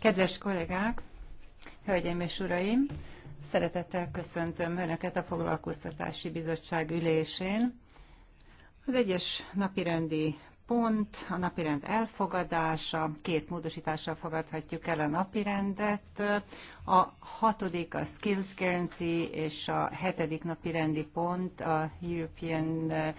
Kedves kollégák, hölgyeim és uraim, szeretettel köszöntöm Önöket a Foglalkoztatási Bizottság ülésén. Az egyes napirendi pont, a napirend elfogadása, két módosítással fogadhatjuk el a napirendet. A hatodik a Skills Guarantee, és a hetedik napirendi pont a European eh,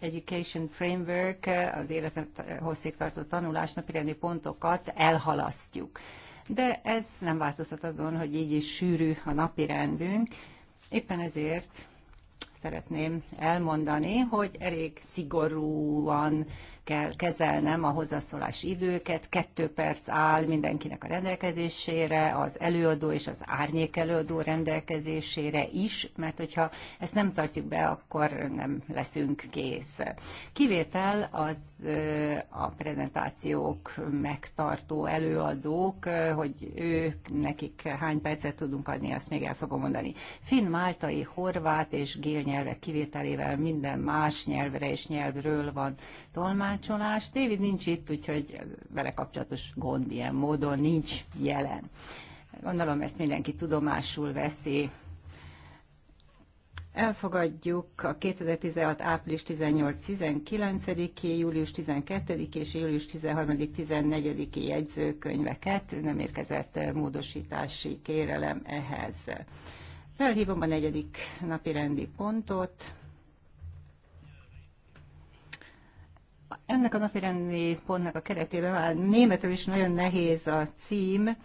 Education Framework, eh, az életet eh, hosszig tartó tanulás napirendi pontokat elhalasztjuk. De ez nem változtat azon, hogy így is sűrű a napirendünk. Éppen ezért szeretném elmondani, hogy elég szigorúan kell kezelnem a hozzászólás időket. Kettő perc áll mindenkinek a rendelkezésére, az előadó és az árnyék előadó rendelkezésére is, mert hogyha ezt nem tartjuk be, akkor nem leszünk kész. Kivétel az a prezentációk megtartó előadók, hogy ők, nekik hány percet tudunk adni, azt még el fogom mondani. Finn, máltai, horvát és gél nyelvek kivételével minden más nyelvre és nyelvről van tolmácsolás. David nincs itt, úgyhogy vele kapcsolatos gond ilyen módon nincs jelen. Gondolom ezt mindenki tudomásul veszi, Elfogadjuk a 2016. április 18-19-i, július 12 és július 13-14-i jegyzőkönyveket, nem érkezett módosítási kérelem ehhez. Felhívom a negyedik napi rendi pontot. Ennek a napirendi pontnak a keretében már németül is nagyon nehéz a cím,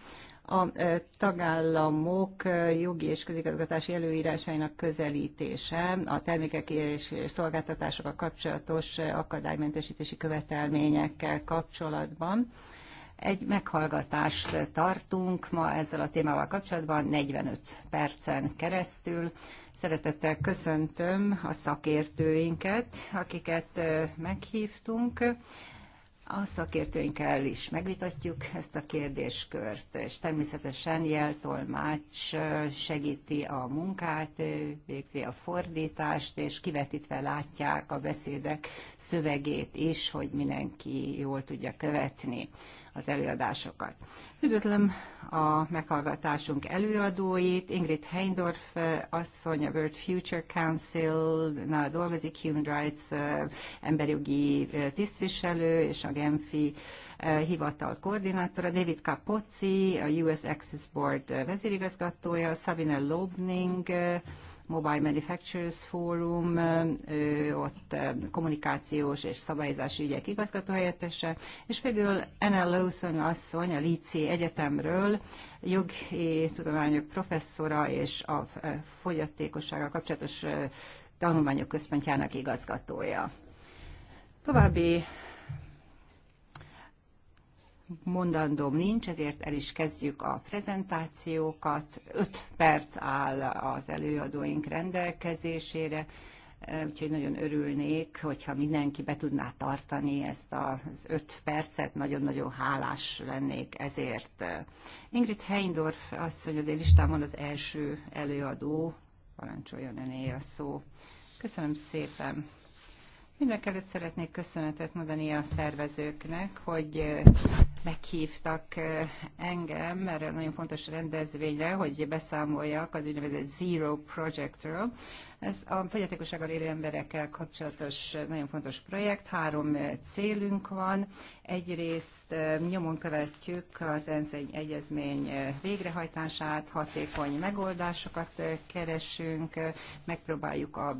a tagállamok jogi és közigazgatási előírásainak közelítése, a termékek és szolgáltatásokkal kapcsolatos akadálymentesítési követelményekkel kapcsolatban. Egy meghallgatást tartunk ma ezzel a témával kapcsolatban 45 percen keresztül. Szeretettel köszöntöm a szakértőinket, akiket meghívtunk. A szakértőinkkel is megvitatjuk ezt a kérdéskört, és természetesen jeltolmács segíti a munkát, végzi a fordítást, és kivetítve látják a beszédek szövegét is, hogy mindenki jól tudja követni az előadásokat. Üdvözlöm a meghallgatásunk előadóit, Ingrid Heindorf eh, asszony a World Future council na dolgozik, Human Rights eh, emberjogi eh, tisztviselő és a Genfi hivatal koordinátora, David Capozzi, a US Access Board vezérigazgatója, Sabine Lobning, Mobile Manufacturers Forum, ott kommunikációs és szabályozási ügyek igazgatóhelyettese, és végül Anna Lawson asszony a Líci Egyetemről, jogi tudományok professzora és a fogyatékossággal kapcsolatos tanulmányok központjának igazgatója. További mondandóm nincs, ezért el is kezdjük a prezentációkat. 5 perc áll az előadóink rendelkezésére, úgyhogy nagyon örülnék, hogyha mindenki be tudná tartani ezt az 5 percet, nagyon-nagyon hálás lennék ezért. Ingrid Heindorf azt, hogy az én listámon az első előadó, parancsoljon öné a szó. Köszönöm szépen. Mindenkelőtt szeretnék köszönetet mondani a szervezőknek, hogy meghívtak engem erre nagyon fontos rendezvényre, hogy beszámoljak az úgynevezett Zero Projectről, ez a fogyatékossággal élő emberekkel kapcsolatos nagyon fontos projekt. Három célunk van. Egyrészt nyomon követjük az ENSZ egyezmény végrehajtását, hatékony megoldásokat keresünk, megpróbáljuk a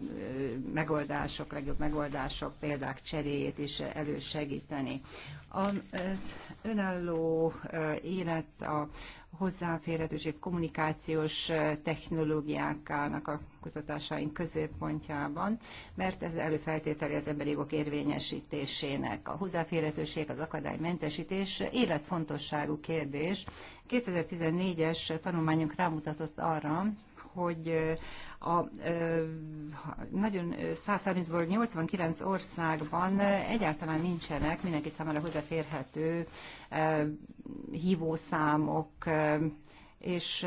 megoldások, legjobb megoldások, példák cseréjét is elősegíteni. Az önálló élet, a hozzáférhetőség kommunikációs technológiákának a kutatásaink középpontjában, mert ez előfeltételi az emberi jogok érvényesítésének. A hozzáférhetőség, az akadálymentesítés életfontosságú kérdés. 2014-es tanulmányunk rámutatott arra, hogy a nagyon 130-ból 89 országban egyáltalán nincsenek mindenki számára hozzáférhető hívószámok, és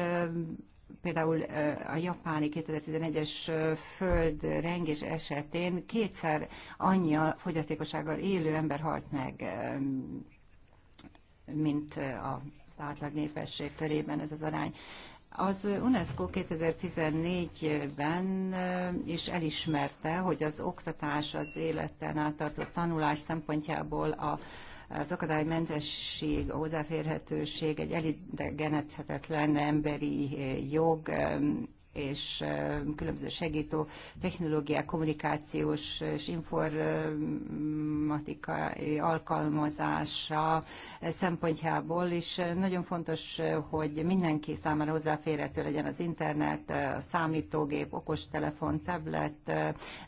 például a japáni 2011-es földrengés esetén kétszer annyi a fogyatékossággal élő ember halt meg, mint a átlag népesség körében ez az arány. Az UNESCO 2014-ben is elismerte, hogy az oktatás az életen átartó tanulás szempontjából a az akadálymentesség, a hozzáférhetőség egy elidegenedhetetlen emberi jog, és különböző segítő technológiák, kommunikációs és informatikai alkalmazása szempontjából is nagyon fontos, hogy mindenki számára hozzáférhető legyen az internet, a számítógép, okostelefon, tablet,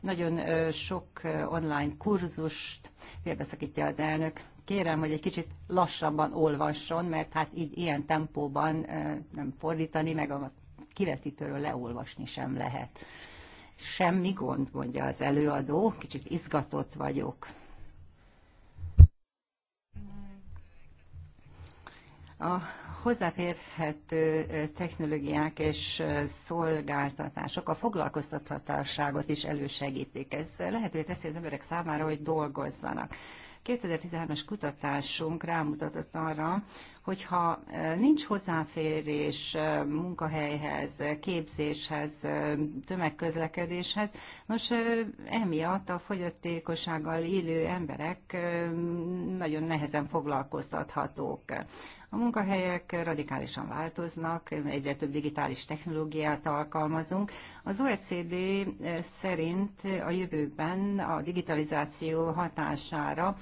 nagyon sok online kurzust, félbeszakítja az elnök, kérem, hogy egy kicsit lassabban olvasson, mert hát így ilyen tempóban nem fordítani, meg a kivetítőről leolvasni sem lehet. Semmi gond, mondja az előadó, kicsit izgatott vagyok. A hozzáférhető technológiák és szolgáltatások a foglalkoztathatóságot is elősegítik. Ez lehetővé teszi az emberek számára, hogy dolgozzanak. 2013-as kutatásunk rámutatott arra, hogyha nincs hozzáférés munkahelyhez, képzéshez, tömegközlekedéshez, nos, emiatt a fogyatékossággal élő emberek nagyon nehezen foglalkoztathatók. A munkahelyek radikálisan változnak, egyre több digitális technológiát alkalmazunk. Az OECD szerint a jövőben a digitalizáció hatására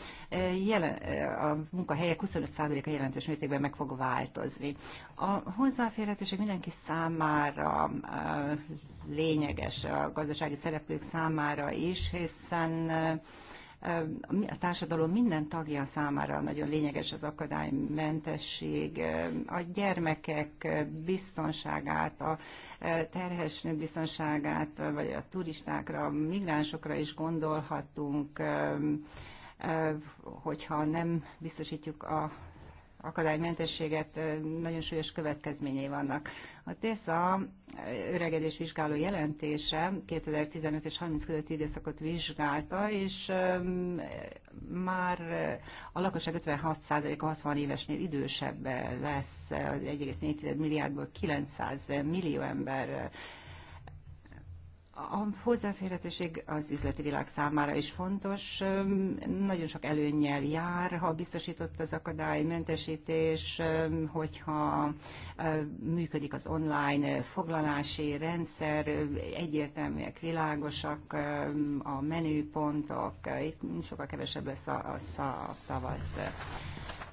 jelen, a munkahelyek 25%-a jelentős mértékben mértékben meg fog változni. A hozzáférhetőség mindenki számára lényeges, a gazdasági szereplők számára is, hiszen a társadalom minden tagja számára nagyon lényeges az akadálymentesség, a gyermekek biztonságát, a terhes biztonságát, vagy a turistákra, a migránsokra is gondolhatunk, hogyha nem biztosítjuk a akadálymentességet nagyon súlyos következményei vannak. A TESZA öregedés vizsgáló jelentése 2015 és 30 közötti időszakot vizsgálta, és már a lakosság 56%-a 60 évesnél idősebb lesz, 1,4 milliárdból 900 millió ember a hozzáférhetőség az üzleti világ számára is fontos. Nagyon sok előnnyel jár, ha biztosított az akadálymentesítés, hogyha működik az online foglalási rendszer, egyértelműek, világosak a menüpontok, itt sokkal kevesebb lesz a, a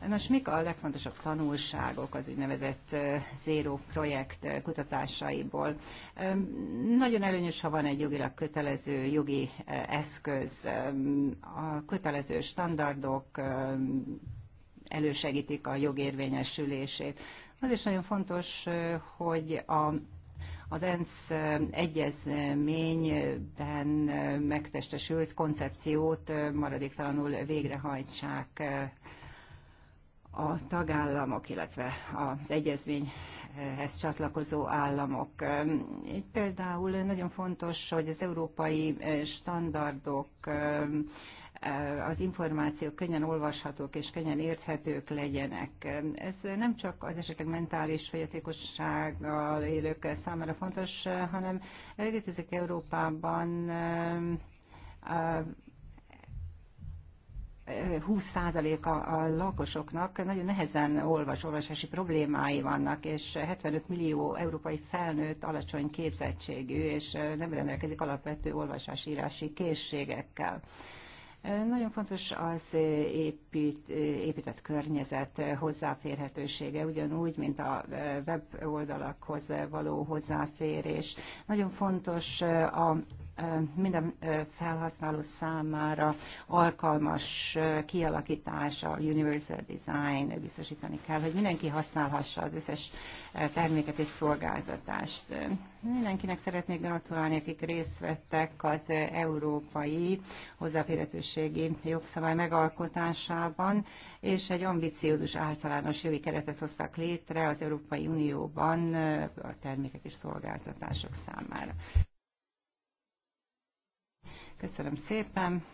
Nos, mik a legfontosabb tanulságok az úgynevezett zéró projekt kutatásaiból? Nagyon előnyös, ha van egy jogilag kötelező jogi eszköz, a kötelező standardok elősegítik a jogérvényesülését. Az is nagyon fontos, hogy a az ENSZ egyezményben megtestesült koncepciót maradéktalanul végrehajtsák a tagállamok, illetve az egyezményhez csatlakozó államok. Itt például nagyon fontos, hogy az európai standardok az információk könnyen olvashatók és könnyen érthetők legyenek. Ez nem csak az esetleg mentális fogyatékossággal élők számára fontos, hanem ezek Európában 20%-a a lakosoknak nagyon nehezen olvas, olvasási problémái vannak, és 75 millió európai felnőtt alacsony képzettségű, és nem rendelkezik alapvető olvasásírási készségekkel. Nagyon fontos az épít, épített környezet hozzáférhetősége, ugyanúgy, mint a weboldalakhoz való hozzáférés. Nagyon fontos a minden felhasználó számára alkalmas kialakítása, universal design biztosítani kell, hogy mindenki használhassa az összes terméket és szolgáltatást. Mindenkinek szeretnék gratulálni, akik részt vettek az európai hozzáférhetőségi jogszabály megalkotásában, és egy ambiciózus általános jogi keretet hoztak létre az Európai Unióban a termékek és szolgáltatások számára. Köszönöm szépen.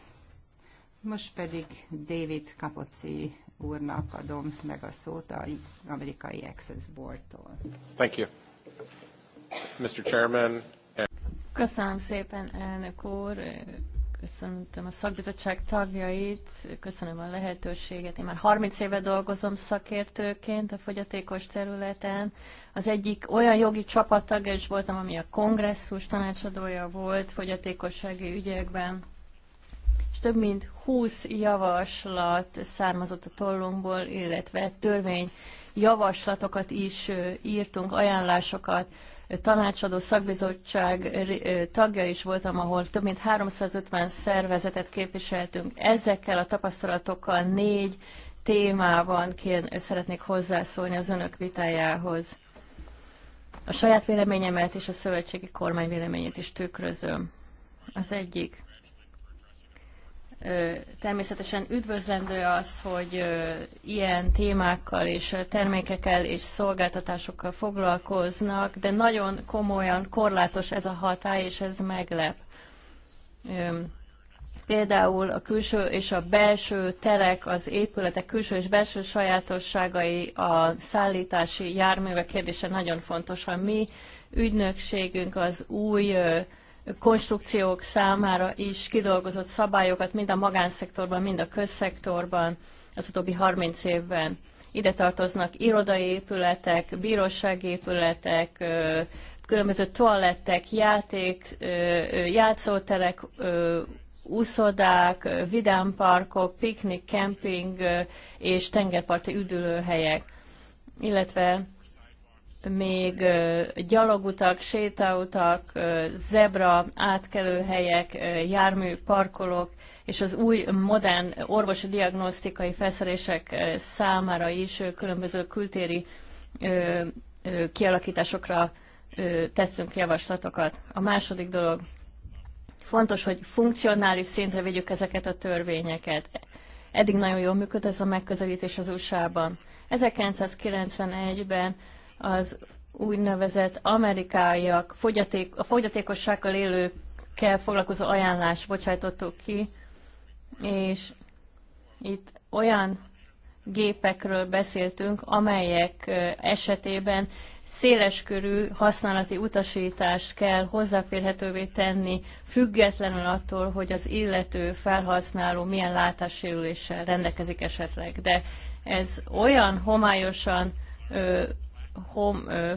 Most pedig David Kapoci úrnak adom meg a szót az amerikai Access Board-tól. Thank you. Mr. Chairman. Köszönöm szépen, elnök úr, köszöntöm a szakbizottság tagjait, köszönöm a lehetőséget. Én már 30 éve dolgozom szakértőként a fogyatékos területen. Az egyik olyan jogi csapattagja is voltam, ami a kongresszus tanácsadója volt fogyatékossági ügyekben. És több mint 20 javaslat származott a tollunkból, illetve törvény javaslatokat is írtunk, ajánlásokat tanácsadó szakbizottság tagja is voltam, ahol több mint 350 szervezetet képviseltünk. Ezekkel a tapasztalatokkal négy témában kér, szeretnék hozzászólni az önök vitájához. A saját véleményemet és a szövetségi kormány véleményét is tükrözöm. Az egyik Természetesen üdvözlendő az, hogy ilyen témákkal és termékekkel és szolgáltatásokkal foglalkoznak, de nagyon komolyan korlátos ez a hatály, és ez meglep. Például a külső és a belső terek, az épületek külső és belső sajátosságai, a szállítási járművek kérdése nagyon fontos. A mi ügynökségünk az új konstrukciók számára is kidolgozott szabályokat, mind a magánszektorban, mind a közszektorban az utóbbi 30 évben. Ide tartoznak irodai épületek, bírósági épületek, különböző toalettek, játék, játszóterek, úszodák, vidámparkok, piknik, kemping és tengerparti üdülőhelyek, illetve még gyalogutak, sétautak, zebra, átkelőhelyek, jármű, parkolók, és az új modern orvosi diagnosztikai felszerelések számára is különböző kültéri kialakításokra teszünk javaslatokat. A második dolog, fontos, hogy funkcionális szintre vigyük ezeket a törvényeket. Eddig nagyon jól működött ez a megközelítés az USA-ban. 1991-ben az úgynevezett amerikaiak fogyaték, a fogyatékossággal élőkkel foglalkozó ajánlás bocsájtottuk ki, és itt olyan gépekről beszéltünk, amelyek esetében széleskörű használati utasítást kell hozzáférhetővé tenni, függetlenül attól, hogy az illető felhasználó milyen látássérüléssel rendelkezik esetleg. De ez olyan homályosan home ö,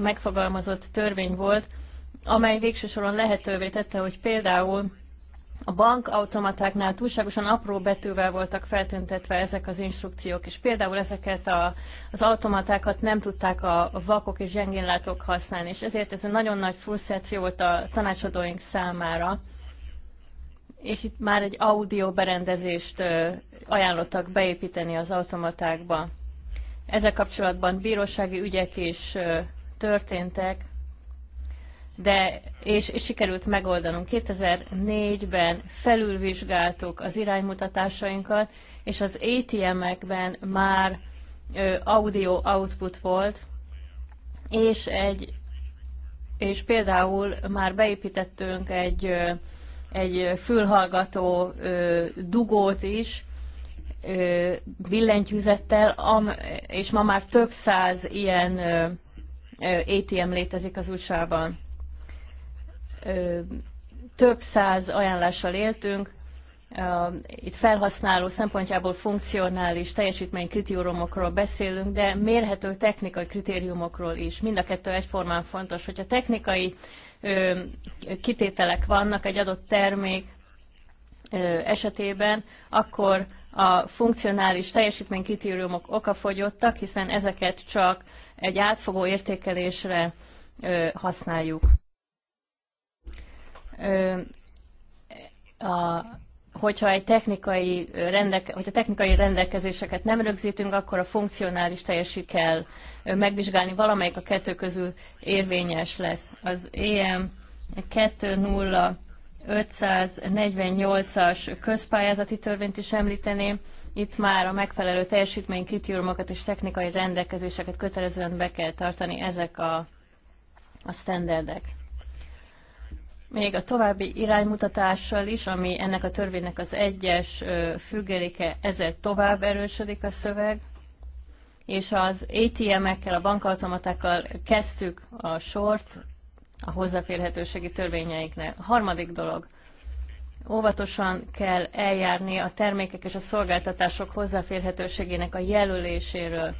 megfogalmazott törvény volt, amely végső soron lehetővé tette, hogy például a bankautomatáknál túlságosan apró betűvel voltak feltüntetve ezek az instrukciók, és például ezeket a, az automatákat nem tudták a vakok és gyengénlátók használni, és ezért ez egy nagyon nagy frusztráció volt a tanácsadóink számára. És itt már egy audio berendezést ajánlottak beépíteni az automatákba. Ezzel kapcsolatban bírósági ügyek is történtek, de és, és sikerült megoldanunk. 2004-ben felülvizsgáltuk az iránymutatásainkat, és az ATM-ekben már ö, audio output volt, és egy és például már beépítettünk egy, egy fülhallgató ö, dugót is, billentyűzettel, és ma már több száz ilyen ATM létezik az USA-ban. Több száz ajánlással éltünk, itt felhasználó szempontjából funkcionális teljesítmény kritériumokról beszélünk, de mérhető technikai kritériumokról is. Mind a kettő egyformán fontos, hogyha technikai ö, kitételek vannak egy adott termék esetében, akkor a funkcionális teljesítménykritériumok okafogyottak, hiszen ezeket csak egy átfogó értékelésre ö, használjuk. Ö, a, hogyha egy technikai, rendeke, hogyha technikai rendelkezéseket nem rögzítünk, akkor a funkcionális teljesít kell megvizsgálni, valamelyik a kettő közül érvényes lesz. Az EM 2.0 548-as közpályázati törvényt is említeném. Itt már a megfelelő teljesítmény kritériumokat és technikai rendelkezéseket kötelezően be kell tartani ezek a, a standardek. Még a további iránymutatással is, ami ennek a törvénynek az egyes függeléke, ezzel tovább erősödik a szöveg, és az ATM-ekkel, a bankautomatákkal kezdtük a sort, a hozzáférhetőségi törvényeiknek. A harmadik dolog, óvatosan kell eljárni a termékek és a szolgáltatások hozzáférhetőségének a jelöléséről.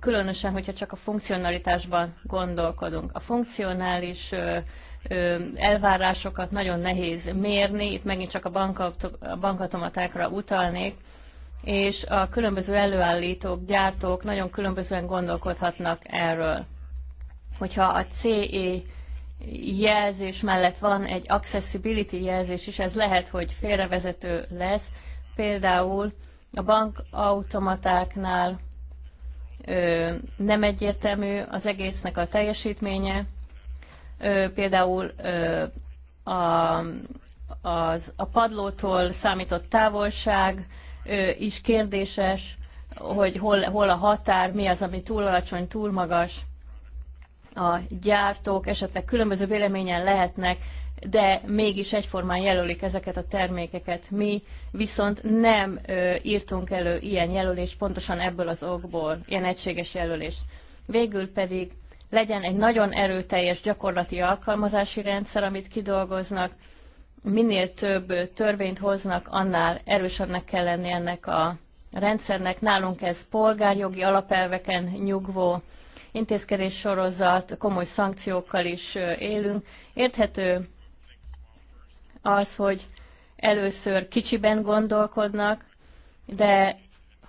Különösen, hogyha csak a funkcionalitásban gondolkodunk. A funkcionális elvárásokat nagyon nehéz mérni, itt megint csak a bankatomatákra utalnék, és a különböző előállítók, gyártók nagyon különbözően gondolkodhatnak erről. Hogyha a CE jelzés mellett van egy accessibility jelzés is, ez lehet, hogy félrevezető lesz. Például a bankautomatáknál ö, nem egyértelmű az egésznek a teljesítménye. Ö, például ö, a, az, a padlótól számított távolság ö, is kérdéses, hogy hol, hol a határ, mi az, ami túl alacsony, túl magas a gyártók esetleg különböző véleményen lehetnek, de mégis egyformán jelölik ezeket a termékeket. Mi viszont nem ö, írtunk elő ilyen jelölést pontosan ebből az okból, ilyen egységes jelölést. Végül pedig legyen egy nagyon erőteljes gyakorlati alkalmazási rendszer, amit kidolgoznak, minél több törvényt hoznak, annál erősebbnek kell lenni ennek a rendszernek. Nálunk ez polgárjogi alapelveken nyugvó intézkedés sorozat, komoly szankciókkal is élünk. Érthető az, hogy először kicsiben gondolkodnak, de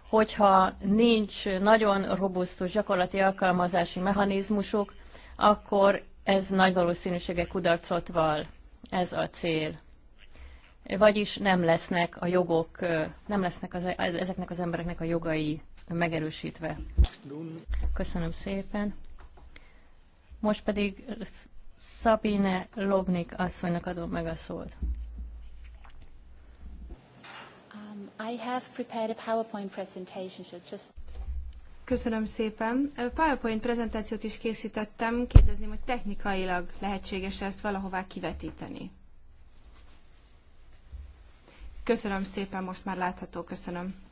hogyha nincs nagyon robusztus gyakorlati alkalmazási mechanizmusuk, akkor ez nagy valószínűsége kudarcot val. Ez a cél. Vagyis nem lesznek a jogok, nem lesznek az, e- ezeknek az embereknek a jogai megerősítve. Köszönöm szépen. Most pedig Szabine Lobnik asszonynak adom meg a szót. Um, I have prepared a PowerPoint presentation, so just... Köszönöm szépen. PowerPoint prezentációt is készítettem. Kérdezném, hogy technikailag lehetséges ezt valahová kivetíteni. Köszönöm szépen, most már látható, köszönöm.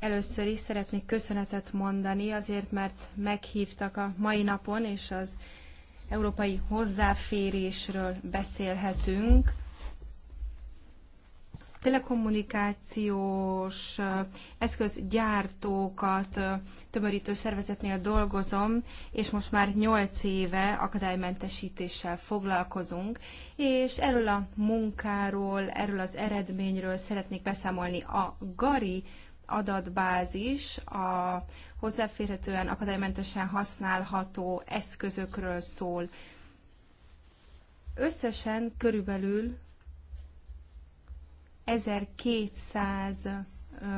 Először is szeretnék köszönetet mondani, azért mert meghívtak a mai napon, és az európai hozzáférésről beszélhetünk telekommunikációs eszközgyártókat tömörítő szervezetnél dolgozom, és most már 8 éve akadálymentesítéssel foglalkozunk, és erről a munkáról, erről az eredményről szeretnék beszámolni. A GARI adatbázis a hozzáférhetően, akadálymentesen használható eszközökről szól. Összesen körülbelül 1200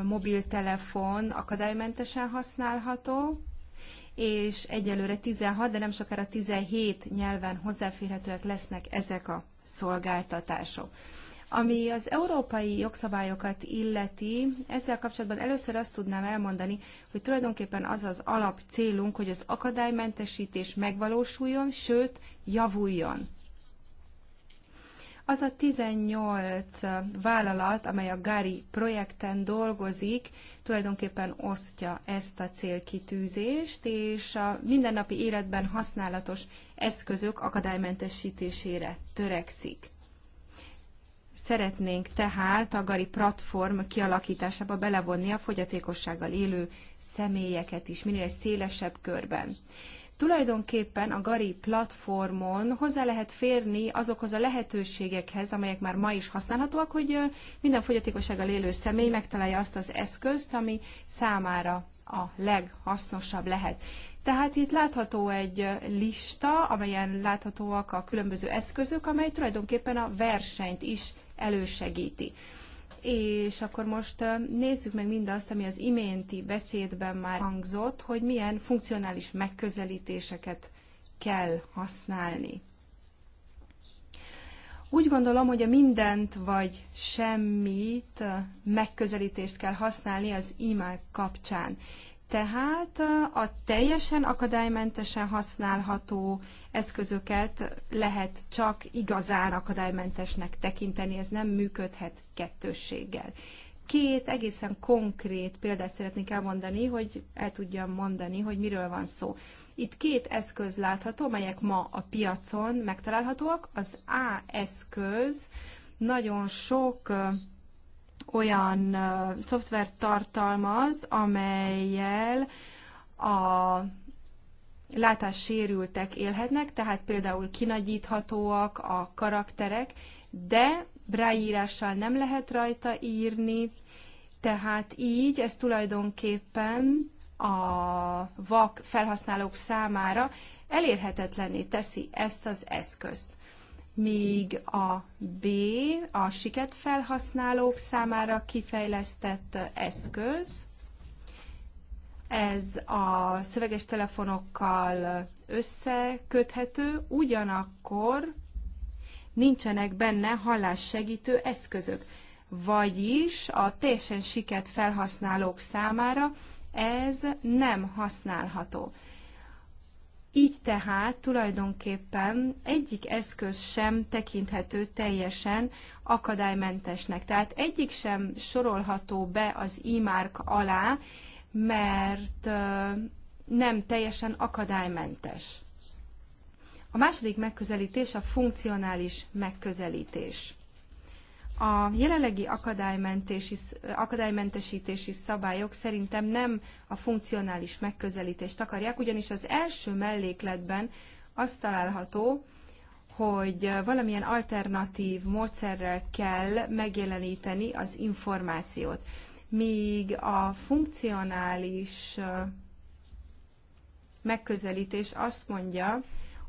mobiltelefon akadálymentesen használható, és egyelőre 16, de nem sokára 17 nyelven hozzáférhetőek lesznek ezek a szolgáltatások. Ami az európai jogszabályokat illeti, ezzel kapcsolatban először azt tudnám elmondani, hogy tulajdonképpen az az alap célunk, hogy az akadálymentesítés megvalósuljon, sőt, javuljon. Az a 18 vállalat, amely a Gari projekten dolgozik, tulajdonképpen osztja ezt a célkitűzést, és a mindennapi életben használatos eszközök akadálymentesítésére törekszik. Szeretnénk tehát a Gari platform kialakításába belevonni a fogyatékossággal élő személyeket is, minél szélesebb körben. Tulajdonképpen a Gari platformon hozzá lehet férni azokhoz a lehetőségekhez, amelyek már ma is használhatóak, hogy minden fogyatékossággal élő személy megtalálja azt az eszközt, ami számára a leghasznosabb lehet. Tehát itt látható egy lista, amelyen láthatóak a különböző eszközök, amely tulajdonképpen a versenyt is elősegíti. És akkor most nézzük meg mindazt, ami az iménti beszédben már hangzott, hogy milyen funkcionális megközelítéseket kell használni. Úgy gondolom, hogy a mindent vagy semmit megközelítést kell használni az imák kapcsán. Tehát a teljesen akadálymentesen használható eszközöket lehet csak igazán akadálymentesnek tekinteni, ez nem működhet kettősséggel. Két egészen konkrét példát szeretnék elmondani, hogy el tudjam mondani, hogy miről van szó. Itt két eszköz látható, melyek ma a piacon megtalálhatóak. Az A eszköz nagyon sok olyan szoftvert tartalmaz, amelyel a látássérültek élhetnek, tehát például kinagyíthatóak a karakterek, de ráírással nem lehet rajta írni, tehát így ez tulajdonképpen a vak felhasználók számára elérhetetlenné teszi ezt az eszközt. Míg a B, a siket felhasználók számára kifejlesztett eszköz, ez a szöveges telefonokkal összeköthető, ugyanakkor nincsenek benne hallássegítő eszközök. Vagyis a teljesen siket felhasználók számára ez nem használható. Így tehát tulajdonképpen egyik eszköz sem tekinthető teljesen akadálymentesnek. Tehát egyik sem sorolható be az imárk alá, mert nem teljesen akadálymentes. A második megközelítés a funkcionális megközelítés. A jelenlegi akadálymentesítési szabályok szerintem nem a funkcionális megközelítést akarják, ugyanis az első mellékletben azt található, hogy valamilyen alternatív módszerrel kell megjeleníteni az információt míg a funkcionális megközelítés azt mondja,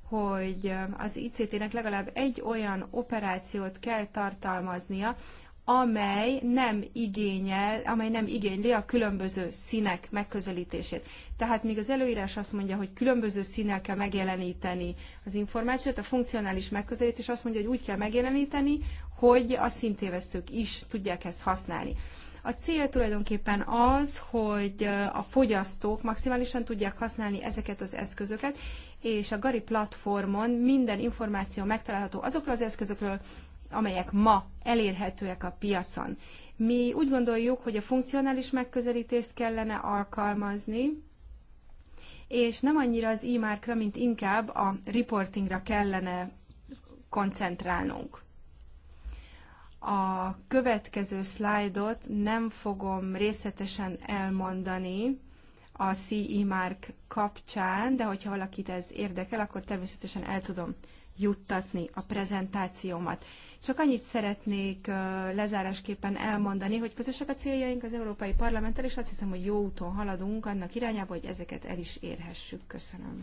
hogy az ICT-nek legalább egy olyan operációt kell tartalmaznia, amely nem igényel, amely nem igényli a különböző színek megközelítését. Tehát míg az előírás azt mondja, hogy különböző színnel kell megjeleníteni az információt, a funkcionális megközelítés azt mondja, hogy úgy kell megjeleníteni, hogy a szintévesztők is tudják ezt használni. A cél tulajdonképpen az, hogy a fogyasztók maximálisan tudják használni ezeket az eszközöket, és a Gari platformon minden információ megtalálható azokról az eszközökről, amelyek ma elérhetőek a piacon. Mi úgy gondoljuk, hogy a funkcionális megközelítést kellene alkalmazni, és nem annyira az e-márkra, mint inkább a reportingra kellene koncentrálnunk. A következő szlájdot nem fogom részletesen elmondani a CE Mark kapcsán, de hogyha valakit ez érdekel, akkor természetesen el tudom juttatni a prezentációmat. Csak annyit szeretnék lezárásképpen elmondani, hogy közösek a céljaink az Európai Parlamenttel, és azt hiszem, hogy jó úton haladunk annak irányába, hogy ezeket el is érhessük. Köszönöm.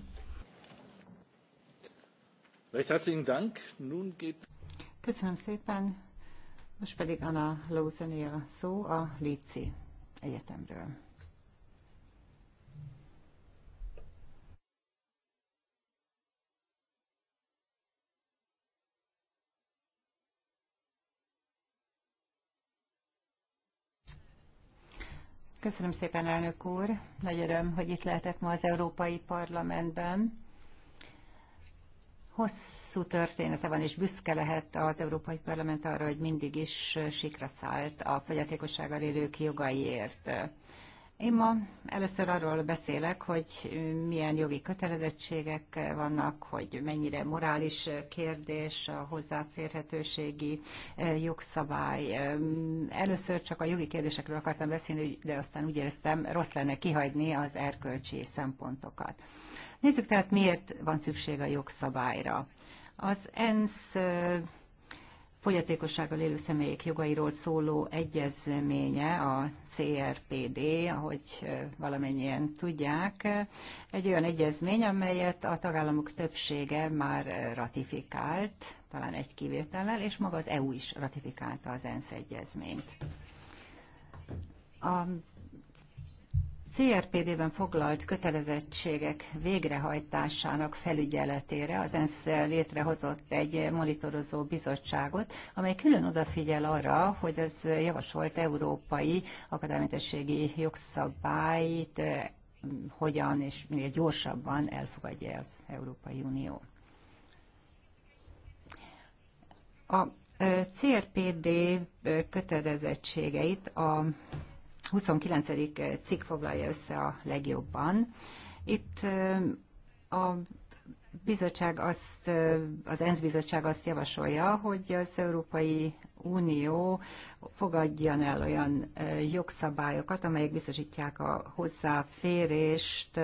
Köszönöm szépen. Most pedig Anna Lózené a szó a Léci Egyetemről. Köszönöm szépen, elnök úr! Nagy öröm, hogy itt lehetek ma az Európai Parlamentben hosszú története van, és büszke lehet az Európai Parlament arra, hogy mindig is sikra szállt a fogyatékossággal élők jogaiért. Én ma először arról beszélek, hogy milyen jogi kötelezettségek vannak, hogy mennyire morális kérdés a hozzáférhetőségi e, jogszabály. E, először csak a jogi kérdésekről akartam beszélni, de aztán úgy éreztem, rossz lenne kihagyni az erkölcsi szempontokat. Nézzük tehát, miért van szükség a jogszabályra. Az ENSZ fogyatékossággal élő személyek jogairól szóló egyezménye, a CRPD, ahogy valamennyien tudják, egy olyan egyezmény, amelyet a tagállamok többsége már ratifikált, talán egy kivétellel, és maga az EU is ratifikálta az ENSZ egyezményt. A CRPD-ben foglalt kötelezettségek végrehajtásának felügyeletére az ENSZ létrehozott egy monitorozó bizottságot, amely külön odafigyel arra, hogy az javasolt európai akadálymentességi jogszabályt eh, hogyan és minél gyorsabban elfogadja az Európai Unió. A eh, CRPD eh, kötelezettségeit a 29. cikk foglalja össze a legjobban. Itt a bizottság azt, az ENSZ bizottság azt javasolja, hogy az Európai Unió fogadjon el olyan jogszabályokat, amelyek biztosítják a hozzáférést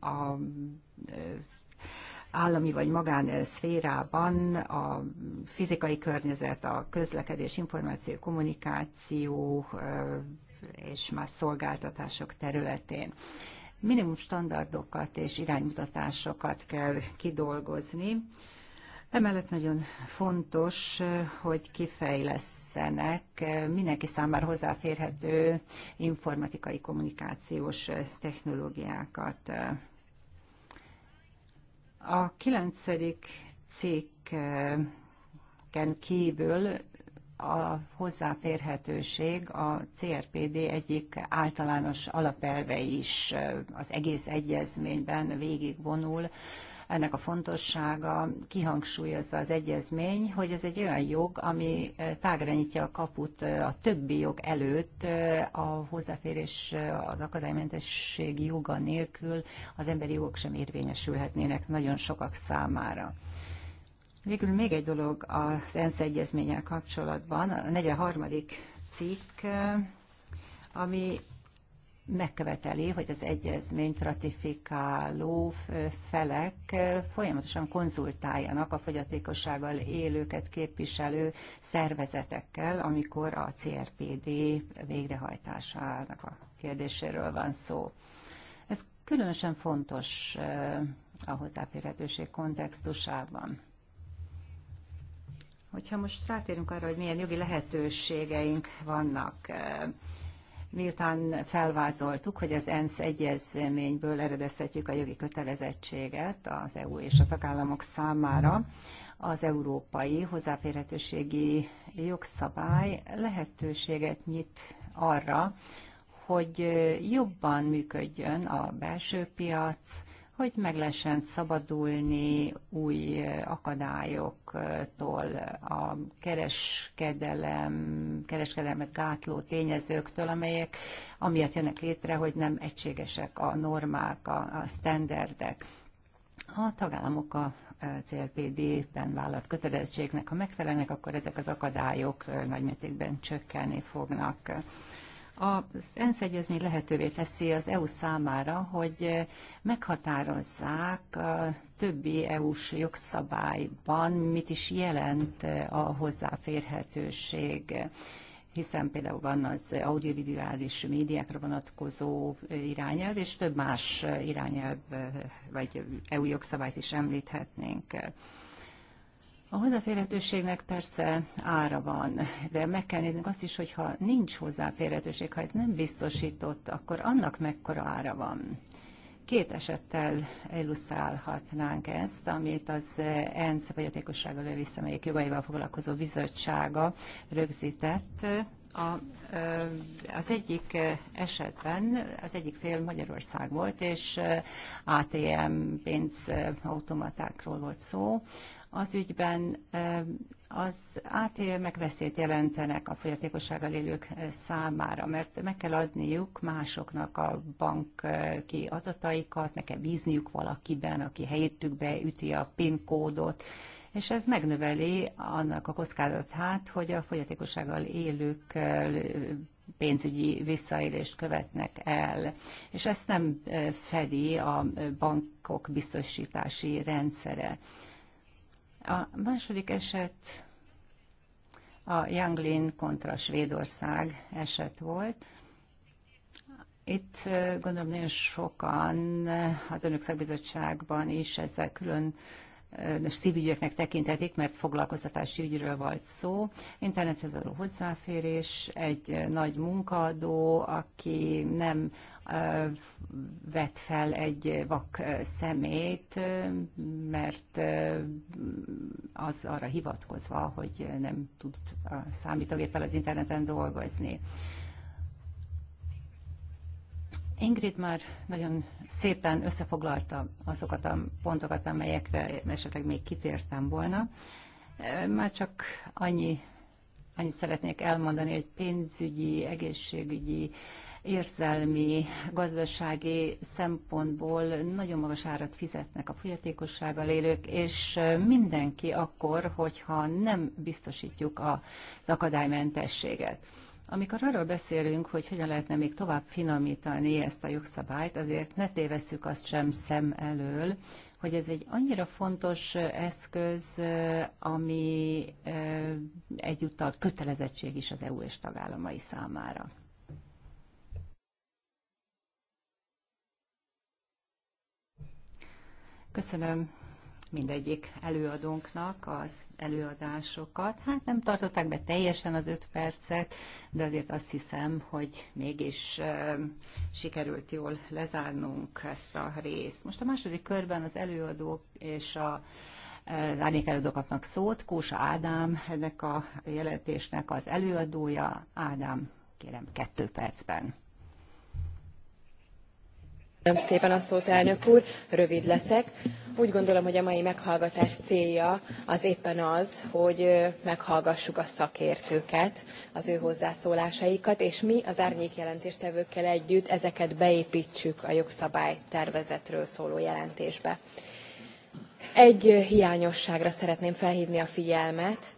a állami vagy magán szférában a fizikai környezet, a közlekedés, információ, kommunikáció és más szolgáltatások területén. Minimum standardokat és iránymutatásokat kell kidolgozni. Emellett nagyon fontos, hogy kifejlesztenek mindenki számára hozzáférhető informatikai kommunikációs technológiákat. A kilencedik cikken kívül a hozzáférhetőség a CRPD egyik általános alapelve is az egész egyezményben végigvonul. Ennek a fontossága kihangsúlyozza az egyezmény, hogy ez egy olyan jog, ami tágra nyitja a kaput a többi jog előtt, a hozzáférés az akadálymentesség joga nélkül az emberi jogok sem érvényesülhetnének nagyon sokak számára. Végül még egy dolog az ENSZ egyezménnyel kapcsolatban, a 43. cikk, ami megköveteli, hogy az egyezményt ratifikáló felek folyamatosan konzultáljanak a fogyatékossággal élőket képviselő szervezetekkel, amikor a CRPD végrehajtásának a kérdéséről van szó. Ez különösen fontos eh, a hozzáférhetőség kontextusában. Hogyha most rátérünk arra, hogy milyen jogi lehetőségeink vannak, eh, miután felvázoltuk, hogy az ENSZ egyezményből eredeztetjük a jogi kötelezettséget az EU és a tagállamok számára, az európai hozzáférhetőségi jogszabály lehetőséget nyit arra, hogy jobban működjön a belső piac, hogy meg lehessen szabadulni új akadályoktól, a kereskedelem, kereskedelmet gátló tényezőktől, amelyek amiatt jönnek létre, hogy nem egységesek a normák, a, a standardek. A tagállamok a e, CLPD-ben vállalt kötelezettségnek, ha megfelelnek, akkor ezek az akadályok e, nagymértékben csökkenni fognak. A ENSZ egyezmény lehetővé teszi az EU számára, hogy meghatározzák a többi EU-s jogszabályban, mit is jelent a hozzáférhetőség hiszen például van az audiovizuális médiákra vonatkozó irányelv, és több más irányelv vagy EU jogszabályt is említhetnénk. A hozzáférhetőségnek persze ára van, de meg kell néznünk azt is, hogy ha nincs hozzáférhetőség, ha ez nem biztosított, akkor annak mekkora ára van. Két esettel illusztrálhatnánk ezt, amit az ENSZ fogyatékossággal élő személyek jogaival foglalkozó bizottsága rögzített. A, az egyik esetben az egyik fél Magyarország volt, és ATM pénzautomatákról volt szó, az ügyben az átél veszélyt jelentenek a fogyatékossággal élők számára, mert meg kell adniuk másoknak a banki adataikat, meg kell bízniuk valakiben, aki helyettükbe üti a PIN kódot, és ez megnöveli annak a kockázatát, hogy a fogyatékossággal élők pénzügyi visszaélést követnek el, és ezt nem fedi a bankok biztosítási rendszere. A második eset a Janglin kontra Svédország eset volt. Itt gondolom nagyon sokan az önök szakbizottságban is ezzel külön szívügyeknek tekintetik, mert foglalkoztatási ügyről volt szó. Internethez való hozzáférés, egy nagy munkaadó, aki nem vett fel egy vak szemét, mert az arra hivatkozva, hogy nem tud a számítógéppel az interneten dolgozni. Ingrid már nagyon szépen összefoglalta azokat a pontokat, amelyekre esetleg még kitértem volna. Már csak annyi, annyit szeretnék elmondani, hogy pénzügyi, egészségügyi, érzelmi, gazdasági szempontból nagyon magas árat fizetnek a fogyatékossággal élők, és mindenki akkor, hogyha nem biztosítjuk az akadálymentességet. Amikor arról beszélünk, hogy hogyan lehetne még tovább finomítani ezt a jogszabályt, azért ne tévesszük azt sem szem elől, hogy ez egy annyira fontos eszköz, ami egyúttal kötelezettség is az EU és tagállamai számára. Köszönöm mindegyik előadónknak az előadásokat. Hát nem tartották be teljesen az öt percet, de azért azt hiszem, hogy mégis e, sikerült jól lezárnunk ezt a részt. Most a második körben az előadók és a az árnyékelődő kapnak szót. Kósa Ádám ennek a jelentésnek az előadója. Ádám, kérem, kettő percben. Köszönöm szépen a szót, elnök úr. Rövid leszek. Úgy gondolom, hogy a mai meghallgatás célja az éppen az, hogy meghallgassuk a szakértőket, az ő hozzászólásaikat, és mi az árnyék jelentéstevőkkel együtt ezeket beépítsük a jogszabálytervezetről szóló jelentésbe. Egy hiányosságra szeretném felhívni a figyelmet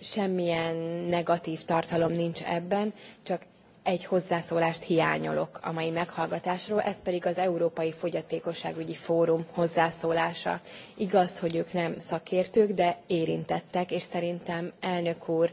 semmilyen negatív tartalom nincs ebben, csak egy hozzászólást hiányolok a mai meghallgatásról, ez pedig az Európai Fogyatékosságügyi Fórum hozzászólása. Igaz, hogy ők nem szakértők, de érintettek, és szerintem elnök úr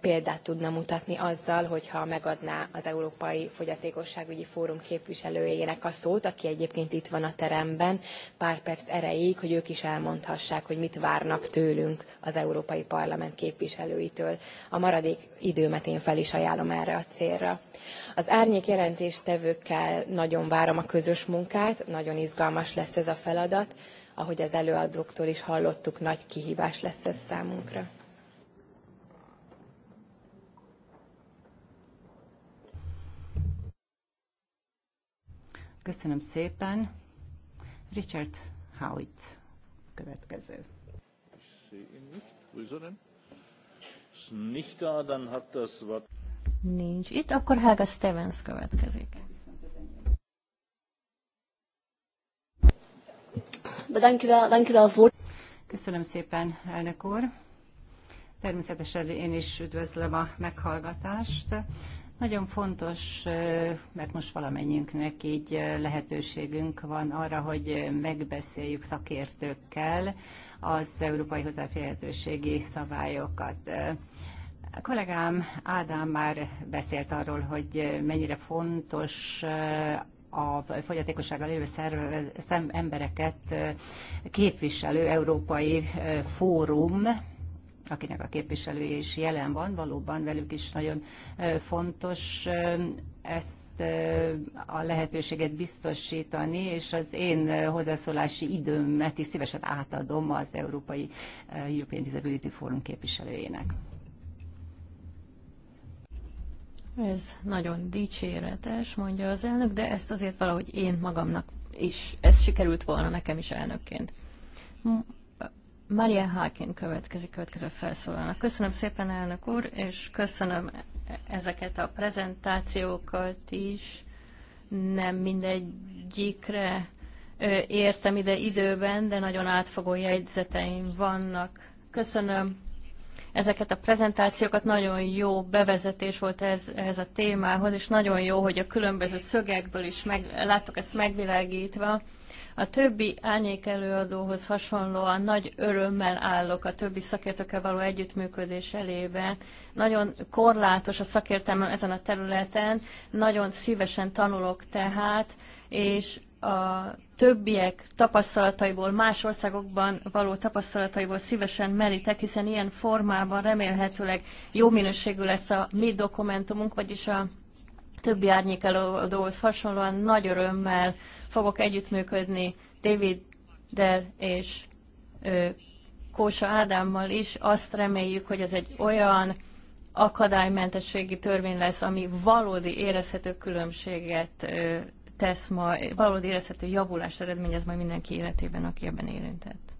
példát tudna mutatni azzal, hogyha megadná az Európai Fogyatékosságügyi Fórum képviselőjének a szót, aki egyébként itt van a teremben, pár perc erejéig, hogy ők is elmondhassák, hogy mit várnak tőlünk az Európai Parlament képviselőitől. A maradék időmet én fel is ajánlom erre a célra. Az árnyék jelentéstevőkkel nagyon várom a közös munkát, nagyon izgalmas lesz ez a feladat, ahogy az előadóktól is hallottuk, nagy kihívás lesz ez számunkra. Köszönöm szépen. Richard Howitt következő. Nincs itt, akkor Helga Stevens következik. Köszönöm szépen, elnök úr. Természetesen én is üdvözlöm a meghallgatást. Nagyon fontos, mert most valamennyünknek így lehetőségünk van arra, hogy megbeszéljük szakértőkkel az európai hozzáférhetőségi szabályokat. A kollégám Ádám már beszélt arról, hogy mennyire fontos a fogyatékossággal élő szem, embereket képviselő európai fórum, akinek a képviselője is jelen van, valóban velük is nagyon fontos ezt a lehetőséget biztosítani, és az én hozzászólási időmet is szívesen átadom az Európai European Disability Forum képviselőjének. Ez nagyon dicséretes, mondja az elnök, de ezt azért valahogy én magamnak is, ez sikerült volna nekem is elnökként. Maria Harkin következik következő felszólalnak. Köszönöm szépen, elnök úr, és köszönöm ezeket a prezentációkat is. Nem mindegyikre értem ide időben, de nagyon átfogó jegyzeteim vannak. Köszönöm ezeket a prezentációkat. Nagyon jó bevezetés volt ez, ehhez a témához, és nagyon jó, hogy a különböző szögekből is meg, láttuk ezt megvilágítva. A többi árnyék előadóhoz hasonlóan nagy örömmel állok a többi szakértőkkel való együttműködés elébe. Nagyon korlátos a szakértelmem ezen a területen, nagyon szívesen tanulok tehát, és a többiek tapasztalataiból, más országokban való tapasztalataiból szívesen merítek, hiszen ilyen formában remélhetőleg jó minőségű lesz a mi dokumentumunk, vagyis a többi árnyék előadóhoz hasonlóan nagy örömmel fogok együttműködni David Del és Kósa Ádámmal is. Azt reméljük, hogy ez egy olyan akadálymentességi törvény lesz, ami valódi érezhető különbséget tesz ma valódi érezhető javulást eredményez majd mindenki életében, aki ebben érintett.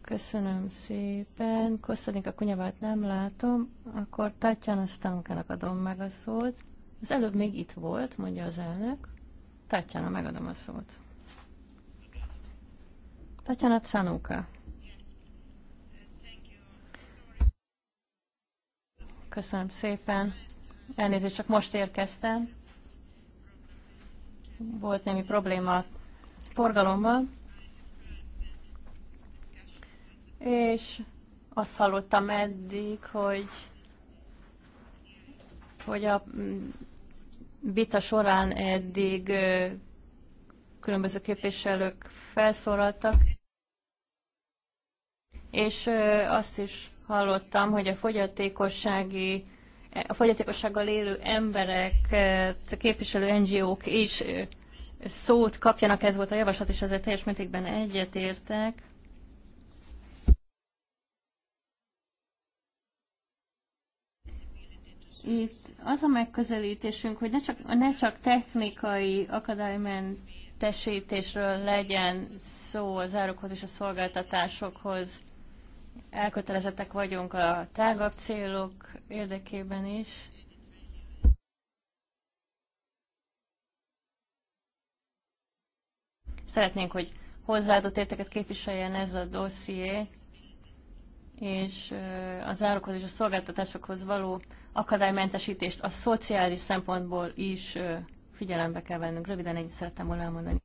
Köszönöm szépen. Köszönjük a kunyavát nem látom. Akkor Tatjana Stankának adom meg a szót. Az előbb még itt volt, mondja az elnök. Tatjana, megadom a szót. Tatjana Canuka. Köszönöm szépen. Elnézést, csak most érkeztem. Volt némi probléma forgalommal. És azt hallottam eddig, hogy, hogy a vita során eddig különböző képviselők felszólaltak, és azt is hallottam, hogy a fogyatékossági a fogyatékossággal élő emberek, eh, képviselő NGO-k is eh, szót kapjanak, ez volt a javaslat, és ezzel teljes mértékben egyetértek. Itt az a megközelítésünk, hogy ne csak, ne csak technikai akadálymentesítésről legyen szó az árukhoz és a szolgáltatásokhoz elkötelezettek vagyunk a tágabb célok érdekében is. Szeretnénk, hogy hozzáadott érteket képviseljen ez a dosszié, és az árukhoz és a szolgáltatásokhoz való akadálymentesítést a szociális szempontból is figyelembe kell vennünk. Röviden ennyit szerettem volna elmondani.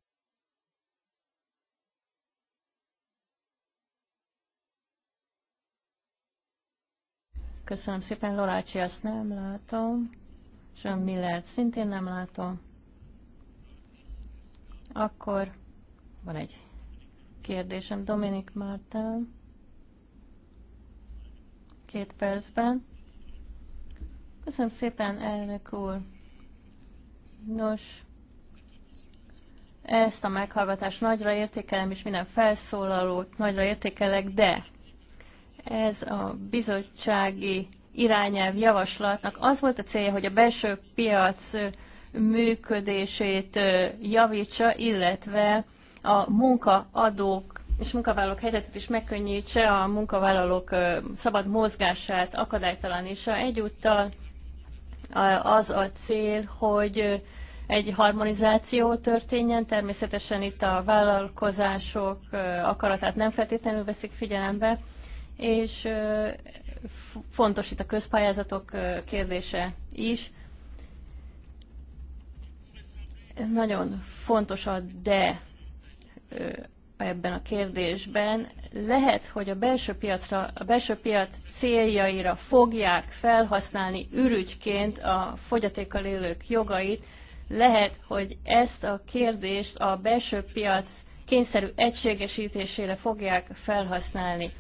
Köszönöm szépen, Lorácsi, azt nem látom. mi lehet, szintén nem látom. Akkor van egy kérdésem Dominik Mártán. Két percben. Köszönöm szépen, elnök úr. Nos, ezt a meghallgatást nagyra értékelem, és minden felszólalót nagyra értékelek, de ez a bizottsági irányelv javaslatnak az volt a célja, hogy a belső piac működését javítsa, illetve a munkaadók és munkavállalók helyzetét is megkönnyítse, a munkavállalók szabad mozgását akadálytalanítsa. Egyúttal az a cél, hogy egy harmonizáció történjen, természetesen itt a vállalkozások akaratát nem feltétlenül veszik figyelembe, és fontos itt a közpályázatok kérdése is. Nagyon fontos a de ebben a kérdésben. Lehet, hogy a belső, piacra, a belső piac céljaira fogják felhasználni ürügyként a fogyatékkal élők jogait. Lehet, hogy ezt a kérdést a belső piac kényszerű egységesítésére fogják felhasználni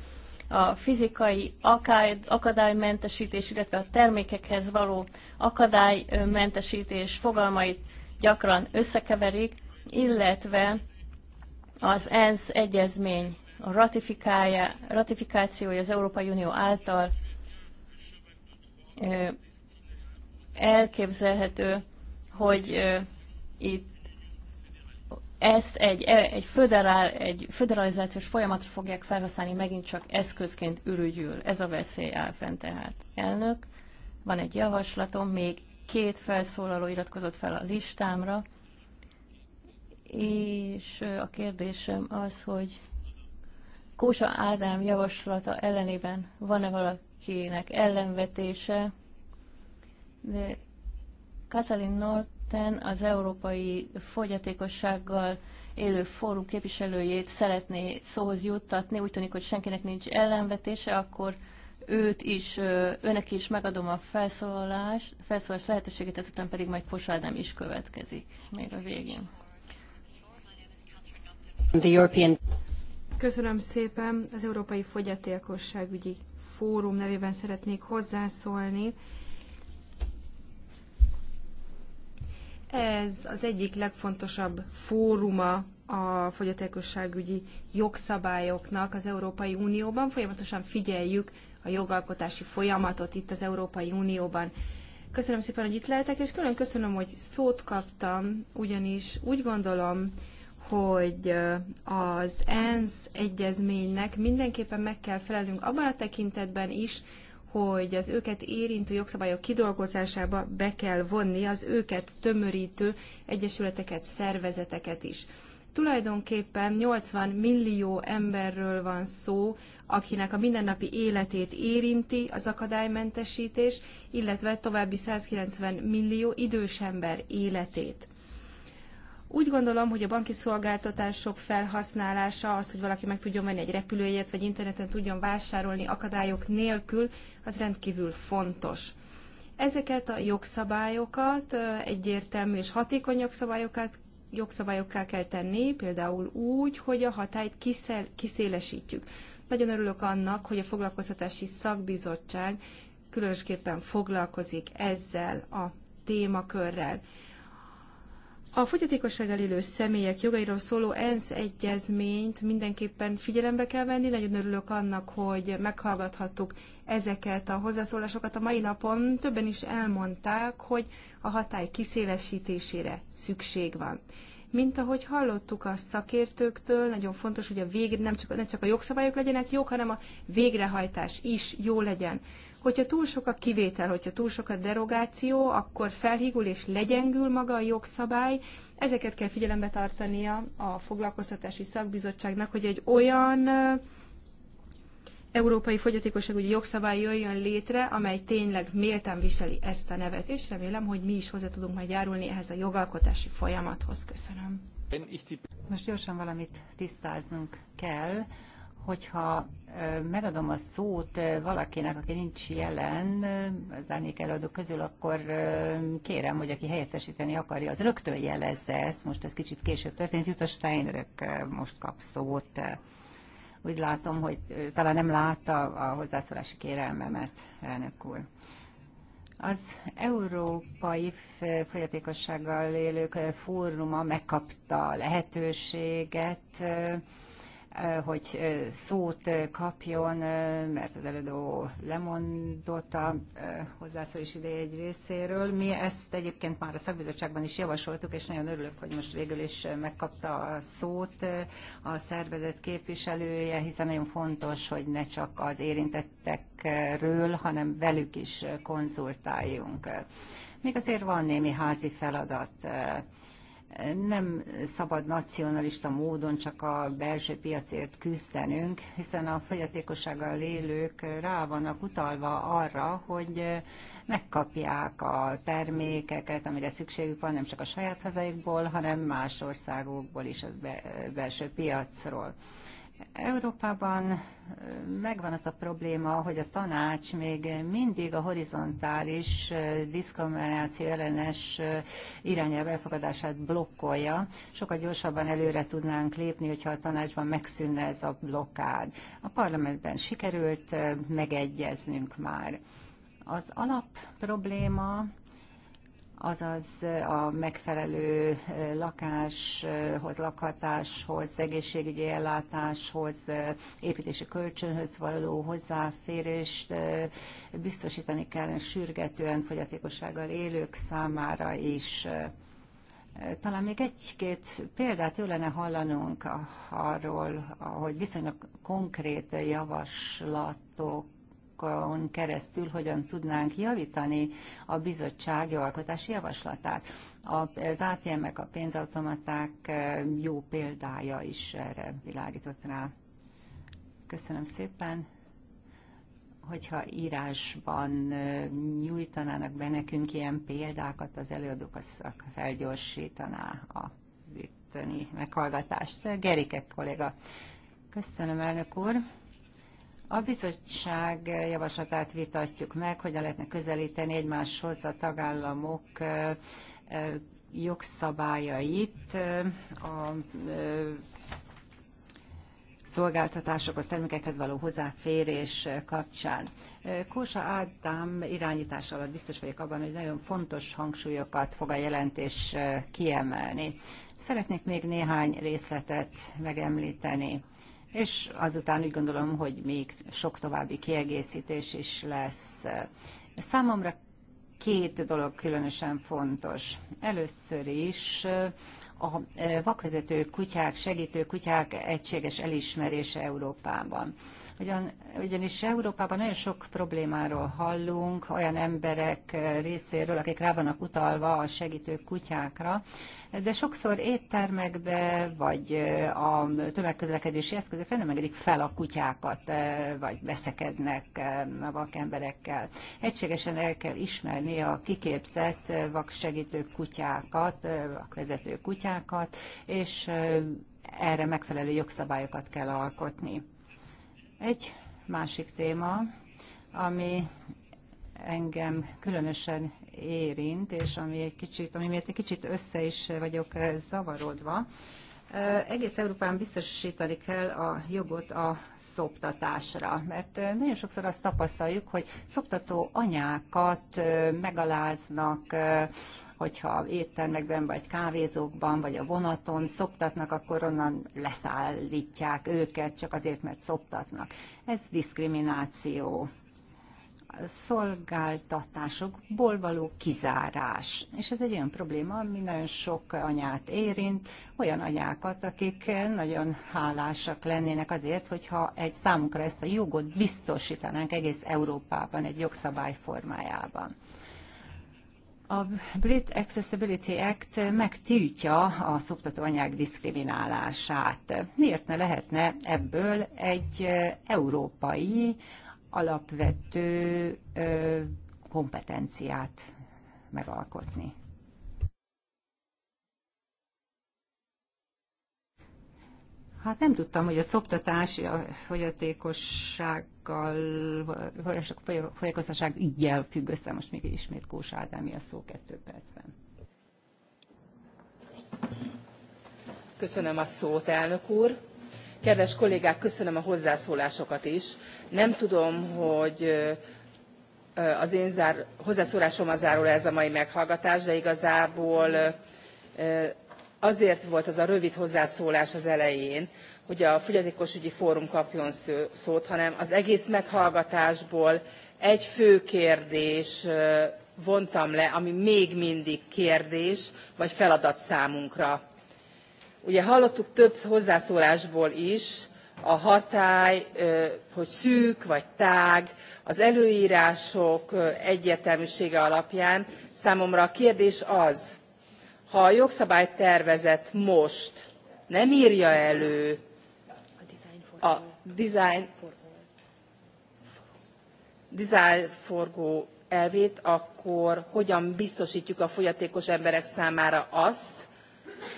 a fizikai akadálymentesítés, illetve a termékekhez való akadálymentesítés fogalmait gyakran összekeverik, illetve az ENSZ egyezmény a ratifikációja az Európai Unió által elképzelhető, hogy itt ezt egy, e, egy, föderál, egy föderalizációs folyamatra fogják felhasználni megint csak eszközként ürügyül. Ez a veszély áll fent tehát. Elnök, van egy javaslatom, még két felszólaló iratkozott fel a listámra, és a kérdésem az, hogy Kósa Ádám javaslata ellenében van-e valakinek ellenvetése, de Katalin Nort területen az európai fogyatékossággal élő fórum képviselőjét szeretné szóhoz juttatni, úgy tűnik, hogy senkinek nincs ellenvetése, akkor őt is, önnek is megadom a felszólalás, felszólalás lehetőséget, ezután pedig majd Posádám is következik még a végén. Köszönöm szépen, az Európai Fogyatékosságügyi Fórum nevében szeretnék hozzászólni Ez az egyik legfontosabb fóruma a fogyatékosságügyi jogszabályoknak az Európai Unióban. Folyamatosan figyeljük a jogalkotási folyamatot itt az Európai Unióban. Köszönöm szépen, hogy itt lehetek, és külön köszönöm, hogy szót kaptam, ugyanis úgy gondolom, hogy az ENSZ egyezménynek mindenképpen meg kell felelnünk abban a tekintetben is, hogy az őket érintő jogszabályok kidolgozásába be kell vonni az őket tömörítő egyesületeket, szervezeteket is. Tulajdonképpen 80 millió emberről van szó, akinek a mindennapi életét érinti az akadálymentesítés, illetve további 190 millió idős ember életét. Úgy gondolom, hogy a banki szolgáltatások felhasználása, az, hogy valaki meg tudjon venni egy repülőjét, vagy interneten tudjon vásárolni akadályok nélkül, az rendkívül fontos. Ezeket a jogszabályokat, egyértelmű és hatékony jogszabályokat jogszabályokká kell tenni, például úgy, hogy a hatályt kiszel, kiszélesítjük. Nagyon örülök annak, hogy a foglalkoztatási szakbizottság különösképpen foglalkozik ezzel a témakörrel. A fogyatékossággal élő személyek jogairól szóló ENSZ egyezményt mindenképpen figyelembe kell venni. Nagyon örülök annak, hogy meghallgathattuk ezeket a hozzászólásokat a mai napon. Többen is elmondták, hogy a hatály kiszélesítésére szükség van. Mint ahogy hallottuk a szakértőktől, nagyon fontos, hogy a végre, nem csak, ne csak a jogszabályok legyenek jók, hanem a végrehajtás is jó legyen. Hogyha túl sok a kivétel, hogyha túl sok a derogáció, akkor felhígul és legyengül maga a jogszabály. Ezeket kell figyelembe tartania a foglalkoztatási szakbizottságnak, hogy egy olyan európai fogyatékosságú jogszabály jöjjön létre, amely tényleg méltán viseli ezt a nevet, és remélem, hogy mi is hozzá tudunk majd járulni ehhez a jogalkotási folyamathoz. Köszönöm. Most gyorsan valamit tisztáznunk kell hogyha megadom a szót valakinek, aki nincs jelen az árnyék előadó közül, akkor kérem, hogy aki helyettesíteni akarja, az rögtön jelezze ezt. Most ez kicsit később történt, Jutta Steinrök most kap szót. Úgy látom, hogy talán nem látta a hozzászólási kérelmemet, elnök úr. Az európai Folyatékossággal élők fóruma megkapta lehetőséget, hogy szót kapjon, mert az előadó lemondott a hozzászólás ideje egy részéről. Mi ezt egyébként már a szakbizottságban is javasoltuk, és nagyon örülök, hogy most végül is megkapta a szót a szervezet képviselője, hiszen nagyon fontos, hogy ne csak az érintettekről, hanem velük is konzultáljunk. Még azért van némi házi feladat nem szabad nacionalista módon csak a belső piacért küzdenünk, hiszen a fogyatékossággal élők rá vannak utalva arra, hogy megkapják a termékeket, amire szükségük van, nem csak a saját hazáikból, hanem más országokból is a belső piacról. Európában megvan az a probléma, hogy a tanács még mindig a horizontális diszkrimináció ellenes irányelv elfogadását blokkolja. Sokkal gyorsabban előre tudnánk lépni, hogyha a tanácsban megszűnne ez a blokkád. A parlamentben sikerült megegyeznünk már. Az alap probléma azaz a megfelelő eh, lakáshoz, lakhatáshoz, egészségügyi ellátáshoz, eh, építési kölcsönhöz való hozzáférést eh, biztosítani kellene sürgetően fogyatékossággal élők számára is. Talán még egy-két példát jó lenne hallanunk arról, hogy viszonylag konkrét javaslatok módosításokon keresztül hogyan tudnánk javítani a bizottság alkotási javaslatát. Az ATM-ek, a pénzautomaták eh, jó példája is erre világított rá. Köszönöm szépen! hogyha írásban eh, nyújtanának be nekünk ilyen példákat az előadók, az felgyorsítaná a itteni meghallgatást. Gerike kolléga. Köszönöm, elnök úr. A bizottság javaslatát vitatjuk meg, hogyan lehetne közelíteni egymáshoz a tagállamok jogszabályait a szolgáltatásokhoz, termékekhez való hozzáférés kapcsán. Kósa Ádám irányítás alatt biztos vagyok abban, hogy nagyon fontos hangsúlyokat fog a jelentés kiemelni. Szeretnék még néhány részletet megemlíteni és azután úgy gondolom, hogy még sok további kiegészítés is lesz. Számomra két dolog különösen fontos. Először is a eh, vakvezető kutyák, segítő kutyák egységes elismerése Európában. Ugyan, ugyanis Európában nagyon sok problémáról hallunk, olyan emberek részéről, akik rá vannak utalva a segítő kutyákra, de sokszor éttermekbe vagy a tömegközlekedési eszközökre nem engedik fel a kutyákat, vagy veszekednek a vak emberekkel. Egységesen el kell ismerni a kiképzett segítő kutyákat, vezető kutyákat, és erre megfelelő jogszabályokat kell alkotni. Egy másik téma, ami engem különösen érint, és ami egy kicsit, ami miért egy kicsit össze is vagyok eh, zavarodva. Eh, egész Európán biztosítani kell a jogot a szoptatásra, mert eh, nagyon sokszor azt tapasztaljuk, hogy szoptató anyákat megaláznak, hogyha éttermekben, vagy kávézókban, vagy a vonaton szoptatnak, akkor onnan leszállítják őket, csak azért, mert szoptatnak. Ez diszkrimináció szolgáltatásokból való kizárás. És ez egy olyan probléma, ami nagyon sok anyát érint, olyan anyákat, akik nagyon hálásak lennének azért, hogyha egy számukra ezt a jogot biztosítanánk egész Európában, egy jogszabály formájában. A Brit Accessibility Act megtiltja a szoktatóanyák diszkriminálását. Miért ne lehetne ebből egy európai alapvető kompetenciát megalkotni? Hát nem tudtam, hogy a szoptatás a fogyatékossággal, fogyatékosság ügyjel függ össze. Most még ismét Kós Ádámi a szó kettő percben. Köszönöm a szót, elnök úr. Kedves kollégák, köszönöm a hozzászólásokat is. Nem tudom, hogy az én zár, hozzászólásom zárul ez a mai meghallgatás, de igazából azért volt az a rövid hozzászólás az elején hogy a fogyatékosügyi fórum kapjon szót hanem az egész meghallgatásból egy fő kérdést vontam le ami még mindig kérdés vagy feladat számunkra. ugye hallottuk több hozzászólásból is a hatály hogy szűk vagy tág az előrások egyértelműsége alapján számomra a kérdés az ha a jogszabálytervezet most nem írja elő a design forgó elvét, akkor hogyan biztosítjuk a fogyatékos emberek számára azt,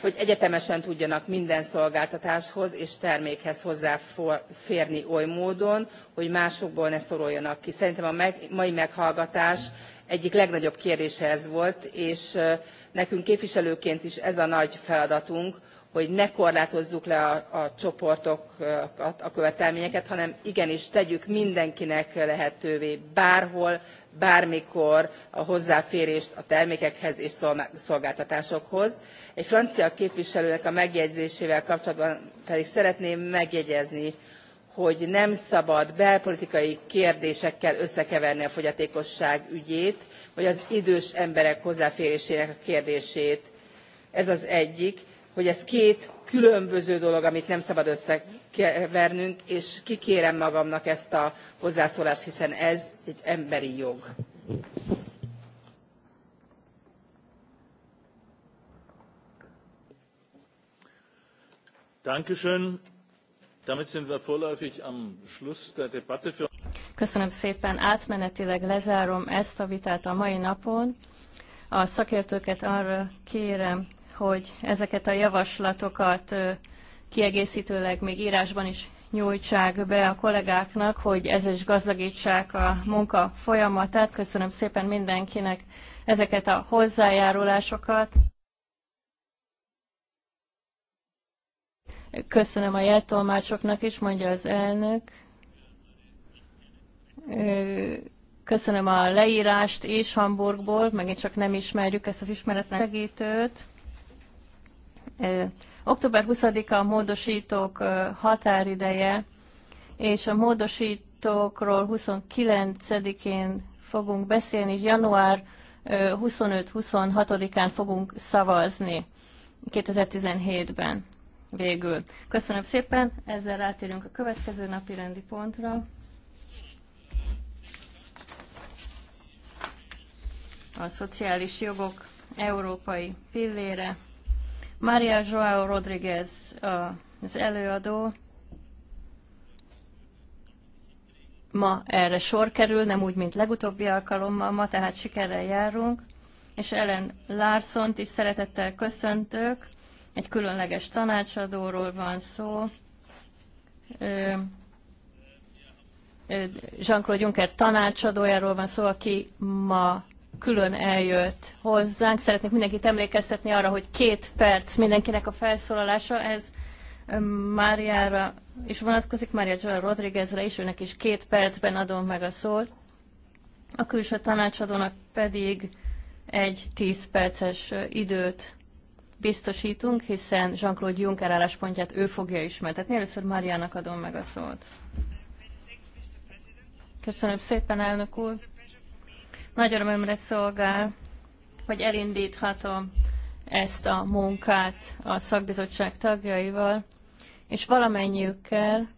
hogy egyetemesen tudjanak minden szolgáltatáshoz és termékhez hozzáférni oly módon, hogy másokból ne szoroljanak ki. Szerintem a mai meghallgatás egyik legnagyobb kérdése ez volt, és nekünk képviselőként is ez a nagy feladatunk hogy ne korlátozzuk le a, a csoportokat a követelményeket hanem igenis tegyük mindenkinek lehetővé bárhol bármikor a hozzáférést a termékekhez és szolgáltatásokhoz. egy francia képviselőnek a megjegyzésével kapcsolatban pedig szeretném megjegyezni hogy nem szabad belpolitikai kérdésekkel összekeverni a fogyatékosság ügyét vagy az idős emberek hozzáférésének a kérdését. ez az egyik hogy ez két különböző dolog amit nem szabad összekevernünk és kikérem magamnak ezt a hozzászólást hiszen ez egy emberi jog. Dankeschön. Köszönöm szépen. Átmenetileg lezárom ezt a vitát a mai napon. A szakértőket arra kérem, hogy ezeket a javaslatokat kiegészítőleg még írásban is nyújtsák be a kollégáknak, hogy ez is gazdagítsák a munka folyamatát. Köszönöm szépen mindenkinek ezeket a hozzájárulásokat. Köszönöm a jeltolmácsoknak is, mondja az elnök. Köszönöm a leírást is Hamburgból, megint csak nem ismerjük ezt az ismeretlen segítőt. Október 20-a a módosítók határideje, és a módosítókról 29-én fogunk beszélni, és január 25-26-án fogunk szavazni 2017-ben végül. Köszönöm szépen, ezzel rátérünk a következő napi rendi pontra. A szociális jogok európai pillére. Maria Joao Rodriguez az előadó. Ma erre sor kerül, nem úgy, mint legutóbbi alkalommal, ma tehát sikerrel járunk és Ellen Larsont is szeretettel köszöntök, egy különleges tanácsadóról van szó. Jean-Claude Juncker tanácsadójáról van szó, aki ma külön eljött hozzánk. Szeretnék mindenkit emlékeztetni arra, hogy két perc mindenkinek a felszólalása, ez Máriára is vonatkozik, Mária Joel Rodriguezre is, őnek is két percben adom meg a szót. A külső tanácsadónak pedig egy tíz perces időt biztosítunk, hiszen Jean-Claude Juncker álláspontját ő fogja ismertetni. Először Mariának adom meg a szót. Köszönöm szépen, elnök úr. Nagy örömömre szolgál, hogy elindíthatom ezt a munkát a szakbizottság tagjaival, és valamennyiükkel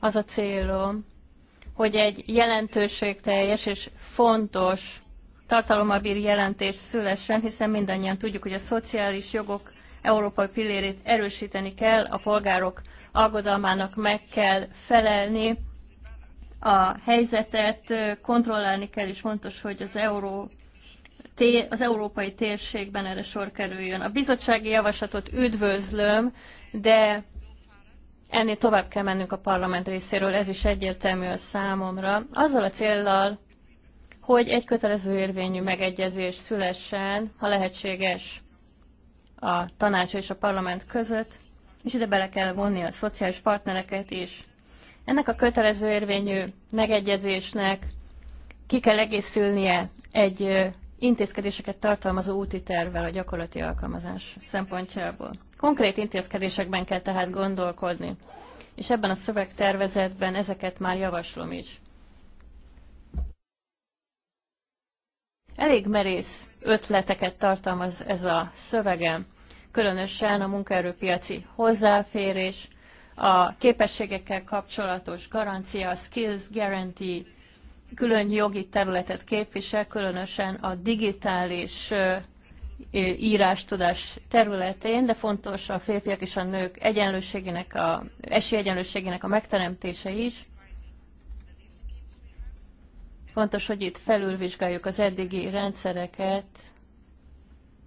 az a célom, hogy egy jelentőségteljes és fontos tartalommal bír jelentés szülessen, hiszen mindannyian tudjuk, hogy a szociális jogok európai pillérét erősíteni kell, a polgárok aggodalmának meg kell felelni, a helyzetet kontrollálni kell, és fontos, hogy az euró az európai térségben erre sor kerüljön. A bizottsági javaslatot üdvözlöm, de ennél tovább kell mennünk a parlament részéről, ez is egyértelmű a számomra. Azzal a céllal hogy egy kötelező érvényű megegyezés szülessen, ha lehetséges a tanács és a parlament között, és ide bele kell vonni a szociális partnereket is. Ennek a kötelező érvényű megegyezésnek ki kell egészülnie egy intézkedéseket tartalmazó úti tervvel a gyakorlati alkalmazás szempontjából. Konkrét intézkedésekben kell tehát gondolkodni, és ebben a szövegtervezetben ezeket már javaslom is. Elég merész ötleteket tartalmaz ez a szövegem, különösen a munkaerőpiaci hozzáférés, a képességekkel kapcsolatos garancia, a skills guarantee, külön jogi területet képvisel, különösen a digitális írástudás területén, de fontos a férfiak és a nők egyenlőségének, a, esélyegyenlőségének a megteremtése is. Fontos, hogy itt felülvizsgáljuk az eddigi rendszereket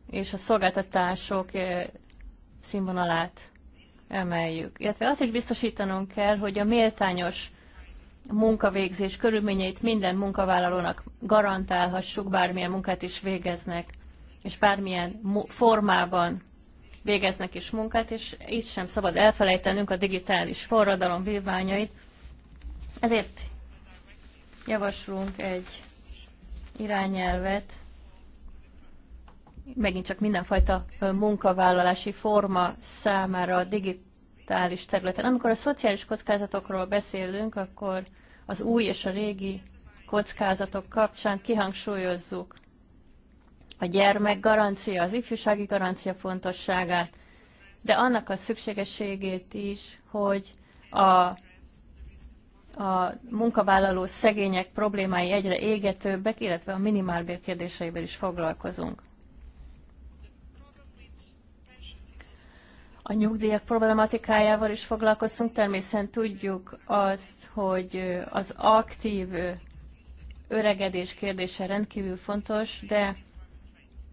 és a szolgáltatások eh, színvonalát emeljük. Illetve azt is biztosítanunk kell, hogy a méltányos munkavégzés körülményeit minden munkavállalónak garantálhassuk, bármilyen munkát is végeznek, és bármilyen formában végeznek is munkát, és így sem szabad elfelejtenünk a digitális forradalom vívványait. Ezért javaslunk egy irányelvet, megint csak mindenfajta munkavállalási forma számára a digitális területen. Amikor a szociális kockázatokról beszélünk, akkor az új és a régi kockázatok kapcsán kihangsúlyozzuk a gyermek garancia, az ifjúsági garancia fontosságát, de annak a szükségességét is, hogy a a munkavállaló szegények problémái egyre égetőbbek, illetve a minimálbér kérdéseivel is foglalkozunk. A nyugdíjak problematikájával is foglalkoztunk, természetesen tudjuk azt, hogy az aktív öregedés kérdése rendkívül fontos, de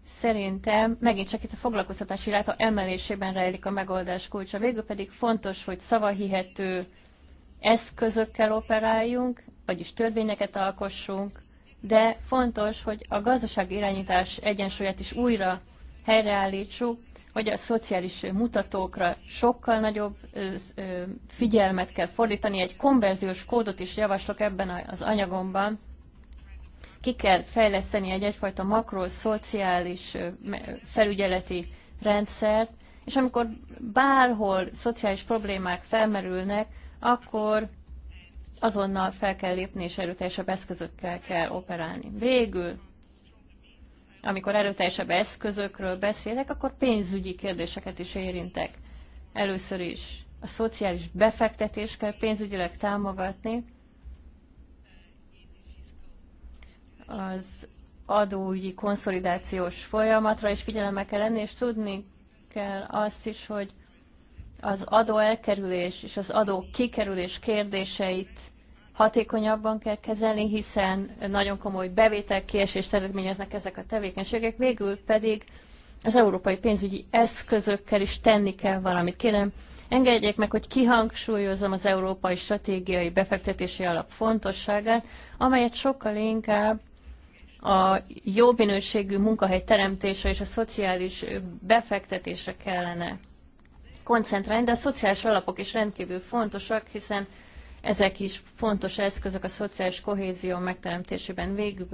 szerintem megint csak itt a foglalkoztatási ráta emelésében rejlik a megoldás kulcsa. Végül pedig fontos, hogy szavahihető eszközökkel operáljunk, vagyis törvényeket alkossunk, de fontos, hogy a gazdaság irányítás egyensúlyát is újra helyreállítsuk, hogy a szociális mutatókra sokkal nagyobb figyelmet kell fordítani. Egy konverziós kódot is javaslok ebben az anyagomban. Ki kell fejleszteni egy egyfajta makroszociális felügyeleti rendszert, és amikor bárhol szociális problémák felmerülnek, akkor azonnal fel kell lépni, és erőteljesebb eszközökkel kell operálni. Végül, amikor erőteljesebb eszközökről beszélek, akkor pénzügyi kérdéseket is érintek. Először is a szociális befektetés kell pénzügyileg támogatni, az adóügyi konszolidációs folyamatra is figyelemmel kell lenni, és tudni kell azt is, hogy az adó elkerülés és az adó kikerülés kérdéseit hatékonyabban kell kezelni, hiszen nagyon komoly bevételkiesést eredményeznek ezek a tevékenységek, végül pedig az európai pénzügyi eszközökkel is tenni kell valamit. Kérem, engedjék meg, hogy kihangsúlyozom az Európai Stratégiai Befektetési Alap fontosságát, amelyet sokkal inkább a jó minőségű munkahely teremtése és a szociális befektetése kellene koncentrálni, de a szociális alapok is rendkívül fontosak, hiszen ezek is fontos eszközök a szociális kohézió megteremtésében, végül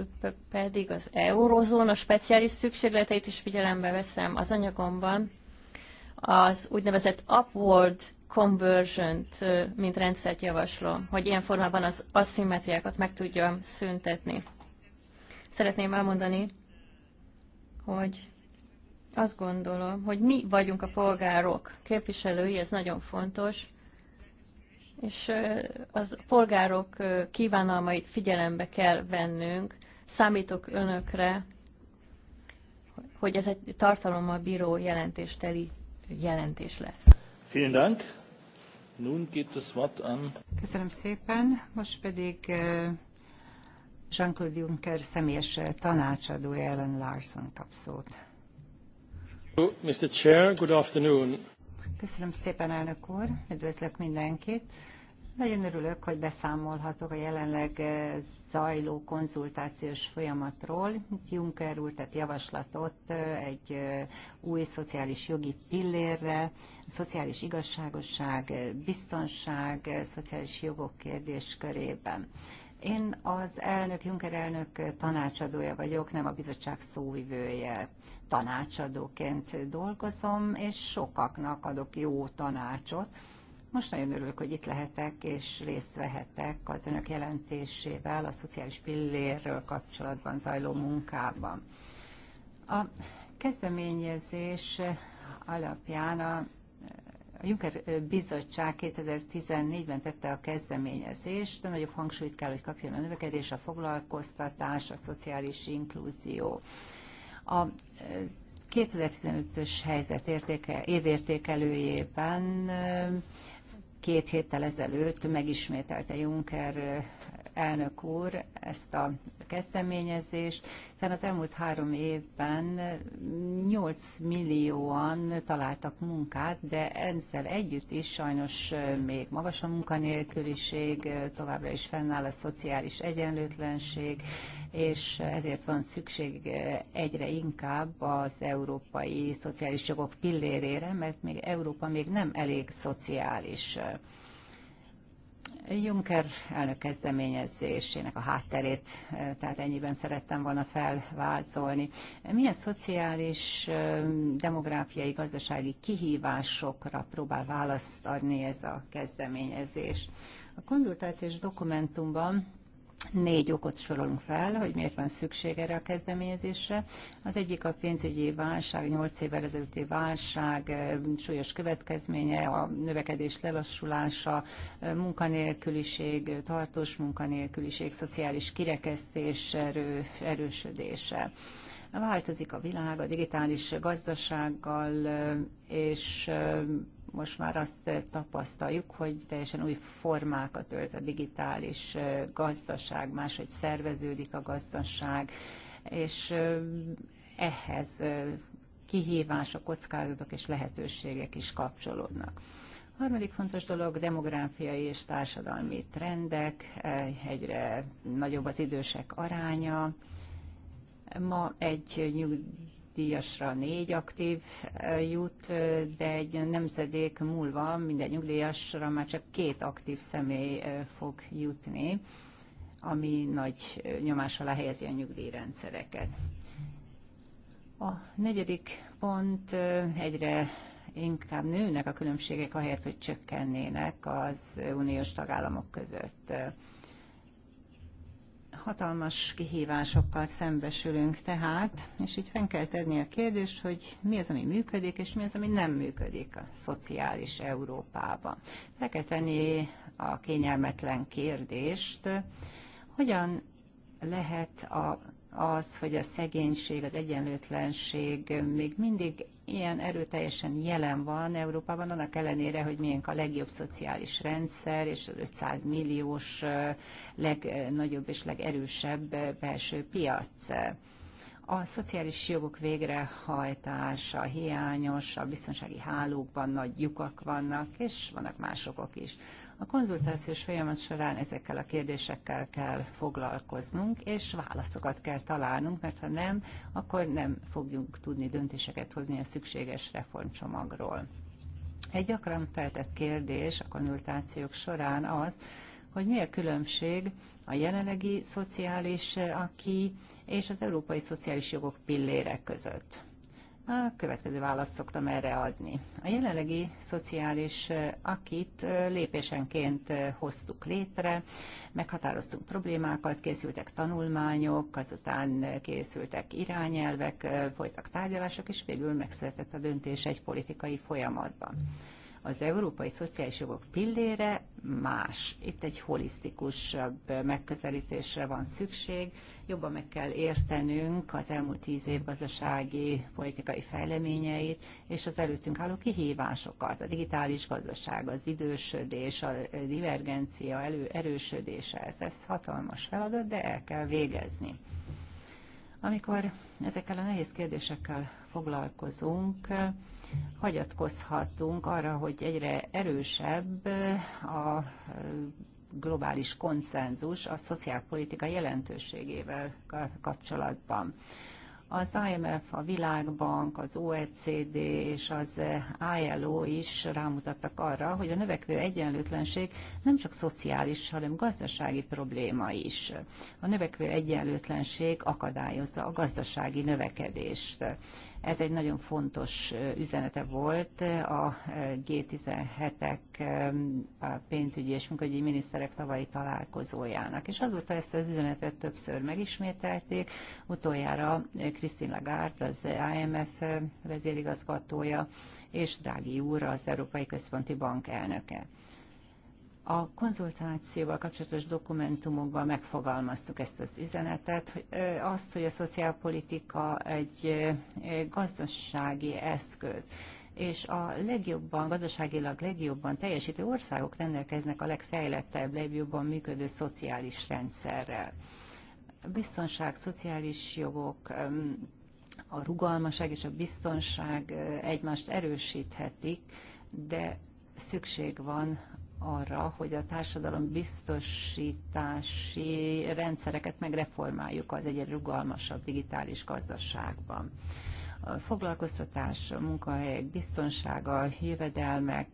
pedig az eurozóna speciális szükségleteit is figyelembe veszem az anyagomban. Az úgynevezett upward conversion mint rendszert javaslom, hogy ilyen formában az aszimmetriákat meg tudjam szüntetni. Szeretném elmondani, hogy azt gondolom, hogy mi vagyunk a polgárok képviselői, ez nagyon fontos, és az polgárok kívánalmait figyelembe kell vennünk. Számítok önökre, hogy ez egy tartalommal bíró jelentésteli jelentés lesz. Vielen Dank. Nun geht das Wort an. Köszönöm szépen. Most pedig Jean-Claude Juncker személyes tanácsadója Ellen Larson kap szót. Köszönöm szépen, elnök úr, üdvözlök mindenkit. Nagyon örülök, hogy beszámolhatok a jelenleg eh, zajló konzultációs folyamatról. Juncker úr tett javaslatot eh, egy eh, új szociális jogi pillérre, szociális igazságosság, biztonság, szociális jogok kérdéskörében. Én az elnök, Juncker elnök tanácsadója vagyok, nem a bizottság szóvivője. Tanácsadóként dolgozom, és sokaknak adok jó tanácsot. Most nagyon örülök, hogy itt lehetek, és részt vehetek az önök jelentésével a szociális pillérről kapcsolatban zajló munkában. A kezdeményezés alapján a a Juncker Bizottság 2014-ben tette a kezdeményezést, de nagyobb hangsúlyt kell, hogy kapjon a növekedés, a foglalkoztatás, a szociális inkluzió. A 2015-ös helyzet értéke, évértékelőjében két héttel ezelőtt megismételte Juncker elnök úr, ezt a kezdeményezést, hiszen az elmúlt három évben 8 millióan találtak munkát, de ezzel együtt is sajnos még magas a munkanélküliség, továbbra is fennáll a szociális egyenlőtlenség, és ezért van szükség egyre inkább az európai szociális jogok pillérére, mert még Európa még nem elég szociális. Juncker elnök kezdeményezésének a hátterét, eh, tehát ennyiben szerettem volna felvázolni. Milyen szociális, eh, demográfiai, gazdasági kihívásokra próbál választ adni ez a kezdeményezés? A konzultációs dokumentumban négy okot sorolunk fel, hogy miért van szükség erre a kezdeményezésre. Az egyik a pénzügyi válság, 8 évvel ezelőtti válság eh, súlyos következménye, a növekedés lelassulása, eh, munkanélküliség, tartós munkanélküliség, szociális kirekesztés erő, erősödése. Változik a világ a digitális gazdasággal, eh, és most már azt eh, tapasztaljuk, hogy teljesen új formákat ölt a digitális eh, gazdaság, máshogy szerveződik a gazdaság, és eh, ehhez kihívások, kockázatok és lehetőségek is kapcsolódnak. A harmadik fontos dolog demográfiai és társadalmi trendek, egyre nagyobb az idősek aránya. Ma egy nyugdíj nyugdíjasra négy aktív jut, de egy nemzedék múlva minden nyugdíjasra már csak két aktív személy fog jutni, ami nagy nyomás alá helyezi a nyugdíjrendszereket. A negyedik pont egyre inkább nőnek a különbségek, ahelyett, hogy csökkennének az uniós tagállamok között hatalmas kihívásokkal szembesülünk tehát, és így fenn kell tenni a kérdést, hogy mi az, ami működik, és mi az, ami nem működik a szociális Európában. Fel kell tenni a kényelmetlen kérdést, hogyan lehet a, az, hogy a szegénység, az egyenlőtlenség még mindig ilyen erőteljesen jelen van Európában, annak ellenére, hogy milyen a legjobb szociális rendszer, és az 500 milliós legnagyobb és legerősebb belső piac. A szociális jogok végrehajtása hiányos, a biztonsági hálókban nagy lyukak vannak, és vannak mások is. A konzultációs folyamat során ezekkel a kérdésekkel kell foglalkoznunk, és válaszokat kell találnunk, mert ha nem, akkor nem fogjunk tudni döntéseket hozni a szükséges reformcsomagról. Egy gyakran feltett kérdés a konzultációk során az, hogy mi a különbség a jelenlegi szociális aki és az európai szociális jogok pillére között. A következő választ szoktam erre adni. A jelenlegi szociális akit lépésenként hoztuk létre, meghatároztunk problémákat, készültek tanulmányok, azután készültek irányelvek, folytak tárgyalások, és végül megszületett a döntés egy politikai folyamatban. Az európai szociális jogok pillére más. Itt egy holisztikusabb megközelítésre van szükség. Jobban meg kell értenünk az elmúlt tíz év gazdasági, politikai fejleményeit, és az előttünk álló kihívásokat. A digitális gazdaság, az idősödés, a divergencia elő, erősödése, ez, ez hatalmas feladat, de el kell végezni. Amikor ezekkel a nehéz kérdésekkel foglalkozunk, hagyatkozhatunk arra, hogy egyre erősebb a globális konszenzus a szociálpolitika jelentőségével kapcsolatban. Az IMF, a Világbank, az OECD és az ILO is rámutattak arra, hogy a növekvő egyenlőtlenség nem csak szociális, hanem gazdasági probléma is. A növekvő egyenlőtlenség akadályozza a gazdasági növekedést. Ez egy nagyon fontos üzenete volt a G17-ek a pénzügyi és munkahogyi miniszterek tavalyi találkozójának. És azóta ezt az üzenetet többször megismételték. Utoljára Christine Lagarde, az IMF vezérigazgatója, és Drági úr, az Európai Központi Bank elnöke. A konzultációval kapcsolatos dokumentumokban megfogalmaztuk ezt az üzenetet, hogy azt, hogy a szociálpolitika egy gazdasági eszköz, és a legjobban, gazdaságilag legjobban teljesítő országok rendelkeznek a legfejlettebb, legjobban működő szociális rendszerrel. A biztonság, szociális jogok, a rugalmaság és a biztonság egymást erősíthetik, de szükség van arra, hogy a társadalom biztosítási rendszereket megreformáljuk az egyre rugalmasabb digitális gazdaságban. A foglalkoztatás, a munkahelyek biztonsága, jövedelmek,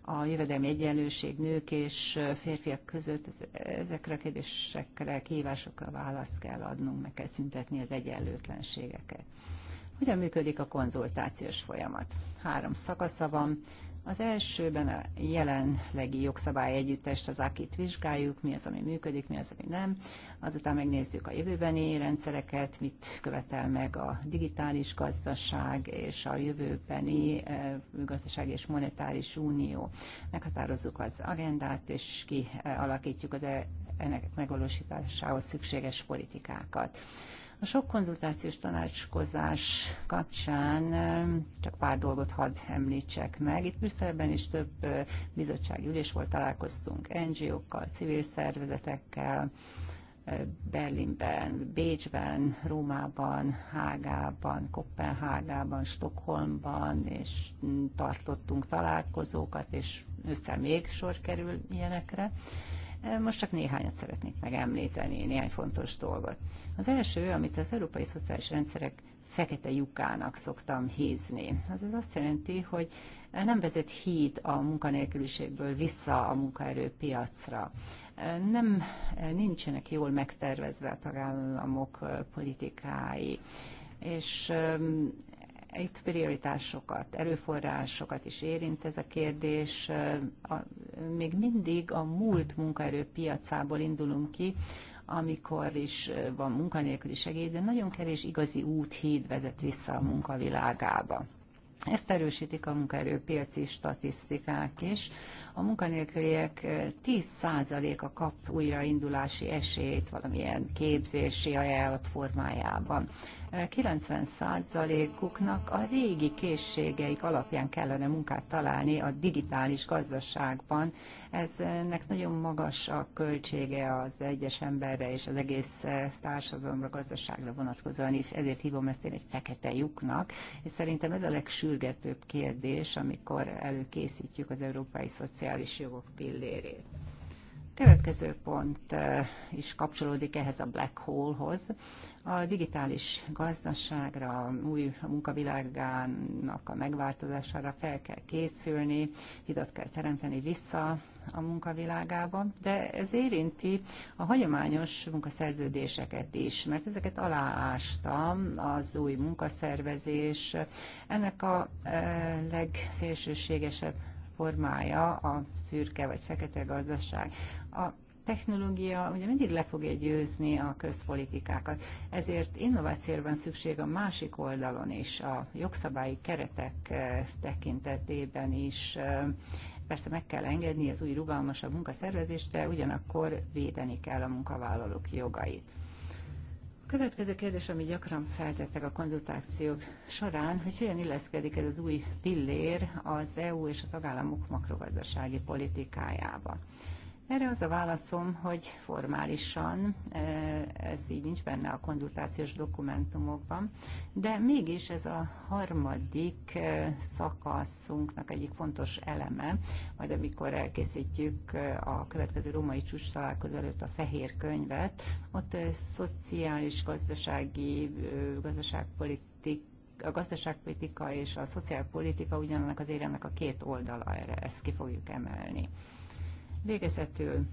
a jövedelmi egyenlőség nők és férfiak között, ezekre a kérdésekre, kihívásokra választ kell adnunk, meg kell szüntetni az egyenlőtlenségeket. Hogyan működik a konzultációs folyamat? Három szakasza van, az elsőben a jelenlegi jogszabály együttest az, akit vizsgáljuk, mi az, ami működik, mi az, ami nem. Azután megnézzük a jövőbeni rendszereket, mit követel meg a digitális gazdaság és a jövőbeni eh, gazdaság és monetáris unió. Meghatározzuk az agendát, és kialakítjuk az e-, ennek megvalósításához szükséges politikákat. A sok konzultációs tanácskozás kapcsán csak pár dolgot hadd említsek meg. Itt Brüsszelben is több bizottsági ülés volt, találkoztunk NGO-kkal, civil szervezetekkel, Berlinben, Bécsben, Rómában, Hágában, Kopenhágában, Stockholmban, és tartottunk találkozókat, és össze még sor kerül ilyenekre. Most csak néhányat szeretnék megemlíteni, néhány fontos dolgot. Az első, amit az európai szociális rendszerek fekete lyukának szoktam hízni. Az ez azt jelenti, hogy nem vezet híd a munkanélküliségből vissza a munkaerőpiacra. Nem, nincsenek jól megtervezve a tagállamok politikái és itt prioritásokat, erőforrásokat is érint ez a kérdés. A, még mindig a múlt munkaerőpiacából indulunk ki, amikor is van munkanélküli segély, de nagyon kevés igazi úthíd vezet vissza a munkavilágába. Ezt erősítik a munkaerőpiaci statisztikák is. A munkanélküliek 10%-a kap újraindulási esélyt valamilyen képzési ajánlat formájában. 90%-uknak a régi készségeik alapján kellene munkát találni a digitális gazdaságban. Eznek nagyon magas a költsége az egyes emberre és az egész eh, társadalomra, gazdaságra vonatkozóan, és ezért hívom ezt én egy fekete lyuknak, és szerintem ez a legsürgetőbb kérdés, amikor előkészítjük az európai szociális jogok pillérét következő pont is kapcsolódik ehhez a black hole-hoz A digitális gazdaságra, új munkavilágának a megváltozására fel kell készülni, hidat kell teremteni vissza a munkavilágába, de ez érinti a hagyományos munkaszerződéseket is, mert ezeket aláástam az új munkaszervezés. Ennek a legszélsőségesebb formája a szürke vagy fekete gazdaság. A technológia ugye mindig le fogja győzni a közpolitikákat, ezért innovációra van szükség a másik oldalon is, a jogszabályi keretek eh, tekintetében is. Eh, persze meg kell engedni az új rugalmasabb munkaszervezést, de ugyanakkor védeni kell a munkavállalók jogait. Következő kérdés, ami gyakran feltettek a konzultációk során, hogy hogyan illeszkedik ez az új pillér az EU és a tagállamok makrogazdasági politikájába. Erre az a válaszom, hogy formálisan e, ez így nincs benne a konzultációs dokumentumokban, de mégis ez a harmadik e, szakaszunknak egyik fontos eleme, majd amikor elkészítjük e, a következő római csúcs találkozó előtt a fehér könyvet, ott szociális, gazdasági, gazdaságpolitik a gazdaságpolitika és a szociálpolitika ugyanannak az éremnek a két oldala erre, ezt ki fogjuk emelni. Végezetül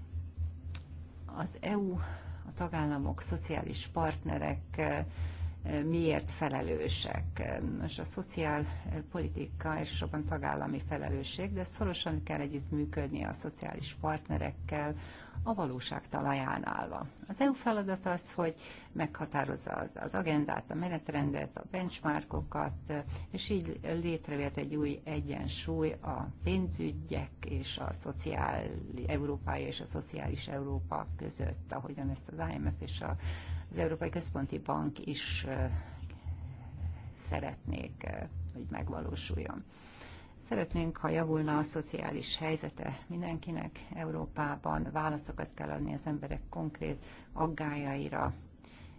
az EU, a tagállamok, szociális partnerek miért felelősek. Most a szociálpolitika elsősorban tagállami felelősség, de szorosan kell együttműködni a szociális partnerekkel, a valóság talaján állva. Az EU feladata az, hogy meghatározza az, az agendát, a menetrendet, a benchmarkokat, és így létrejött egy új egyensúly a pénzügyek és a szociál Európája és a szociális Európa között, ahogyan ezt az IMF és a az Európai Központi Bank is szeretnék, hogy megvalósuljon. Szeretnénk, ha javulna a szociális helyzete mindenkinek Európában, válaszokat kell adni az emberek konkrét aggájaira,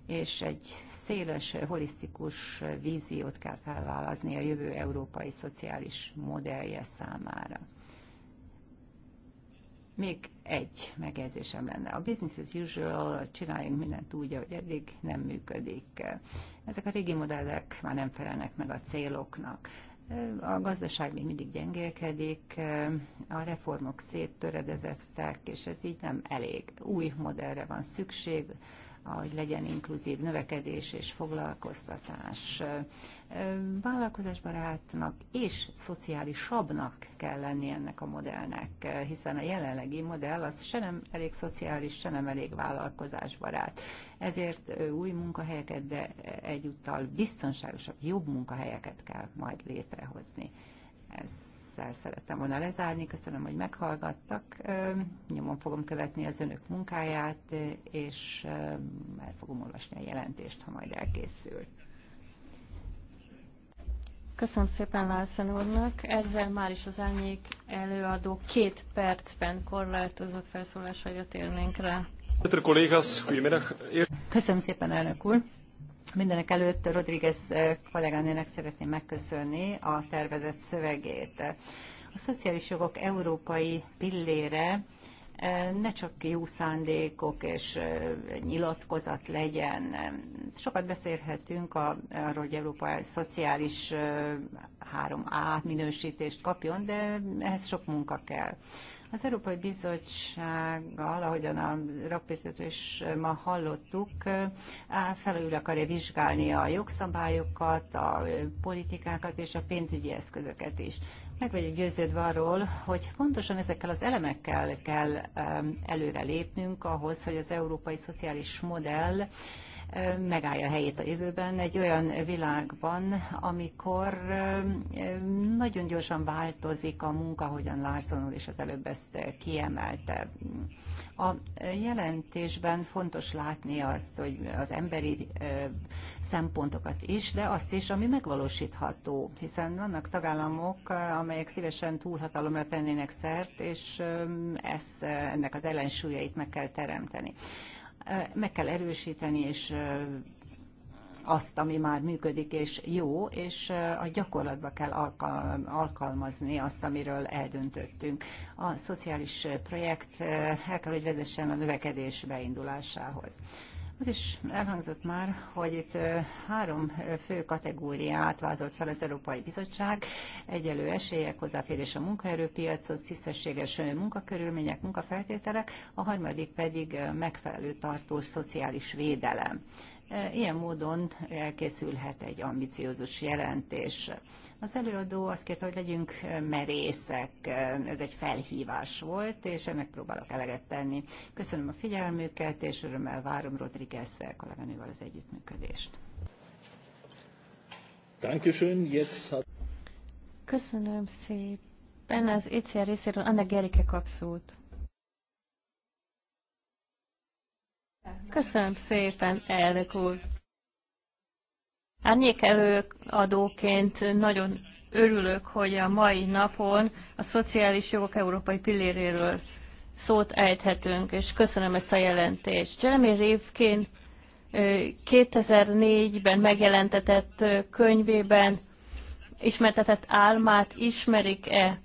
és egy széles, holisztikus víziót kell felválaszni a jövő európai szociális modellje számára. Még egy megjegyzésem lenne. A business as usual, csináljunk mindent úgy, ahogy eddig nem működik. Ezek a régi modellek már nem felelnek meg a céloknak. A gazdaság még mindig gyengélkedik, a reformok széttöredezettek, és ez így nem elég. Új modellre van szükség, hogy legyen inkluzív növekedés és foglalkoztatás. Vállalkozásbarátnak és szociálisabbnak kell lenni ennek a modellnek, hiszen a jelenlegi modell az se nem elég szociális, se nem elég vállalkozásbarát. Ezért új munkahelyeket, de egyúttal biztonságosabb, jobb munkahelyeket kell majd létrehozni. Ez ezzel szerettem volna lezárni. Köszönöm, hogy meghallgattak. Nyomon fogom követni az önök munkáját, és el fogom olvasni a jelentést, ha majd elkészül. Köszönöm szépen Lászen úrnak. Ezzel már is az elnyék előadó két percben korlátozott felszólásaira térnénk rá. Köszönöm szépen, elnök úr. Mindenek előtt Rodriguez eh, kolléganőnek szeretném megköszönni a tervezett szövegét. A szociális jogok európai pillére eh, ne csak jó szándékok és eh, nyilatkozat legyen. Sokat beszélhetünk arról, hogy Európa szociális 3A minősítést kapjon, de ehhez sok munka kell. Az Európai Bizottsággal, ahogyan a rakétot is ma hallottuk, felül akarja vizsgálni a jogszabályokat, a politikákat és a pénzügyi eszközöket is. Meg vagyok győződve arról, hogy pontosan ezekkel az elemekkel kell előre lépnünk ahhoz, hogy az európai szociális modell megállja a helyét a jövőben egy olyan világban, amikor nagyon gyorsan változik a munka, hogyan Larson úr is az előbb ezt kiemelte. A jelentésben fontos látni azt, hogy az emberi szempontokat is, de azt is, ami megvalósítható, hiszen vannak tagállamok, amelyek szívesen túlhatalomra tennének szert, és ezt, ennek az ellensúlyait meg kell teremteni meg kell erősíteni, és azt, ami már működik és jó, és a gyakorlatba kell alkalmazni azt, amiről eldöntöttünk. A szociális projekt el kell, hogy vezessen a növekedés beindulásához. Az is elhangzott már, hogy itt három fő kategóriát vázolt fel az Európai Bizottság. Egyelő esélyek, hozzáférés a munkaerőpiachoz, tisztességes munkakörülmények, munkafeltételek, a harmadik pedig megfelelő tartós szociális védelem. Ilyen módon elkészülhet egy ambiciózus jelentés. Az előadó azt kérte, hogy legyünk merészek. Ez egy felhívás volt, és ennek próbálok eleget tenni. Köszönöm a figyelmüket, és örömmel várom Rodriguez kolléganővel az együttműködést. Köszönöm szépen. Az ECR részéről Anna Gerike kap szót. Köszönöm szépen, elnök úr. Árnyék előadóként nagyon örülök, hogy a mai napon a szociális jogok európai pilléréről szót ejthetünk, és köszönöm ezt a jelentést. Jeremy Rivkin 2004-ben megjelentetett könyvében ismertetett álmát ismerik-e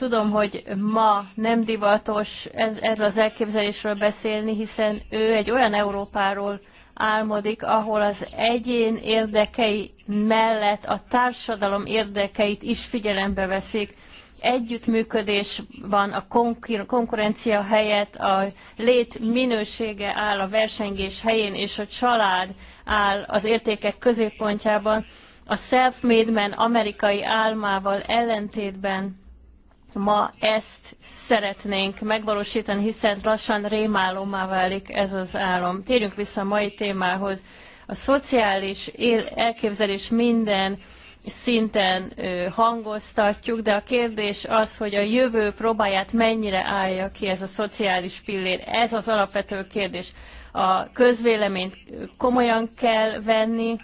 Tudom, hogy ma nem divatos ez, erről az elképzelésről beszélni, hiszen ő egy olyan Európáról álmodik, ahol az egyén érdekei mellett a társadalom érdekeit is figyelembe veszik. Együttműködés van a konkurencia helyett, a lét minősége áll a versengés helyén, és a család áll az értékek középpontjában. A self-made man amerikai álmával ellentétben ma ezt szeretnénk megvalósítani, hiszen lassan rémálommá válik ez az álom. Térjünk vissza a mai témához. A szociális elképzelés minden szinten hangoztatjuk, de a kérdés az, hogy a jövő próbáját mennyire állja ki ez a szociális pillér. Ez az alapvető kérdés. A közvéleményt komolyan kell venni,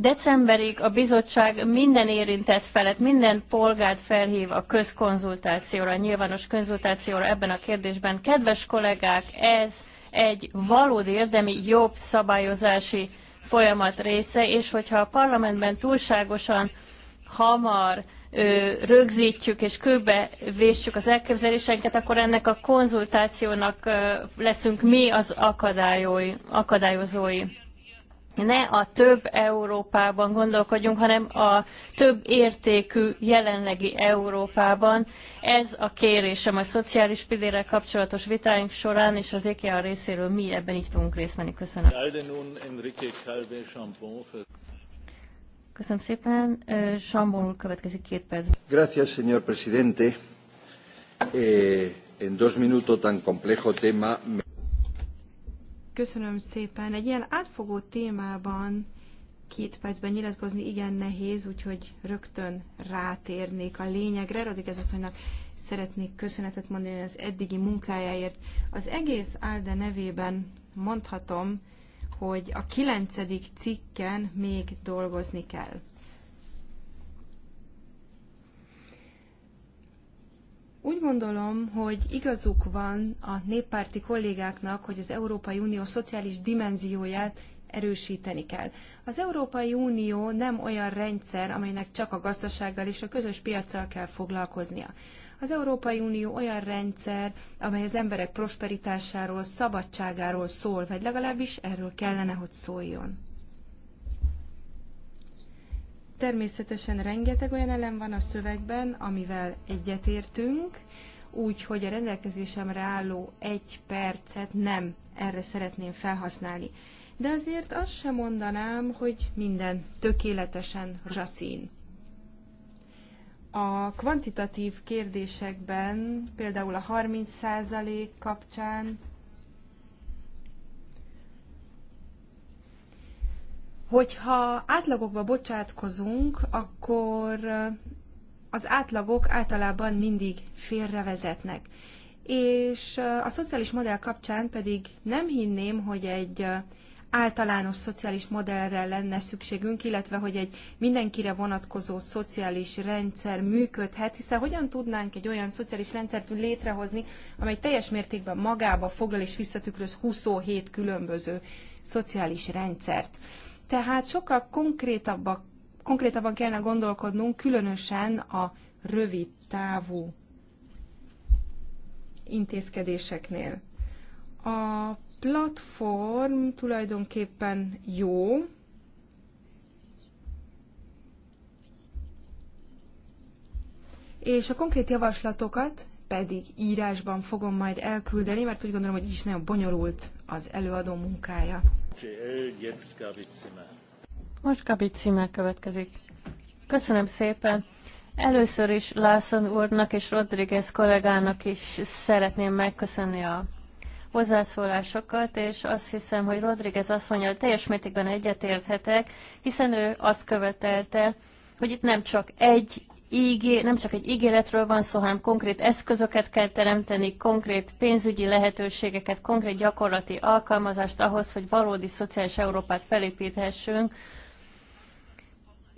Decemberig a bizottság minden érintett felet, minden polgárt felhív a közkonzultációra, a nyilvános konzultációra ebben a kérdésben. Kedves kollégák, ez egy valódi érdemi jobb szabályozási folyamat része, és hogyha a parlamentben túlságosan hamar ö, rögzítjük és kőbe véssük az elképzeléseinket, akkor ennek a konzultációnak ö, leszünk mi az akadályozói ne a több Európában gondolkodjunk, hanem a több értékű jelenlegi Európában. Ez a kérésem a szociális pillérrel kapcsolatos vitáink során, és az EKA részéről mi ebben így fogunk részt venni. Köszönöm. Köszönöm szépen. Sambon úr következik két percben. Gracias, señor presidente. Eh, en dos minutos tan complejo tema... Köszönöm szépen. Egy ilyen átfogó témában két percben nyilatkozni igen nehéz, úgyhogy rögtön rátérnék a lényegre. az, asszonynak szeretnék köszönetet mondani az eddigi munkájáért. Az egész Alde nevében mondhatom, hogy a kilencedik cikken még dolgozni kell. Úgy gondolom, hogy igazuk van a néppárti kollégáknak, hogy az Európai Unió szociális dimenzióját erősíteni kell. Az Európai Unió nem olyan rendszer, amelynek csak a gazdasággal és a közös piaccal kell foglalkoznia. Az Európai Unió olyan rendszer, amely az emberek prosperitásáról, szabadságáról szól, vagy legalábbis erről kellene, hogy szóljon. Természetesen rengeteg olyan elem van a szövegben, amivel egyetértünk, úgyhogy a rendelkezésemre álló egy percet nem erre szeretném felhasználni. De azért azt sem mondanám, hogy minden tökéletesen rzsaszín. A kvantitatív kérdésekben, például a 30% kapcsán Hogyha átlagokba bocsátkozunk, akkor az átlagok általában mindig félrevezetnek. És a szociális modell kapcsán pedig nem hinném, hogy egy általános szociális modellre lenne szükségünk, illetve hogy egy mindenkire vonatkozó szociális rendszer működhet, hiszen hogyan tudnánk egy olyan szociális rendszert létrehozni, amely teljes mértékben magába foglal és visszatükröz 27 különböző szociális rendszert. Tehát sokkal konkrétabbak, konkrétabban kellene gondolkodnunk, különösen a rövid távú intézkedéseknél. A platform tulajdonképpen jó, és a konkrét javaslatokat pedig írásban fogom majd elküldeni, mert úgy gondolom, hogy így is nagyon bonyolult az előadó munkája. Most Gabi következik. Köszönöm szépen. Először is Lászon úrnak és Rodriguez kollégának is szeretném megköszönni a hozzászólásokat, és azt hiszem, hogy Rodriguez hogy teljes mértékben egyetérthetek, hiszen ő azt követelte, hogy itt nem csak egy ígé, nem csak egy ígéretről van szó, hanem konkrét eszközöket kell teremteni, konkrét pénzügyi lehetőségeket, konkrét gyakorlati alkalmazást ahhoz, hogy valódi szociális Európát felépíthessünk,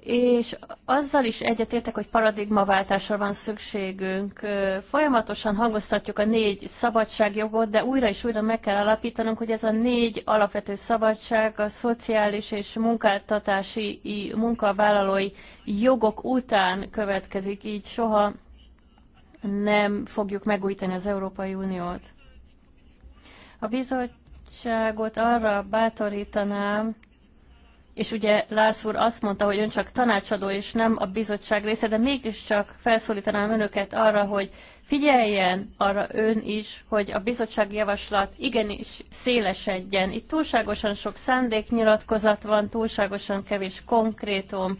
és azzal is egyetértek, hogy paradigmaváltásra van szükségünk. Folyamatosan hangoztatjuk a négy szabadságjogot, de újra és újra meg kell alapítanunk, hogy ez a négy alapvető szabadság a szociális és munkáltatási munkavállalói jogok után következik, így soha nem fogjuk megújítani az Európai Uniót. A bizottságot arra bátorítanám, és ugye Lász úr azt mondta, hogy ön csak tanácsadó és nem a bizottság része, de mégiscsak felszólítanám önöket arra, hogy figyeljen arra ön is, hogy a bizottság javaslat igenis szélesedjen. Itt túlságosan sok szándéknyilatkozat van, túlságosan kevés konkrétum,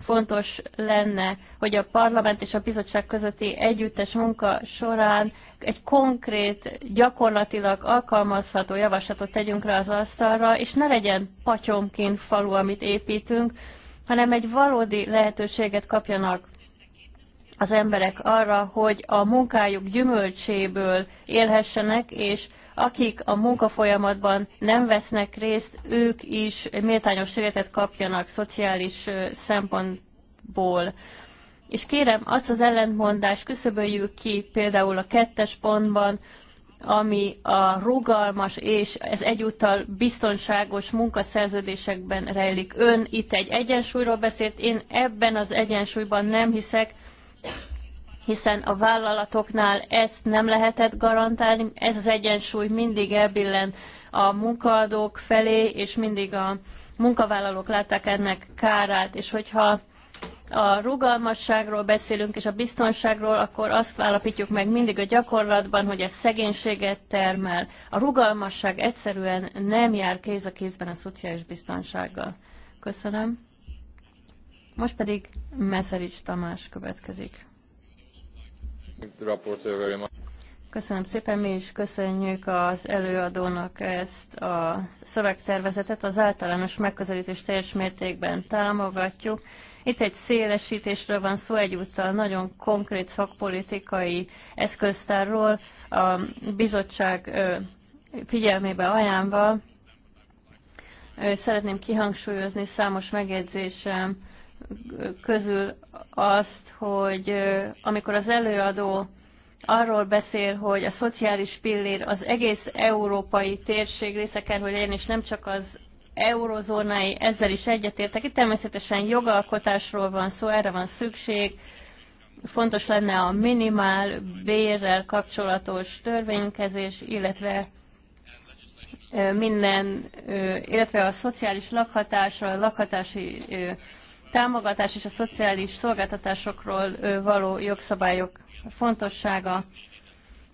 fontos lenne, hogy a parlament és a bizottság közötti együttes munka során egy konkrét, gyakorlatilag alkalmazható javaslatot tegyünk rá az asztalra, és ne legyen patyomként falu, amit építünk, hanem egy valódi lehetőséget kapjanak az emberek arra, hogy a munkájuk gyümölcséből élhessenek, és akik a munkafolyamatban nem vesznek részt, ők is méltányos életet kapjanak szociális szempontból. És kérem, azt az ellentmondást küszöböljük ki például a kettes pontban, ami a rugalmas és ez egyúttal biztonságos munkaszerződésekben rejlik. Ön itt egy egyensúlyról beszélt, én ebben az egyensúlyban nem hiszek, hiszen a vállalatoknál ezt nem lehetett garantálni, ez az egyensúly mindig elbillen a munkaadók felé, és mindig a munkavállalók látták ennek kárát, és hogyha a rugalmasságról beszélünk és a biztonságról, akkor azt állapítjuk meg mindig a gyakorlatban, hogy ez szegénységet termel. A rugalmasság egyszerűen nem jár kéz a kézben a szociális biztonsággal. Köszönöm. Most pedig Meszerics Tamás következik. Köszönöm szépen, mi is köszönjük az előadónak ezt a szövegtervezetet, az általános megközelítés teljes mértékben támogatjuk. Itt egy szélesítésről van szó, egyúttal nagyon konkrét szakpolitikai eszköztárról a bizottság figyelmébe ajánlva. Szeretném kihangsúlyozni számos megjegyzésem, közül azt, hogy amikor az előadó arról beszél, hogy a szociális pillér az egész európai térség része kell, hogy legyen, és nem csak az eurozónái, ezzel is egyetértek. Itt természetesen jogalkotásról van szó, erre van szükség. Fontos lenne a minimál bérrel kapcsolatos törvénykezés, illetve minden, illetve a szociális lakhatásra, lakhatási támogatás és a szociális szolgáltatásokról való jogszabályok fontossága,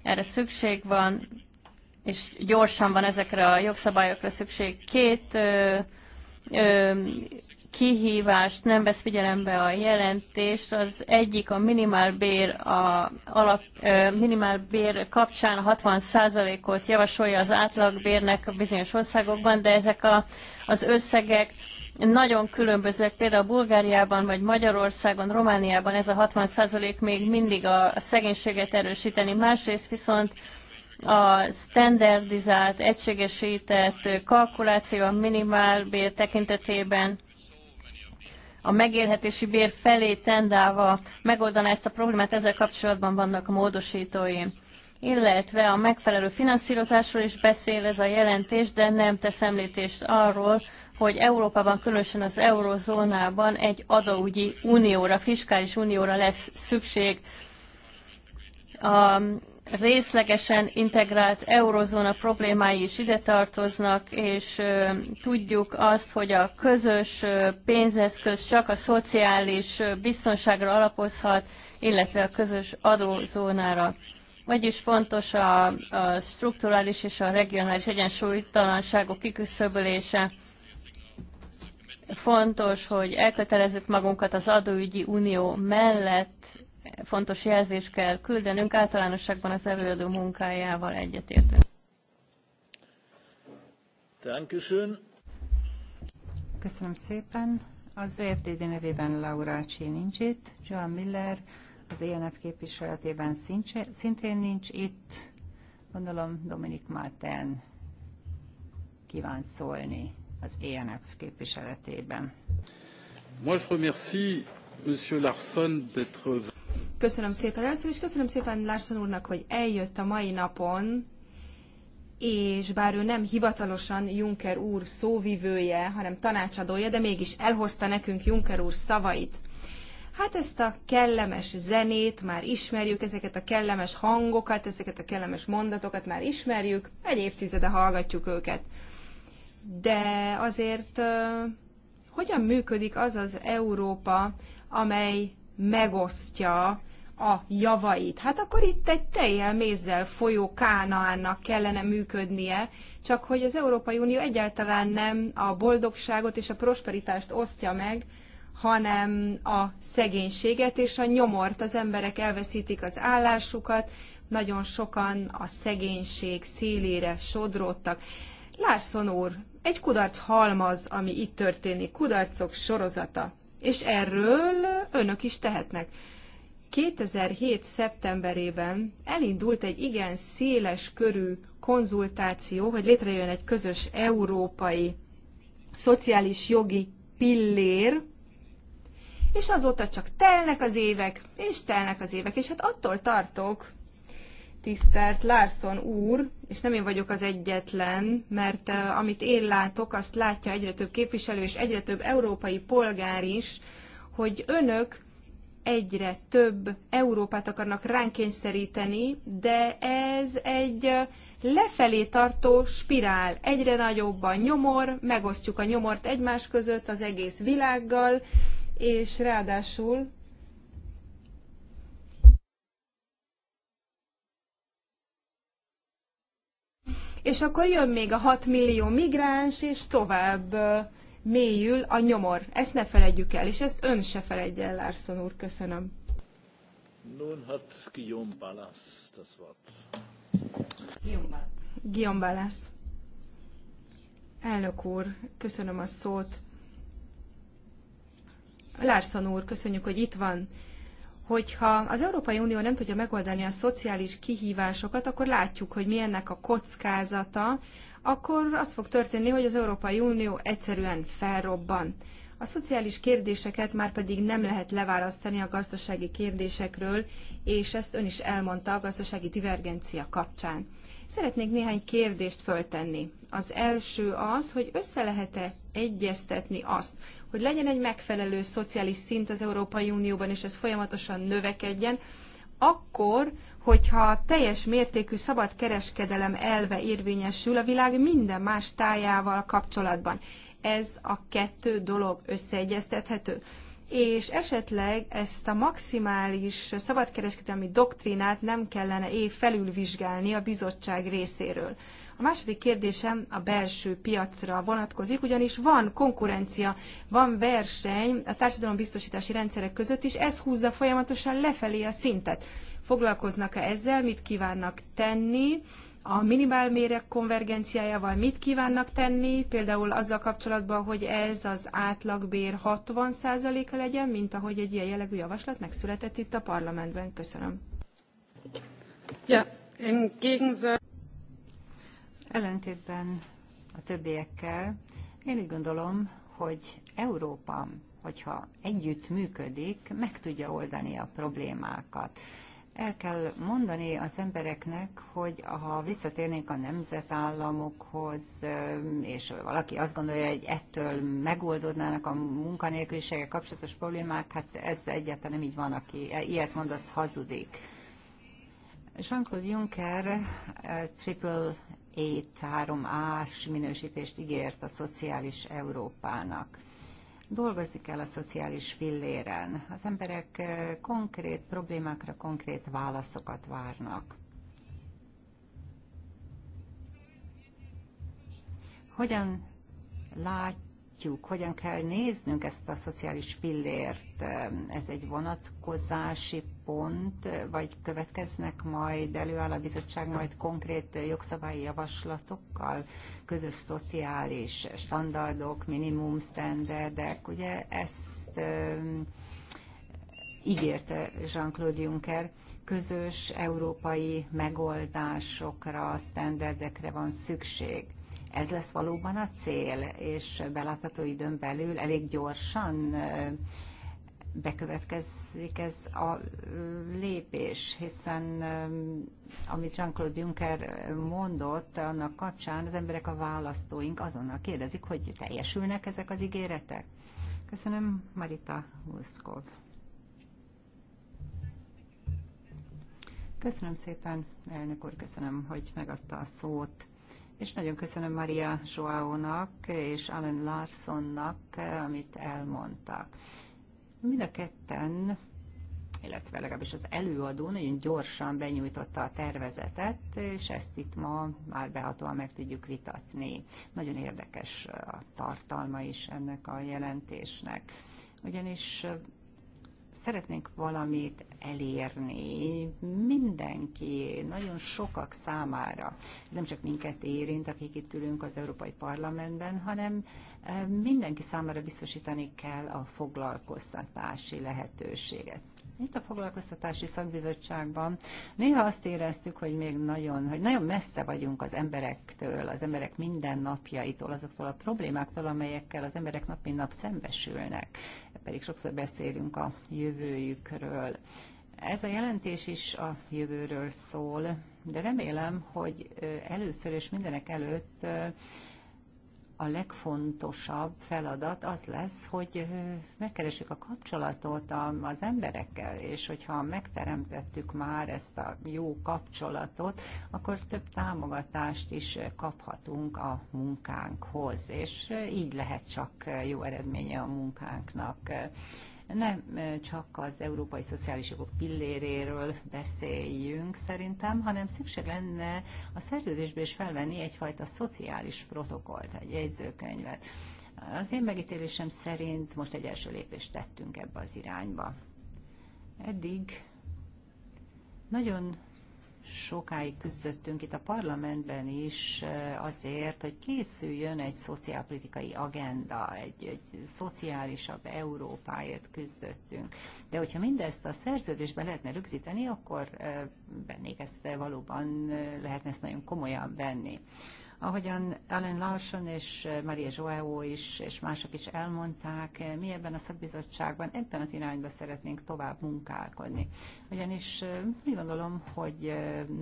erre szükség van, és gyorsan van ezekre a jogszabályokra szükség. Két ö, ö, kihívást nem vesz figyelembe a jelentést. Az egyik a minimálbér, a alap, ö, minimálbér kapcsán 60%-ot javasolja az átlagbérnek bizonyos országokban, de ezek a, az összegek nagyon különbözőek, például Bulgáriában, vagy Magyarországon, Romániában ez a 60% még mindig a szegénységet erősíteni. Másrészt viszont a standardizált, egységesített kalkuláció a minimálbér tekintetében a megélhetési bér felé tendálva megoldaná ezt a problémát, ezzel kapcsolatban vannak a módosítói. Illetve a megfelelő finanszírozásról is beszél ez a jelentés, de nem tesz említést arról, hogy Európában, különösen az eurozónában egy adóügyi unióra, fiskális unióra lesz szükség. A részlegesen integrált eurozóna problémái is ide tartoznak, és tudjuk azt, hogy a közös pénzeszköz csak a szociális biztonságra alapozhat, illetve a közös adózónára. Vagyis fontos a, a strukturális és a regionális egyensúlytalanságok kiküszöbölése Fontos, hogy elkötelezzük magunkat az adóügyi unió mellett, fontos jelzés kell küldenünk általánosságban az előadó munkájával egyetértünk. Dankeschön. Köszönöm szépen. Az EFTD nevében Laura Csi nincs itt, Joan Miller az ENF képviseletében szintén nincs itt. Gondolom Dominik Márten kíván szólni az ENF képviseletében. Köszönöm szépen először, és köszönöm szépen Larson úrnak, hogy eljött a mai napon, és bár ő nem hivatalosan Juncker úr szóvivője, hanem tanácsadója, de mégis elhozta nekünk Juncker úr szavait. Hát ezt a kellemes zenét már ismerjük, ezeket a kellemes hangokat, ezeket a kellemes mondatokat már ismerjük, egy évtizede hallgatjuk őket de azért hogyan működik az az Európa, amely megosztja a javait. Hát akkor itt egy teljel mézzel folyó kánaánnak kellene működnie, csak hogy az Európai Unió egyáltalán nem a boldogságot és a prosperitást osztja meg, hanem a szegénységet és a nyomort. Az emberek elveszítik az állásukat, nagyon sokan a szegénység szélére sodródtak. Lárszon úr, egy kudarc halmaz, ami itt történik, kudarcok sorozata. És erről önök is tehetnek. 2007. szeptemberében elindult egy igen széles körű konzultáció, hogy létrejön egy közös európai szociális jogi pillér, és azóta csak telnek az évek, és telnek az évek, és hát attól tartok, Tisztelt Larson úr, és nem én vagyok az egyetlen, mert amit én látok, azt látja egyre több képviselő és egyre több európai polgár is, hogy önök egyre több Európát akarnak ránk kényszeríteni, de ez egy lefelé tartó spirál. Egyre nagyobb a nyomor, megosztjuk a nyomort egymás között az egész világgal, és ráadásul és akkor jön még a 6 millió migráns, és tovább mélyül a nyomor. Ezt ne felejtjük el, és ezt ön se felejtje el, Larson úr. Köszönöm. Nun hat Guillaume Balas das Wort. Guillaume Balas. Elnök úr, köszönöm a szót. Larson úr, köszönjük, hogy itt van hogyha az Európai Unió nem tudja megoldani a szociális kihívásokat, akkor látjuk, hogy milyennek a kockázata, akkor az fog történni, hogy az Európai Unió egyszerűen felrobban. A szociális kérdéseket már pedig nem lehet leválasztani a gazdasági kérdésekről, és ezt ön is elmondta a gazdasági divergencia kapcsán. Szeretnék néhány kérdést föltenni. Az első az, hogy össze lehet-e egyeztetni azt, hogy legyen egy megfelelő szociális szint az Európai Unióban, és ez folyamatosan növekedjen, akkor, hogyha teljes mértékű szabad kereskedelem elve érvényesül a világ minden más tájával kapcsolatban. Ez a kettő dolog összeegyeztethető és esetleg ezt a maximális szabadkereskedelmi doktrínát nem kellene év felülvizsgálni a bizottság részéről. A második kérdésem a belső piacra vonatkozik, ugyanis van konkurencia, van verseny a társadalombiztosítási rendszerek között, is ez húzza folyamatosan lefelé a szintet. Foglalkoznak-e ezzel, mit kívánnak tenni, a minimálmérek konvergenciájával mit kívánnak tenni, például azzal kapcsolatban, hogy ez az átlagbér 60%-a legyen, mint ahogy egy ilyen jellegű javaslat megszületett itt a parlamentben. Köszönöm. Ja, Ellentétben a többiekkel, én úgy gondolom, hogy Európa, hogyha együtt működik, meg tudja oldani a problémákat. El kell mondani az embereknek, hogy ha visszatérnénk a nemzetállamokhoz, és valaki azt gondolja, hogy ettől megoldódnának a munkanélküliséggel kapcsolatos problémák, hát ez egyáltalán nem így van, aki e- ilyet mond, az hazudik. Jean-Claude Juncker triple A, 3 A-s minősítést ígért a szociális Európának. Dolgozik el a szociális villéren. Az emberek eh, konkrét problémákra konkrét válaszokat várnak. Hogyan lát látjuk, hogyan kell néznünk ezt a szociális pillért. Ez egy vonatkozási pont, vagy következnek majd, előáll a bizottság majd konkrét jogszabályi javaslatokkal, közös szociális standardok, minimum standardek, ugye ezt ígérte Jean-Claude Juncker, közös európai megoldásokra, standardekre van szükség. Ez lesz valóban a cél, és belátható időn belül elég gyorsan bekövetkezik ez a lépés, hiszen amit Jean-Claude Juncker mondott, annak kapcsán az emberek, a választóink azonnal kérdezik, hogy teljesülnek ezek az ígéretek. Köszönöm, Marita Huszkov. Köszönöm szépen, elnök úr, köszönöm, hogy megadta a szót és nagyon köszönöm Maria Joao-nak és Alan Larsonnak, amit elmondtak. Mind a ketten illetve legalábbis az előadó nagyon gyorsan benyújtotta a tervezetet, és ezt itt ma már behatóan meg tudjuk vitatni. Nagyon érdekes a tartalma is ennek a jelentésnek. Ugyanis szeretnénk valamit elérni mindenki, nagyon sokak számára. Ez nem csak minket érint, akik itt ülünk az Európai Parlamentben, hanem eh, mindenki számára biztosítani kell a foglalkoztatási lehetőséget. Itt a foglalkoztatási szakbizottságban néha azt éreztük, hogy még nagyon, hogy nagyon messze vagyunk az emberektől, az emberek mindennapjaitól, azoktól a problémáktól, amelyekkel az emberek nap mint nap szembesülnek. Pedig sokszor beszélünk a jövőjükről. Ez a jelentés is a jövőről szól, de remélem, hogy először és mindenek előtt a legfontosabb feladat az lesz, hogy megkeressük a kapcsolatot az emberekkel, és hogyha megteremtettük már ezt a jó kapcsolatot, akkor több támogatást is kaphatunk a munkánkhoz, és így lehet csak jó eredménye a munkánknak nem csak az európai szociális jogok pilléréről beszéljünk szerintem, hanem szükség lenne a szerződésbe is felvenni egyfajta szociális protokollt, egy jegyzőkönyvet. Az én megítélésem szerint most egy első lépést tettünk ebbe az irányba. Eddig nagyon sokáig küzdöttünk itt a parlamentben is eh, azért, hogy készüljön egy szociálpolitikai agenda, egy, egy szociálisabb Európáért küzdöttünk. De hogyha mindezt a szerződésben lehetne rögzíteni, akkor vennék eh, ezt eh, valóban, lehetne ezt nagyon komolyan venni. Ahogyan Ellen Larson és Maria Joao is, és mások is elmondták, mi ebben a szakbizottságban ebben az irányba szeretnénk tovább munkálkodni. Ugyanis úgy gondolom, hogy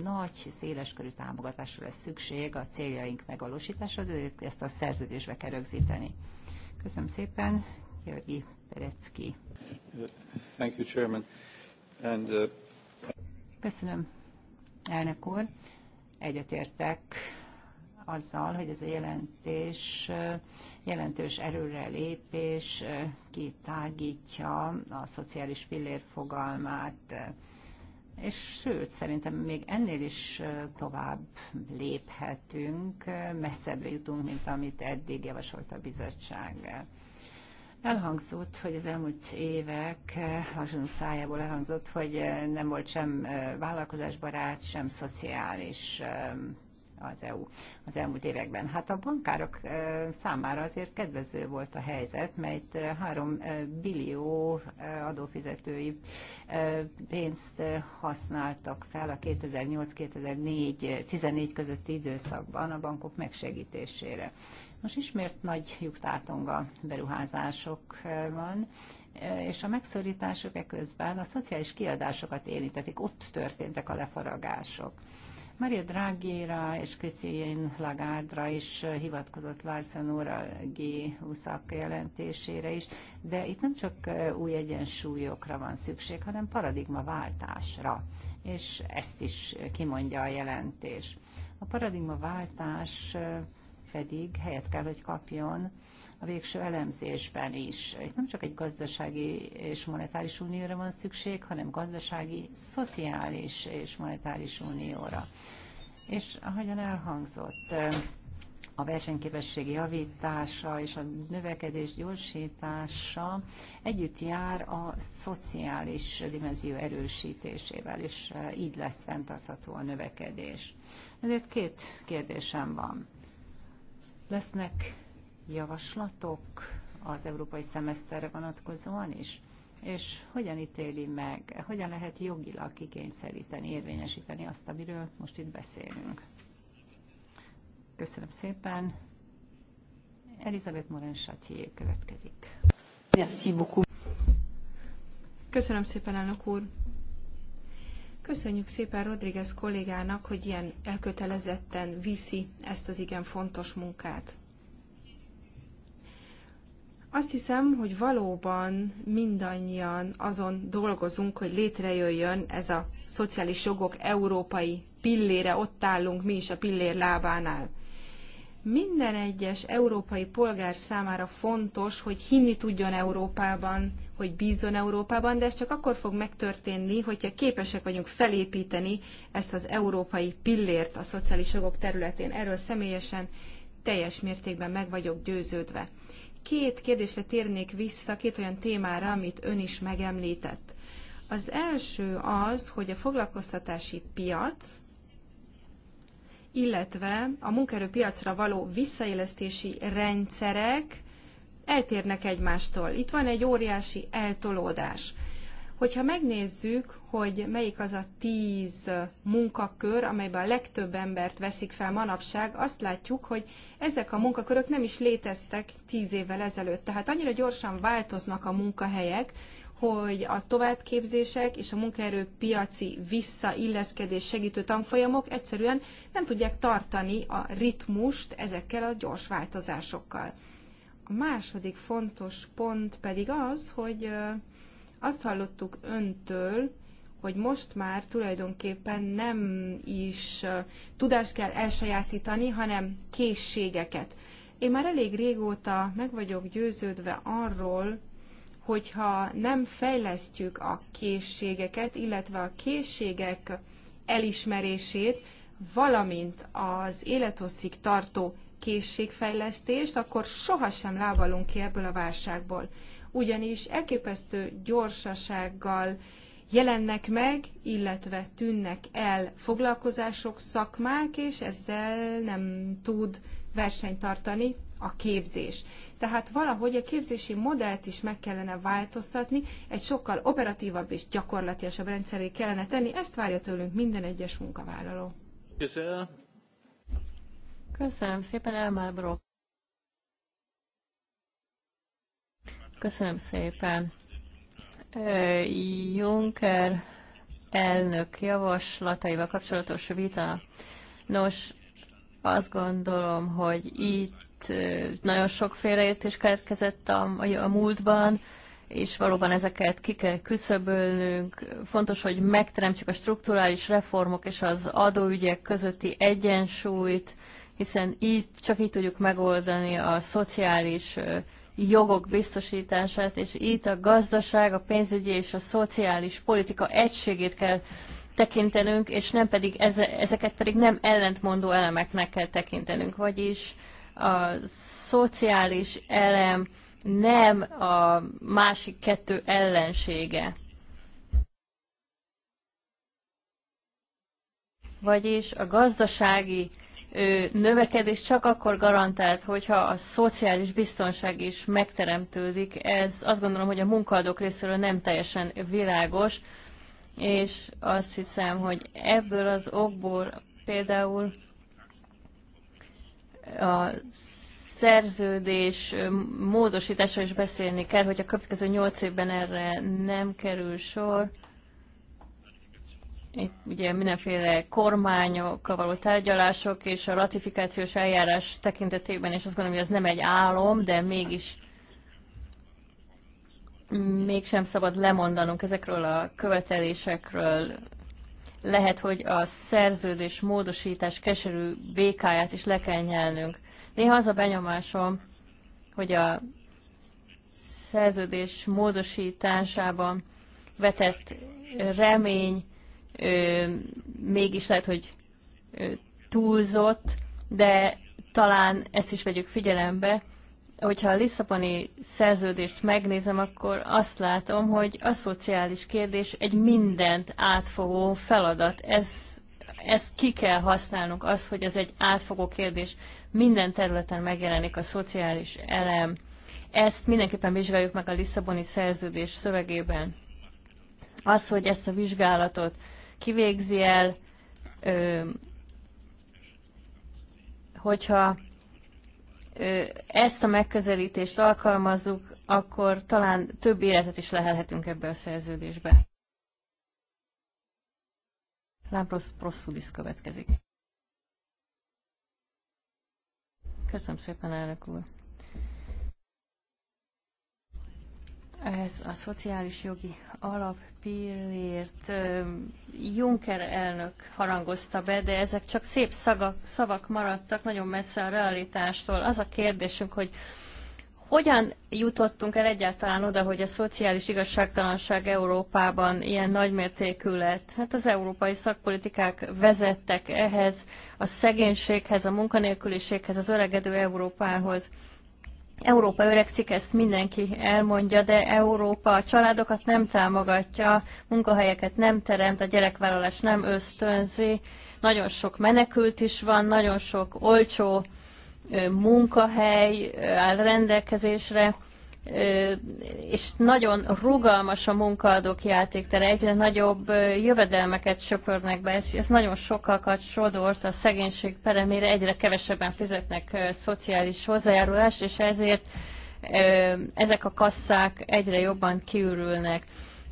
nagy, széleskörű támogatásra lesz szükség a céljaink megvalósítása, de ezt a szerződésbe kell rögzíteni. Köszönöm szépen, Györgyi Perecki. Thank you, Chairman. And, uh... Köszönöm, elnök úr. Egyetértek azzal, hogy ez a jelentés jelentős erőrelépés kitágítja a szociális pillér fogalmát, és sőt, szerintem még ennél is tovább léphetünk, messzebbre jutunk, mint amit eddig javasolt a bizottság. Elhangzott, hogy az elmúlt évek Hazsonú szájából elhangzott, hogy nem volt sem vállalkozásbarát, sem szociális az EU az elmúlt években. Hát a bankárok számára azért kedvező volt a helyzet, mert 3 billió adófizetői pénzt használtak fel a 2008-2014 közötti időszakban a bankok megsegítésére. Most ismét nagy lyuktátong a beruházások van, és a megszorítások eközben a szociális kiadásokat érintetik, ott történtek a lefaragások. Maria Draghi-ra és Christine Lagarde-ra is hivatkozott Larsen úr G20 jelentésére is, de itt nem csak új egyensúlyokra van szükség, hanem paradigmaváltásra, és ezt is kimondja a jelentés. A paradigmaváltás pedig helyet kell, hogy kapjon a végső elemzésben is. Itt nem csak egy gazdasági és monetáris unióra van szükség, hanem gazdasági, szociális és monetáris unióra. És ahogyan elhangzott, a versenyképesség javítása és a növekedés gyorsítása együtt jár a szociális dimenzió erősítésével, és így lesz fenntartható a növekedés. Ezért két kérdésem van. Lesznek javaslatok az európai szemeszterre vonatkozóan is? És hogyan ítéli meg, hogyan lehet jogilag kikényszeríteni, érvényesíteni azt, amiről most itt beszélünk? Köszönöm szépen. Elizabeth Moren következik. Merci beaucoup. Köszönöm szépen, elnök úr. Köszönjük szépen Rodriguez kollégának, hogy ilyen elkötelezetten viszi ezt az igen fontos munkát. Azt hiszem, hogy valóban mindannyian azon dolgozunk, hogy létrejöjjön ez a szociális jogok európai pillére, ott állunk mi is a pillér lábánál. Minden egyes európai polgár számára fontos, hogy hinni tudjon Európában, hogy bízzon Európában, de ez csak akkor fog megtörténni, hogyha képesek vagyunk felépíteni ezt az európai pillért a szociális jogok területén. Erről személyesen teljes mértékben meg vagyok győződve. Két kérdésre térnék vissza, két olyan témára, amit ön is megemlített. Az első az, hogy a foglalkoztatási piac, illetve a munkaerőpiacra való visszaélesztési rendszerek eltérnek egymástól. Itt van egy óriási eltolódás. Hogyha megnézzük, hogy melyik az a tíz munkakör, amelyben a legtöbb embert veszik fel manapság, azt látjuk, hogy ezek a munkakörök nem is léteztek tíz évvel ezelőtt. Tehát annyira gyorsan változnak a munkahelyek, hogy a továbbképzések és a munkaerőpiaci visszailleszkedés segítő tanfolyamok egyszerűen nem tudják tartani a ritmust ezekkel a gyors változásokkal. A második fontos pont pedig az, hogy azt hallottuk öntől, hogy most már tulajdonképpen nem is tudást kell elsajátítani, hanem készségeket. Én már elég régóta meg vagyok győződve arról, hogyha nem fejlesztjük a készségeket, illetve a készségek elismerését, valamint az életosszig tartó készségfejlesztést, akkor sohasem lábalunk ki ebből a válságból ugyanis elképesztő gyorsasággal jelennek meg, illetve tűnnek el foglalkozások, szakmák, és ezzel nem tud versenyt tartani a képzés. Tehát valahogy a képzési modellt is meg kellene változtatni, egy sokkal operatívabb és gyakorlatilasabb rendszeré kellene tenni, ezt várja tőlünk minden egyes munkavállaló. Köszönöm szépen, Elmar Brock. Köszönöm szépen. Juncker elnök javaslataival kapcsolatos vita. Nos, azt gondolom, hogy itt nagyon sok félreértés keletkezett a, a múltban, és valóban ezeket ki kell küszöbölnünk. Fontos, hogy megteremtsük a strukturális reformok és az adóügyek közötti egyensúlyt, hiszen itt csak így tudjuk megoldani a szociális jogok biztosítását, és itt a gazdaság, a pénzügyi és a szociális politika egységét kell tekintenünk, és nem pedig ezeket pedig nem ellentmondó elemeknek kell tekintenünk, vagyis a szociális elem nem a másik kettő ellensége. Vagyis a gazdasági növekedés csak akkor garantált, hogyha a szociális biztonság is megteremtődik. Ez azt gondolom, hogy a munkaadók részéről nem teljesen világos, és azt hiszem, hogy ebből az okból például a szerződés módosításra is beszélni kell, hogy a következő nyolc évben erre nem kerül sor itt ugye mindenféle kormányokkal való tárgyalások és a ratifikációs eljárás tekintetében, és azt gondolom, hogy ez nem egy álom, de mégis mégsem szabad lemondanunk ezekről a követelésekről. Lehet, hogy a szerződés módosítás keserű békáját is le kell nyelnünk. Néha az a benyomásom, hogy a szerződés módosításában vetett remény mégis lehet, hogy túlzott, de talán ezt is vegyük figyelembe, hogyha a Lisszaboni szerződést megnézem, akkor azt látom, hogy a szociális kérdés egy mindent átfogó feladat. Ez, ezt ki kell használnunk, az, hogy ez egy átfogó kérdés. Minden területen megjelenik a szociális elem. Ezt mindenképpen vizsgáljuk meg a Lisszaboni szerződés szövegében. Az, hogy ezt a vizsgálatot kivégzi el, hogyha ezt a megközelítést alkalmazzuk, akkor talán több életet is lehelhetünk ebbe a szerződésbe. Lámpros Proszudis következik. Köszönöm szépen, elnök úr. ez a szociális jogi alappillért Juncker elnök harangozta be, de ezek csak szép szagak, szavak maradtak, nagyon messze a realitástól. Az a kérdésünk, hogy hogyan jutottunk el egyáltalán oda, hogy a szociális igazságtalanság Európában ilyen nagymértékű lett? Hát az európai szakpolitikák vezettek ehhez, a szegénységhez, a munkanélküliséghez, az öregedő Európához. Európa öregszik, ezt mindenki elmondja, de Európa a családokat nem támogatja, munkahelyeket nem teremt, a gyerekvállalás nem ösztönzi, nagyon sok menekült is van, nagyon sok olcsó munkahely áll rendelkezésre, és nagyon rugalmas a munkaadók játéktere, egyre nagyobb jövedelmeket söpörnek be, és ez nagyon sokakat sodort a szegénység peremére, egyre kevesebben fizetnek szociális hozzájárulást, és ezért ezek a kasszák egyre jobban kiürülnek.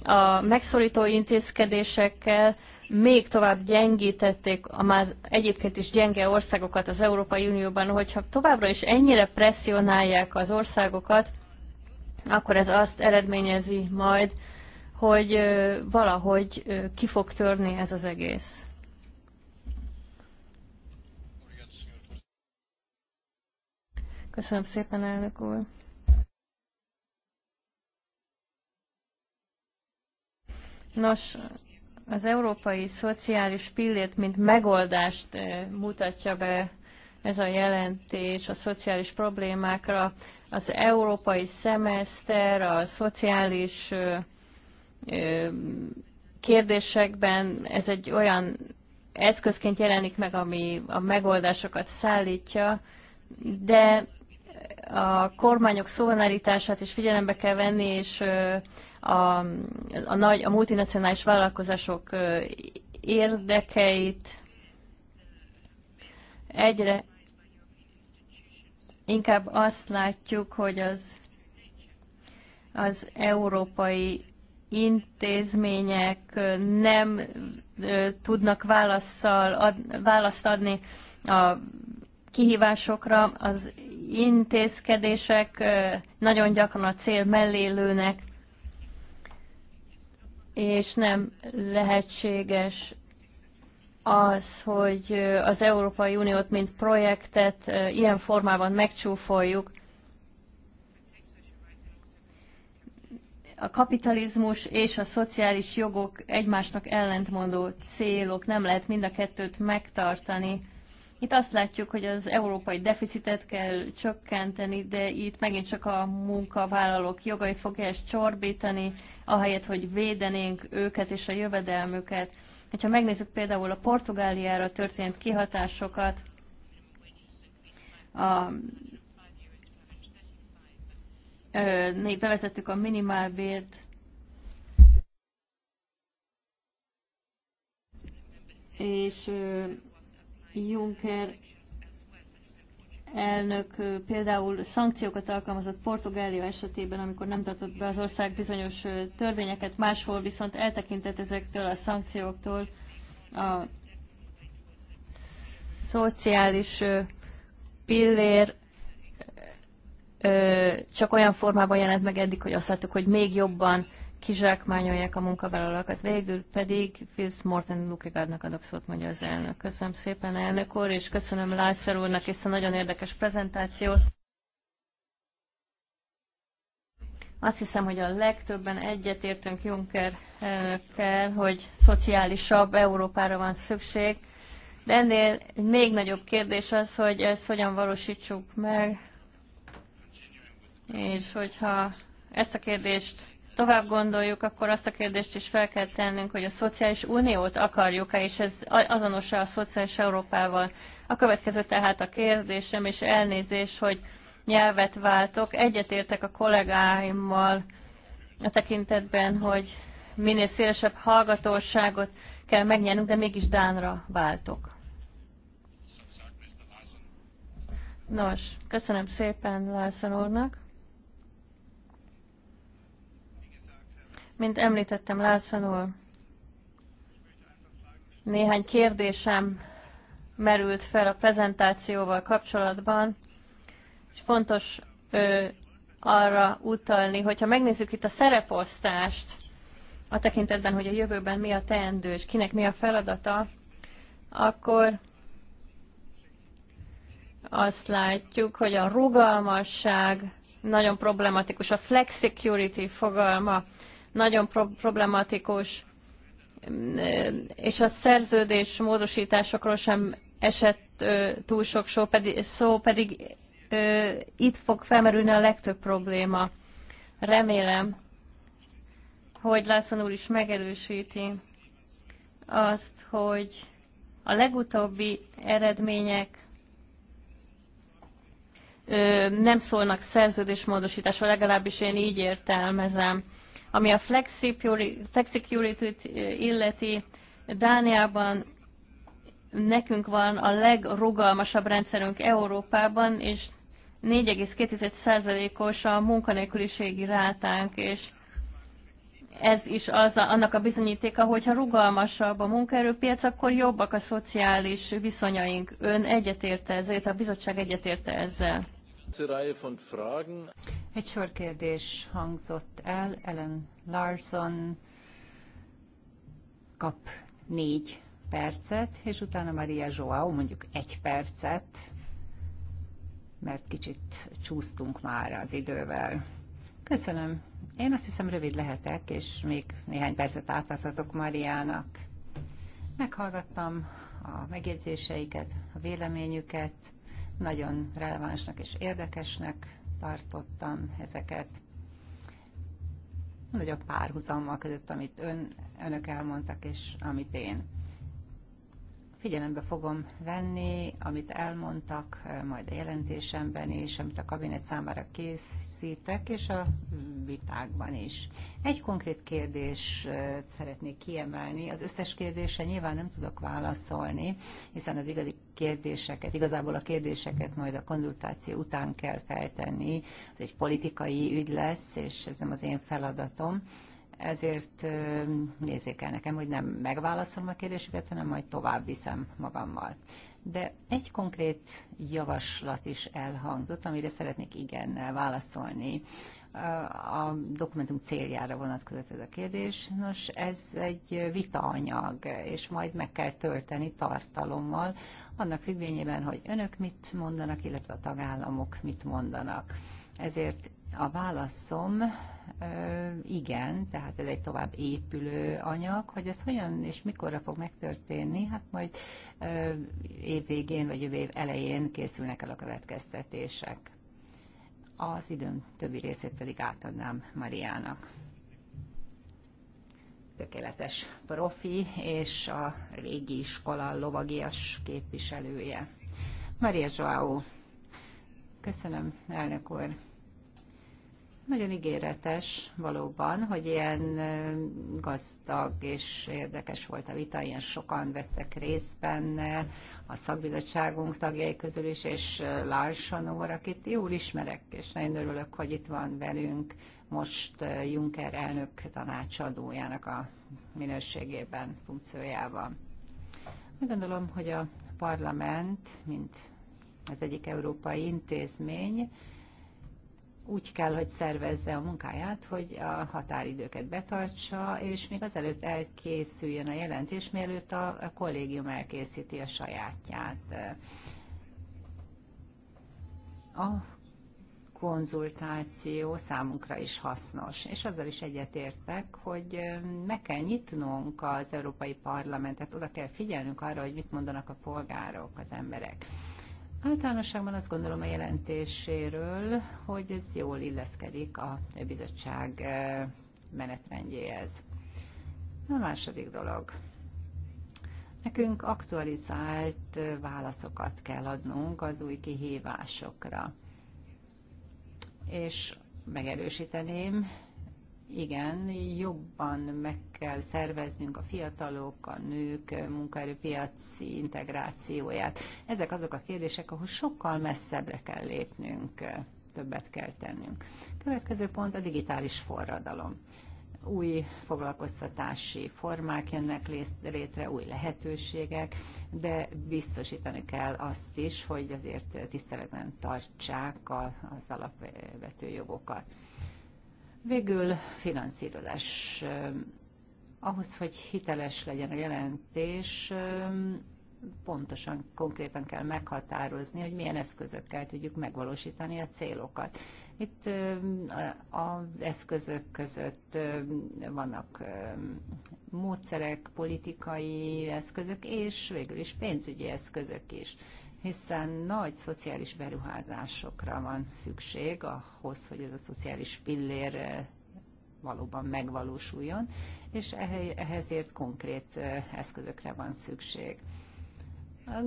A megszorító intézkedésekkel még tovább gyengítették a már egyébként is gyenge országokat az Európai Unióban, hogyha továbbra is ennyire presszionálják az országokat, akkor ez azt eredményezi majd, hogy valahogy ki fog törni ez az egész. Köszönöm szépen, elnök úr. Nos, az európai szociális pillét, mint megoldást mutatja be ez a jelentés a szociális problémákra az európai szemeszter, a szociális kérdésekben ez egy olyan eszközként jelenik meg, ami a megoldásokat szállítja, de a kormányok szuverenitását is figyelembe kell venni, és a, a, nagy, a multinacionális vállalkozások érdekeit egyre Inkább azt látjuk, hogy az, az európai intézmények nem tudnak válaszsal, ad, választ adni a kihívásokra, az intézkedések nagyon gyakran a cél mellé lőnek, és nem lehetséges az, hogy az Európai Uniót, mint projektet ilyen formában megcsúfoljuk, a kapitalizmus és a szociális jogok egymásnak ellentmondó célok, nem lehet mind a kettőt megtartani. Itt azt látjuk, hogy az európai deficitet kell csökkenteni, de itt megint csak a munkavállalók jogai fogja ezt csorbítani, ahelyett, hogy védenénk őket és a jövedelmüket. Ha megnézzük például a Portugáliára történt kihatásokat, a, ö, bevezettük a minimálbért, és Juncker elnök például szankciókat alkalmazott Portugália esetében, amikor nem tartott be az ország bizonyos törvényeket, máshol viszont eltekintett ezektől a szankcióktól a szociális pillér csak olyan formában jelent meg eddig, hogy azt láttuk, hogy még jobban kizsákmányolják a munkavállalókat. Végül pedig Fils Morten Lukegaardnak adok szót, mondja az elnök. Köszönöm szépen, elnök úr, és köszönöm Lászer úrnak ezt a nagyon érdekes prezentációt. Azt hiszem, hogy a legtöbben egyetértünk Juncker elnökkel, hogy szociálisabb Európára van szükség, de ennél egy még nagyobb kérdés az, hogy ezt hogyan valósítsuk meg, és hogyha ezt a kérdést tovább gondoljuk, akkor azt a kérdést is fel kell tennünk, hogy a szociális uniót akarjuk-e, és ez azonos-e a szociális Európával. A következő tehát a kérdésem, és elnézés, hogy nyelvet váltok. Egyetértek a kollégáimmal a tekintetben, hogy minél szélesebb hallgatóságot kell megnyernünk, de mégis Dánra váltok. Nos, köszönöm szépen Larson úrnak. Mint említettem Lászlóról, néhány kérdésem merült fel a prezentációval kapcsolatban, és fontos ö, arra utalni, hogyha megnézzük itt a szereposztást, a tekintetben, hogy a jövőben mi a teendő, és kinek mi a feladata, akkor azt látjuk, hogy a rugalmasság nagyon problematikus, a flexicurity fogalma nagyon pro- problematikus, mm, és a szerződés módosításokról sem esett túl sok szó, pedig, szó, pedig itt fog felmerülni a legtöbb probléma. Remélem, hogy László úr is megerősíti azt, hogy a legutóbbi eredmények nem szólnak szerződésmódosításra, legalábbis én így értelmezem. Ami a flexicurity-t eh, illeti, Dániában nekünk van a legrugalmasabb rendszerünk Európában, és 4,2%-os a munkanélküliségi rátánk, és ez is az a, annak a bizonyítéka, hogy ha rugalmasabb a munkaerőpiac, akkor jobbak a szociális viszonyaink. Ön egyetérte ezzel, a bizottság egyetérte ezzel. Egy sor kérdés hangzott el. Ellen Larson kap négy percet, és utána Maria Joao mondjuk egy percet, mert kicsit csúsztunk már az idővel. Köszönöm. Én azt hiszem rövid lehetek, és még néhány percet átadhatok Mariának. Meghallgattam a megjegyzéseiket, a véleményüket, nagyon relevánsnak és érdekesnek tartottam ezeket. Nagy a párhuzammal között, amit ön, önök elmondtak, és amit én. Figyelembe fogom venni, amit elmondtak, majd a jelentésemben és amit a kabinet számára készítek, és a vitákban is. Egy konkrét kérdést szeretnék kiemelni. Az összes kérdése nyilván nem tudok válaszolni, hiszen az igazi kérdéseket, igazából a kérdéseket majd a konzultáció után kell feltenni. Ez egy politikai ügy lesz, és ez nem az én feladatom. Ezért nézzék el nekem, hogy nem megválaszolom a kérdéseket, hanem majd tovább viszem magammal. De egy konkrét javaslat is elhangzott, amire szeretnék igennel válaszolni a dokumentum céljára vonatkozott ez a kérdés. Nos, ez egy vitaanyag, és majd meg kell tölteni tartalommal, annak függvényében, hogy önök mit mondanak, illetve a tagállamok mit mondanak. Ezért a válaszom igen, tehát ez egy tovább épülő anyag, hogy ez hogyan és mikorra fog megtörténni, hát majd év végén vagy jövő év elején készülnek el a következtetések. Az időm többi részét pedig átadnám Mariának tökéletes profi és a régi iskola lovagias képviselője. Maria Joao. Köszönöm, elnök úr. Nagyon ígéretes valóban, hogy ilyen gazdag és érdekes volt a vita, ilyen sokan vettek részt benne, a szakbizottságunk tagjai közül is, és Larson úr, akit jól ismerek, és nagyon örülök, hogy itt van velünk most Juncker elnök tanácsadójának a minőségében, funkciójában. Úgy gondolom, hogy a parlament, mint az egyik európai intézmény, úgy kell, hogy szervezze a munkáját, hogy a határidőket betartsa, és még azelőtt elkészüljön a jelentés, mielőtt a kollégium elkészíti a sajátját. A konzultáció számunkra is hasznos. És azzal is egyetértek, hogy meg kell nyitnunk az Európai Parlamentet, oda kell figyelnünk arra, hogy mit mondanak a polgárok, az emberek Általánosságban azt gondolom a jelentéséről, hogy ez jól illeszkedik a bizottság eh, menetrendjéhez. A második dolog. Nekünk aktualizált eh, válaszokat kell adnunk az új kihívásokra. És megerősíteném, igen, jobban meg kell szerveznünk a fiatalok, a nők munkaerőpiaci integrációját. Ezek azok a kérdések, ahol sokkal messzebbre kell lépnünk, többet kell tennünk. Következő pont a digitális forradalom. Új foglalkoztatási formák jönnek létre, új lehetőségek, de biztosítani kell azt is, hogy azért tiszteletben tartsák az alapvető jogokat. Végül finanszírozás. Eh, ahhoz, hogy hiteles legyen a jelentés, eh, pontosan, konkrétan kell meghatározni, hogy milyen eszközökkel tudjuk megvalósítani a célokat. Itt eh, az eszközök között vannak módszerek, politikai eszközök, és végül is pénzügyi eszközök is hiszen nagy szociális beruházásokra van szükség ahhoz, hogy ez a szociális pillér eh, valóban megvalósuljon, és ehhezért konkrét eh, eszközökre van szükség.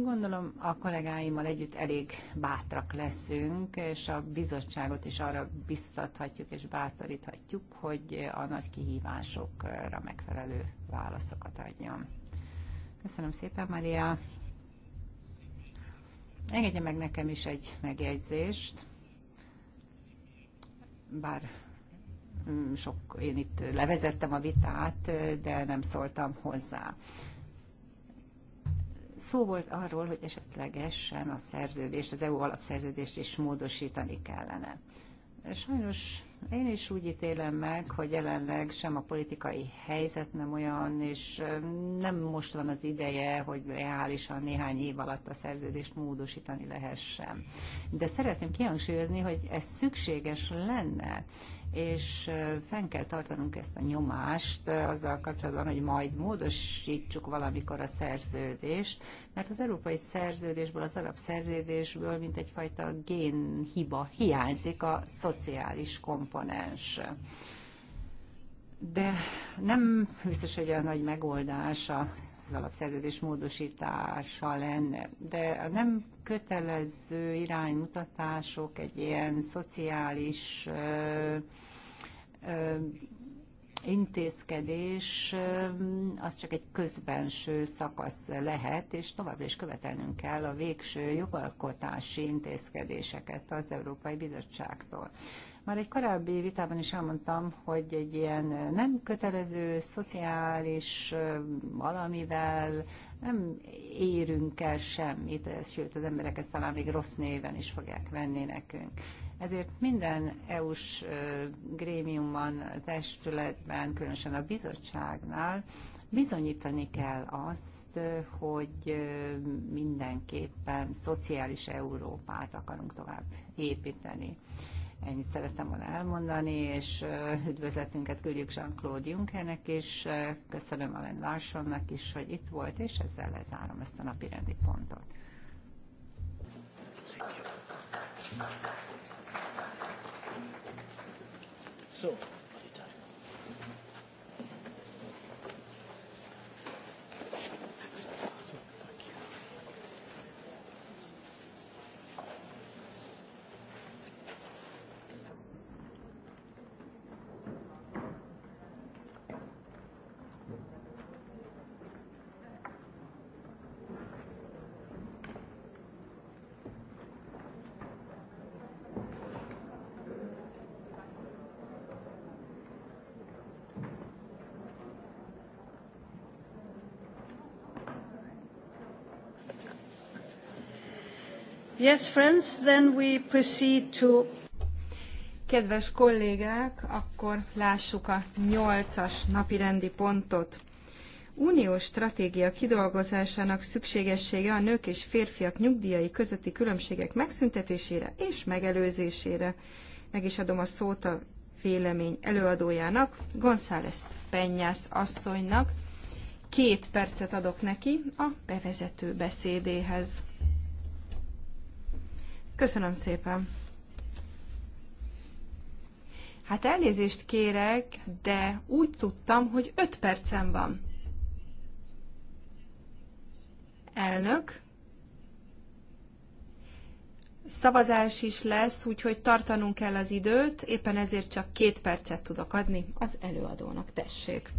Gondolom a kollégáimmal együtt elég bátrak leszünk, és a bizottságot is arra biztathatjuk és bátoríthatjuk, hogy a nagy kihívásokra megfelelő válaszokat adjon. Köszönöm szépen, Mária! Engedje meg nekem is egy megjegyzést, bár mm, sok, én itt levezettem a vitát, de nem szóltam hozzá. Szó volt arról, hogy esetlegesen a szerződést, az EU alapszerződést is módosítani kellene. Sajnos én is úgy ítélem meg, hogy jelenleg sem a politikai helyzet nem olyan, és nem most van az ideje, hogy reálisan néhány év alatt a szerződést módosítani lehessen. De szeretném kihangsúlyozni, hogy ez szükséges lenne, és fenn kell tartanunk ezt a nyomást azzal kapcsolatban, hogy majd módosítsuk valamikor a szerződést, mert az európai szerződésből, az arab szerződésből mint egyfajta génhiba hiányzik a szociális komponens komponens. De nem biztos, hogy a nagy megoldás az alapszerződés módosítása lenne, de a nem kötelező iránymutatások egy ilyen szociális ö, ö, intézkedés az csak egy közbenső szakasz lehet, és továbbra is követelnünk kell a végső jogalkotási intézkedéseket az Európai Bizottságtól. Már egy korábbi vitában is elmondtam, hogy egy ilyen nem kötelező, szociális valamivel nem érünk el semmit, sőt az emberek ezt talán még rossz néven is fogják venni nekünk. Ezért minden EU-s grémiumban, testületben, különösen a bizottságnál bizonyítani kell azt, hogy mindenképpen szociális Európát akarunk tovább építeni. Ennyit szerettem volna elmondani, és üdvözletünket küldjük Jean-Claude Junckernek és köszönöm Alan Larsonnak is, hogy itt volt, és ezzel lezárom ezt a napi rendi pontot. So. Yes, friends, then we proceed to... Kedves kollégák, akkor lássuk a nyolcas napi rendi pontot. Uniós stratégia kidolgozásának szükségessége a nők és férfiak nyugdíjai közötti különbségek megszüntetésére és megelőzésére. Meg is adom a szót a vélemény előadójának, González Penyász asszonynak. Két percet adok neki a bevezető beszédéhez. Köszönöm szépen. Hát elnézést kérek, de úgy tudtam, hogy 5 percem van. Elnök. Szavazás is lesz, úgyhogy tartanunk kell az időt, éppen ezért csak két percet tudok adni az előadónak. Tessék!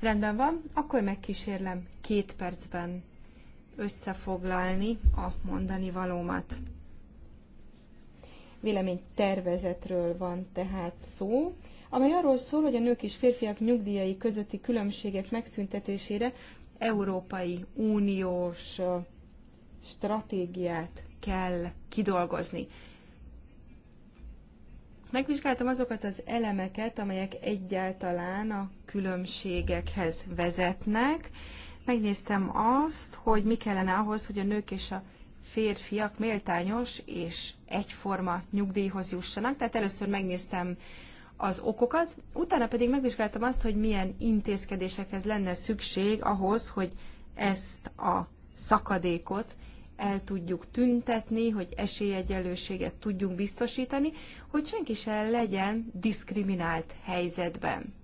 Rendben van, akkor megkísérlem két percben összefoglalni a mondani valómat. Vélemény tervezetről van tehát szó, amely arról szól, hogy a nők és férfiak nyugdíjai közötti különbségek megszüntetésére Európai Uniós stratégiát kell kidolgozni. Megvizsgáltam azokat az elemeket, amelyek egyáltalán a különbségekhez vezetnek, Megnéztem azt, hogy mi kellene ahhoz, hogy a nők és a férfiak méltányos és egyforma nyugdíjhoz jussanak. Tehát először megnéztem az okokat, utána pedig megvizsgáltam azt, hogy milyen intézkedésekhez lenne szükség ahhoz, hogy ezt a szakadékot el tudjuk tüntetni, hogy esélyegyenlőséget tudjunk biztosítani, hogy senki se legyen diszkriminált helyzetben.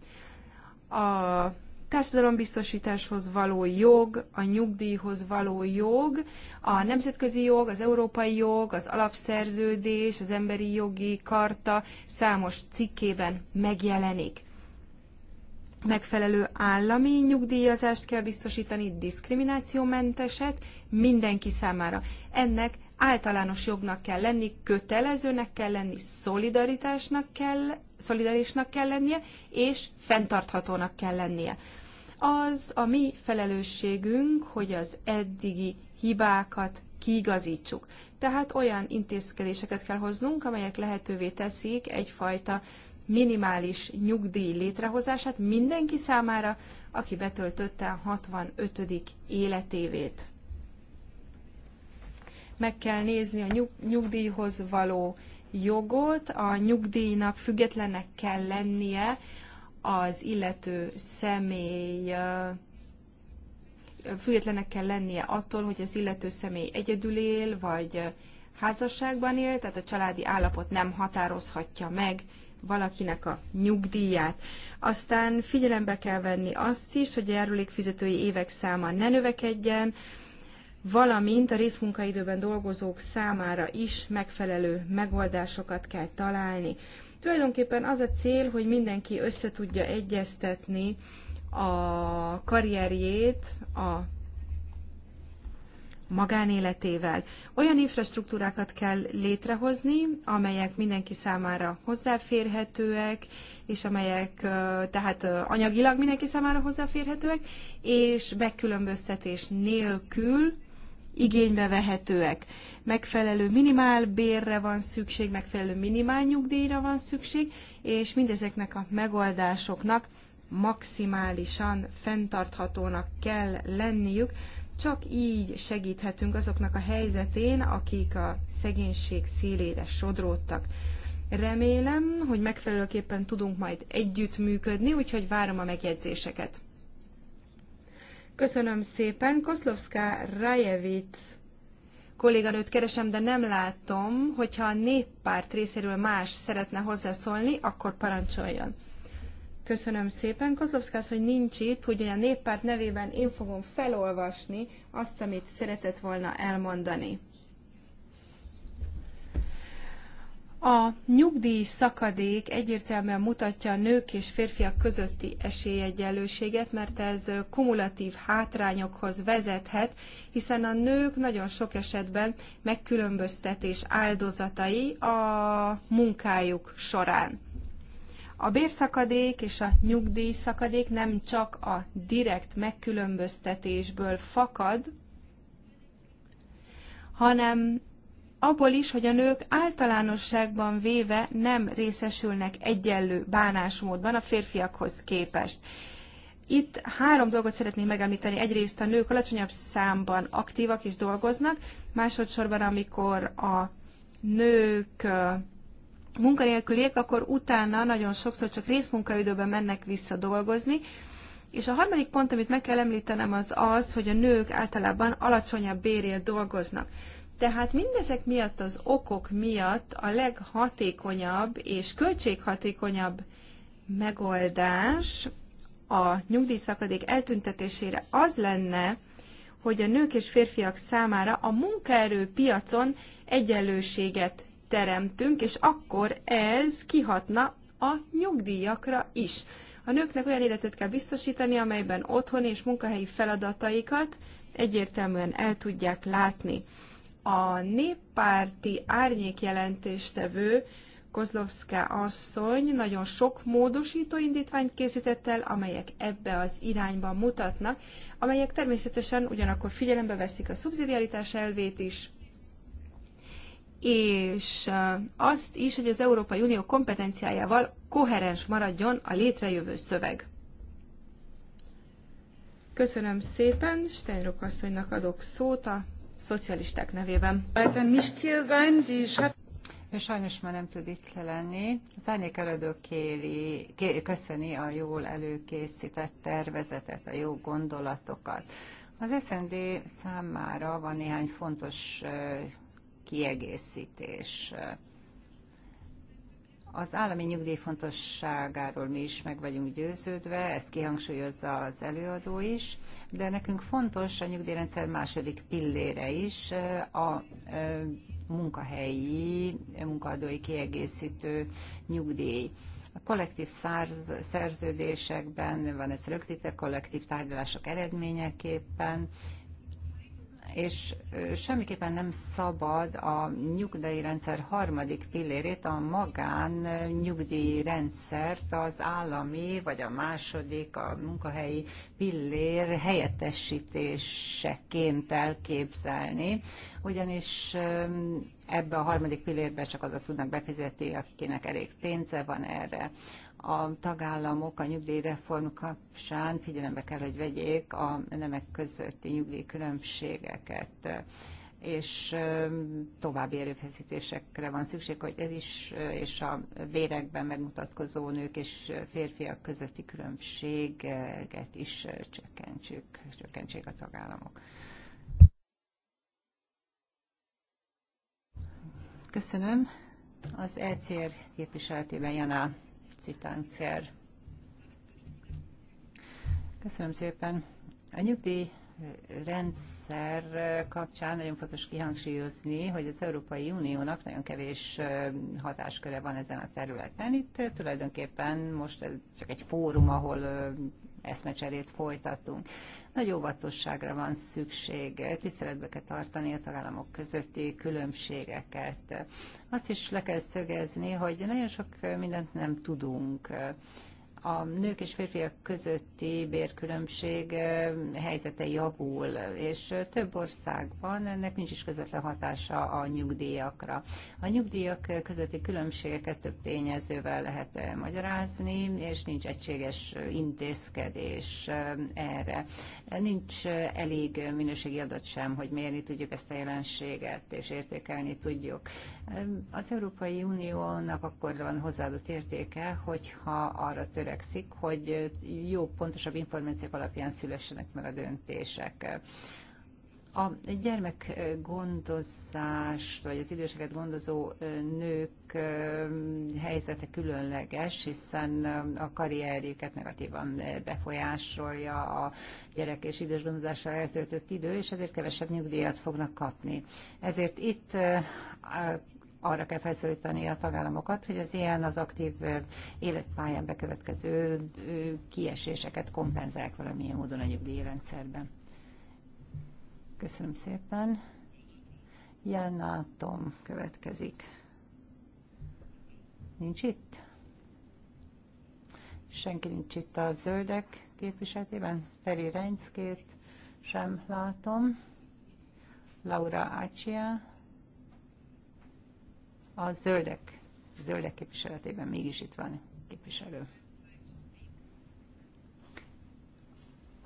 A társadalombiztosításhoz való jog, a nyugdíjhoz való jog, a nemzetközi jog, az európai jog, az alapszerződés, az emberi jogi karta számos cikkében megjelenik. Megfelelő állami nyugdíjazást kell biztosítani, diszkriminációmenteset mindenki számára. Ennek általános jognak kell lenni, kötelezőnek kell lenni, szolidaritásnak kell, szolidarisnak kell lennie, és fenntarthatónak kell lennie. Az a mi felelősségünk, hogy az eddigi hibákat kiigazítsuk. Tehát olyan intézkedéseket kell hoznunk, amelyek lehetővé teszik egyfajta minimális nyugdíj létrehozását mindenki számára, aki betöltötte a 65. életévét. Meg kell nézni a nyugdíjhoz való jogot, a nyugdíjnak függetlennek kell lennie az illető személy függetlenek kell lennie attól, hogy az illető személy egyedül él, vagy házasságban él, tehát a családi állapot nem határozhatja meg valakinek a nyugdíját. Aztán figyelembe kell venni azt is, hogy a járulékfizetői évek száma ne növekedjen, valamint a részmunkaidőben dolgozók számára is megfelelő megoldásokat kell találni. Tulajdonképpen az a cél, hogy mindenki össze tudja egyeztetni a karrierjét a magánéletével. Olyan infrastruktúrákat kell létrehozni, amelyek mindenki számára hozzáférhetőek, és amelyek tehát anyagilag mindenki számára hozzáférhetőek, és megkülönböztetés nélkül igénybe vehetőek. Megfelelő minimálbérre van szükség, megfelelő minimál nyugdíjra van szükség, és mindezeknek a megoldásoknak maximálisan fenntarthatónak kell lenniük, csak így segíthetünk azoknak a helyzetén, akik a szegénység szélére sodródtak. Remélem, hogy megfelelőképpen tudunk majd együttműködni, úgyhogy várom a megjegyzéseket. Köszönöm szépen. Koszlovská Rajevic kolléganőt keresem, de nem látom, hogyha a néppárt részéről más szeretne hozzászólni, akkor parancsoljon. Köszönöm szépen. Kozlovszkász, hogy nincs itt, hogy a néppárt nevében én fogom felolvasni azt, amit szeretett volna elmondani. A nyugdíj szakadék egyértelműen mutatja a nők és férfiak közötti esélyegyenlőséget, mert ez kumulatív hátrányokhoz vezethet, hiszen a nők nagyon sok esetben megkülönböztetés áldozatai a munkájuk során. A bérszakadék és a nyugdíjszakadék nem csak a direkt megkülönböztetésből fakad, hanem abból is, hogy a nők általánosságban véve nem részesülnek egyenlő bánásmódban a férfiakhoz képest. Itt három dolgot szeretnék megemlíteni. Egyrészt a nők alacsonyabb számban aktívak és dolgoznak, másodszorban, amikor a nők munkanélküliek, akkor utána nagyon sokszor csak részmunkaidőben mennek vissza dolgozni, és a harmadik pont, amit meg kell említenem, az az, hogy a nők általában alacsonyabb bérért dolgoznak. Tehát mindezek miatt az okok miatt a leghatékonyabb és költséghatékonyabb megoldás a nyugdíjszakadék eltüntetésére az lenne, hogy a nők és férfiak számára a munkaerőpiacon egyenlőséget teremtünk, és akkor ez kihatna a nyugdíjakra is. A nőknek olyan életet kell biztosítani, amelyben otthoni és munkahelyi feladataikat egyértelműen el tudják látni. A néppárti árnyékjelentéstevő Kozlovszka asszony nagyon sok módosító indítványt készített el, amelyek ebbe az irányba mutatnak, amelyek természetesen ugyanakkor figyelembe veszik a szubszidiaritás elvét is, és azt is, hogy az Európai Unió kompetenciájával koherens maradjon a létrejövő szöveg. Köszönöm szépen, Steinrock asszonynak adok szót a szocialisták nevében. Ő sajnos már nem tud itt lenni. Az árnyék előadó kéri, ké, köszöni a jól előkészített tervezetet, a jó gondolatokat. Az SND számára van néhány fontos kiegészítés. Az állami nyugdíj fontosságáról mi is meg vagyunk győződve, ezt kihangsúlyozza az előadó is, de nekünk fontos a nyugdíjrendszer második pillére is, eh, a eh, munkahelyi, munkaadói kiegészítő nyugdíj. A kollektív szárz, szerződésekben van ez rögzítve, kollektív tárgyalások eredményeképpen, és semmiképpen nem szabad a nyugdíjrendszer harmadik pillérét, a magán rendszert az állami vagy a második, a munkahelyi pillér helyettesítéseként elképzelni, ugyanis ebbe a harmadik pillérbe csak azok tudnak befizetni, akinek elég pénze van erre a tagállamok a nyugdíjreform kapcsán figyelembe kell, hogy vegyék a nemek közötti nyugdíjkülönbségeket és további erőfeszítésekre van szükség, hogy ez is, és a vérekben megmutatkozó nők és férfiak közötti különbséget is csökkentsük, csökkentsék a tagállamok. Köszönöm. Az ECR képviseletében Janál Citáncier. Köszönöm szépen. A nyugdíj rendszer kapcsán nagyon fontos kihangsúlyozni, hogy az Európai Uniónak nagyon kevés hatásköre van ezen a területen. Itt tulajdonképpen most csak egy fórum, ahol eszmecserét folytatunk. Nagy óvatosságra van szükség, tiszteletbe kell tartani a tagállamok közötti különbségeket. Azt is le kell szögezni, hogy nagyon sok mindent nem tudunk a nők és férfiak közötti bérkülönbség helyzete javul, és több országban ennek nincs is közvetlen hatása a nyugdíjakra. A nyugdíjak közötti különbségeket több tényezővel lehet magyarázni, és nincs egységes intézkedés erre. Nincs elég minőségi adat sem, hogy mérni tudjuk ezt a jelenséget, és értékelni tudjuk. Az Európai Uniónak akkor van hozzáadott értéke, hogyha arra törekszünk, törekszik, hogy jó, pontosabb információk alapján szülessenek meg a döntések. A gyermekgondozás, vagy az időseket gondozó nők helyzete különleges, hiszen a karrierjüket negatívan befolyásolja a gyerek és idős eltöltött idő, és ezért kevesebb nyugdíjat fognak kapni. Ezért itt arra kell felszólítani a tagállamokat, hogy az ilyen az aktív életpályán bekövetkező kieséseket kompenzálják valamilyen módon a nyugdíjrendszerben. Köszönöm szépen. Jana Tom következik. Nincs itt? Senki nincs itt a zöldek képviseletében. Feri Reinszkét sem látom. Laura Acsia a zöldek, zöldek képviseletében mégis itt van képviselő.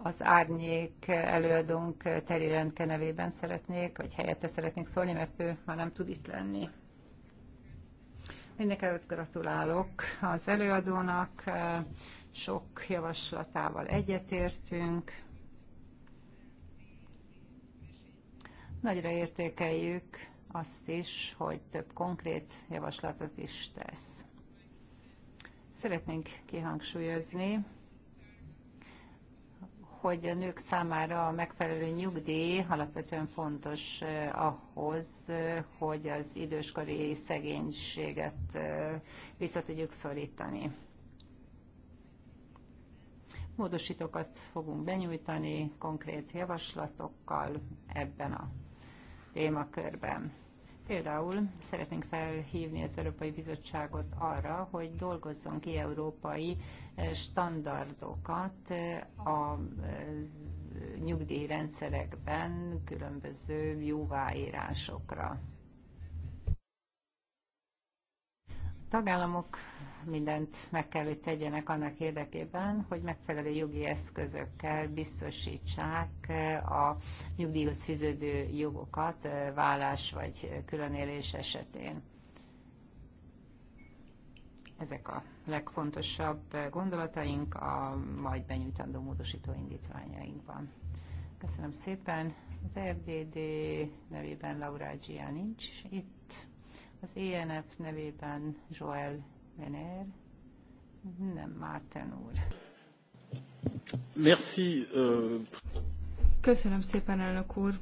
az árnyék előadónk Teri Rendke nevében szeretnék, vagy helyette szeretnék szólni, mert ő már nem tud itt lenni. Mindenek előtt gratulálok az előadónak, sok javaslatával egyetértünk. Nagyra értékeljük azt is, hogy több konkrét javaslatot is tesz. Szeretnénk kihangsúlyozni, hogy a nők számára a megfelelő nyugdíj alapvetően fontos eh, ahhoz, eh, hogy az időskori szegénységet eh, vissza tudjuk szorítani. Módosítókat fogunk benyújtani konkrét javaslatokkal ebben a témakörben. Például szeretnénk felhívni az Európai Bizottságot arra, hogy dolgozzon ki európai e, standardokat e, a e, nyugdíjrendszerekben különböző jóváírásokra. tagállamok mindent meg kell, hogy tegyenek annak érdekében, hogy megfelelő jogi eszközökkel biztosítsák a nyugdíjhoz fűződő jogokat vállás vagy különélés esetén. Ezek a legfontosabb gondolataink a majd benyújtandó módosító indítványainkban. Köszönöm szépen. Az RDD nevében Laura Gia nincs itt. Az ENF nevében Joel Vener, nem Márten úr. Merci. Köszönöm szépen, elnök úr.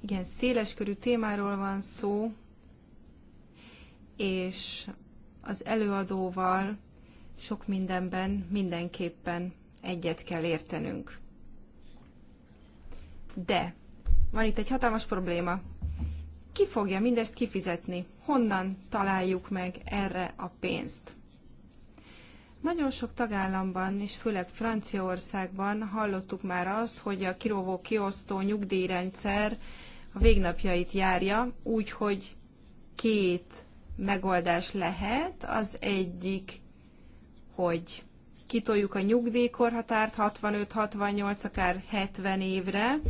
Igen, széleskörű témáról van szó, és az előadóval sok mindenben mindenképpen egyet kell értenünk. De van itt egy hatalmas probléma. Ki fogja mindezt kifizetni? Honnan találjuk meg erre a pénzt? Nagyon sok tagállamban, és főleg Franciaországban hallottuk már azt, hogy a kirovó kiosztó nyugdíjrendszer a végnapjait járja, úgyhogy két megoldás lehet. Az egyik, hogy kitoljuk a nyugdíjkorhatárt 65-68, akár 70 évre,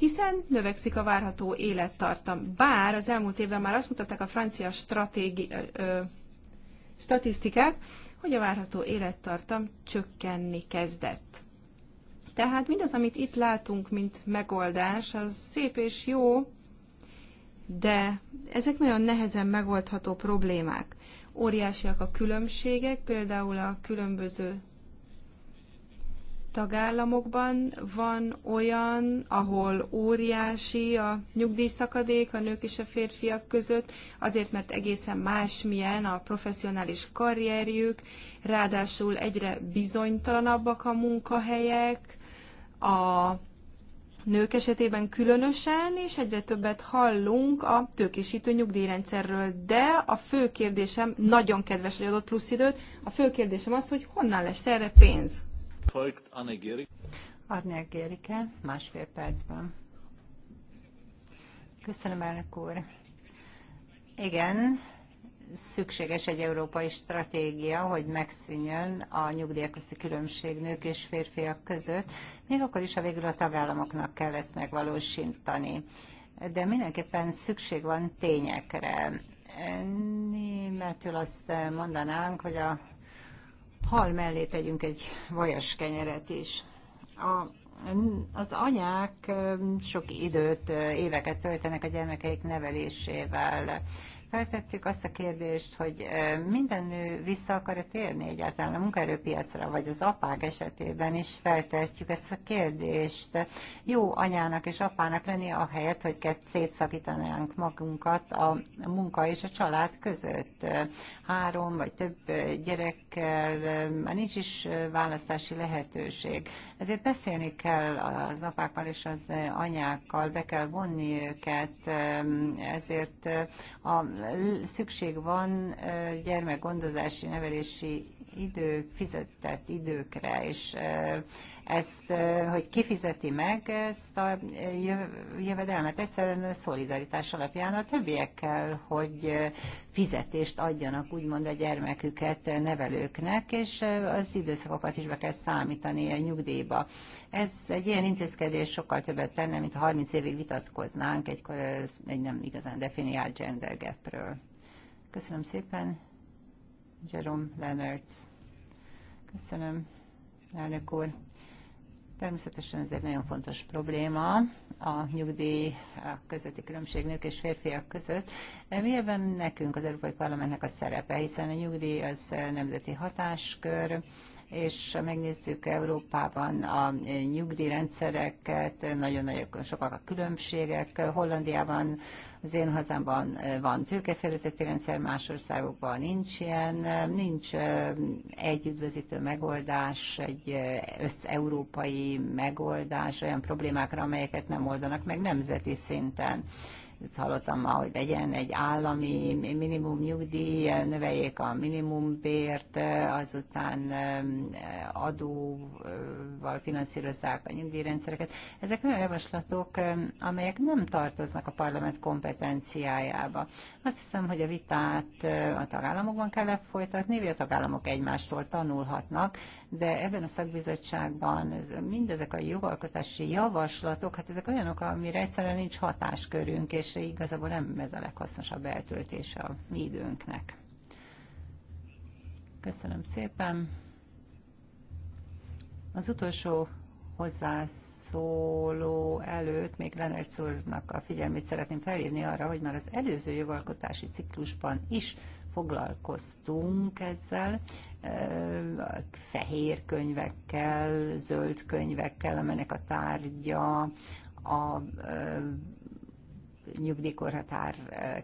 hiszen növekszik a várható élettartam. Bár az elmúlt évben már azt mutatták a francia stratégi, ö, statisztikák, hogy a várható élettartam csökkenni kezdett. Tehát mindaz, amit itt látunk, mint megoldás, az szép és jó, de ezek nagyon nehezen megoldható problémák. Óriásiak a különbségek, például a különböző tagállamokban van olyan, ahol óriási a nyugdíjszakadék a nők és a férfiak között, azért mert egészen másmilyen a professzionális karrierjük, ráadásul egyre bizonytalanabbak a munkahelyek, a nők esetében különösen, és egyre többet hallunk a tőkésítő nyugdíjrendszerről. De a fő kérdésem, nagyon kedves, hogy adott plusz időt, a fő kérdésem az, hogy honnan lesz erre pénz? Folgt Anne Arne Gérike, másfél percben. Köszönöm, elnök úr. Igen, szükséges egy európai stratégia, hogy megszűnjön a nyugdíjak különbség nők és férfiak között, még akkor is, ha végül a tagállamoknak kell ezt megvalósítani. De mindenképpen szükség van tényekre. Németül azt mondanánk, hogy a hal mellé tegyünk egy vajas kenyeret is. A az anyák sok időt, éveket töltenek a gyermekeik nevelésével. Feltettük azt a kérdést, hogy minden nő vissza akar-e térni egyáltalán a munkaerőpiacra, vagy az apák esetében is feltettük ezt a kérdést. Jó anyának és apának lenni a helyet, hogy szétszakítanánk magunkat a munka és a család között. Három vagy több gyerekkel már nincs is választási lehetőség. Ezért beszélni kell az apákkal és az anyákkal, be kell vonni őket, ezért a szükség van gyermekgondozási, nevelési idők, fizetett időkre, és ezt, hogy kifizeti meg ezt a jövedelmet, egyszerűen szolidaritás alapján a többiekkel, hogy fizetést adjanak úgymond a gyermeküket nevelőknek, és az időszakokat is be kell számítani a nyugdíjba. Ez egy ilyen intézkedés sokkal többet tenne, mint ha 30 évig vitatkoznánk egy, egy nem igazán definiált gender gapről. Köszönöm szépen! Jerome Lennertz. Köszönöm, elnök úr. Természetesen ez egy nagyon fontos probléma, a nyugdíj a közötti különbség nők és férfiak között. Mi ebben nekünk, az Európai Parlamentnek a szerepe, hiszen a nyugdíj az nemzeti hatáskör, és megnézzük Európában a nyugdíjrendszereket, nagyon nagyok, sokak a különbségek. Hollandiában, az én hazámban van tőkefedezeti rendszer, más országokban nincs ilyen, nincs egy üdvözítő megoldás, egy összeurópai megoldás olyan problémákra, amelyeket nem oldanak meg nemzeti szinten. Itt hallottam már, hogy legyen egy állami minimum nyugdíj, növeljék a minimumbért, azután eh, adóval finanszírozzák a nyugdíjrendszereket. Ezek olyan javaslatok, eh, amelyek nem tartoznak a parlament kompetenciájába. Azt hiszem, hogy a vitát eh, a tagállamokban kell lefolytatni, vagy a tagállamok egymástól tanulhatnak, de ebben a szakbizottságban mindezek a jogalkotási javaslatok, hát ezek olyanok, amire egyszerűen nincs hatáskörünk, és igazából nem ez a leghasznosabb eltöltése a mi időnknek. Köszönöm szépen. Az utolsó hozzászóló előtt még Lenertz úrnak a figyelmét szeretném felhívni arra, hogy már az előző jogalkotási ciklusban is foglalkoztunk ezzel, fehér könyvekkel, zöld könyvekkel, amelynek a tárgya a nyugdíjkorhatár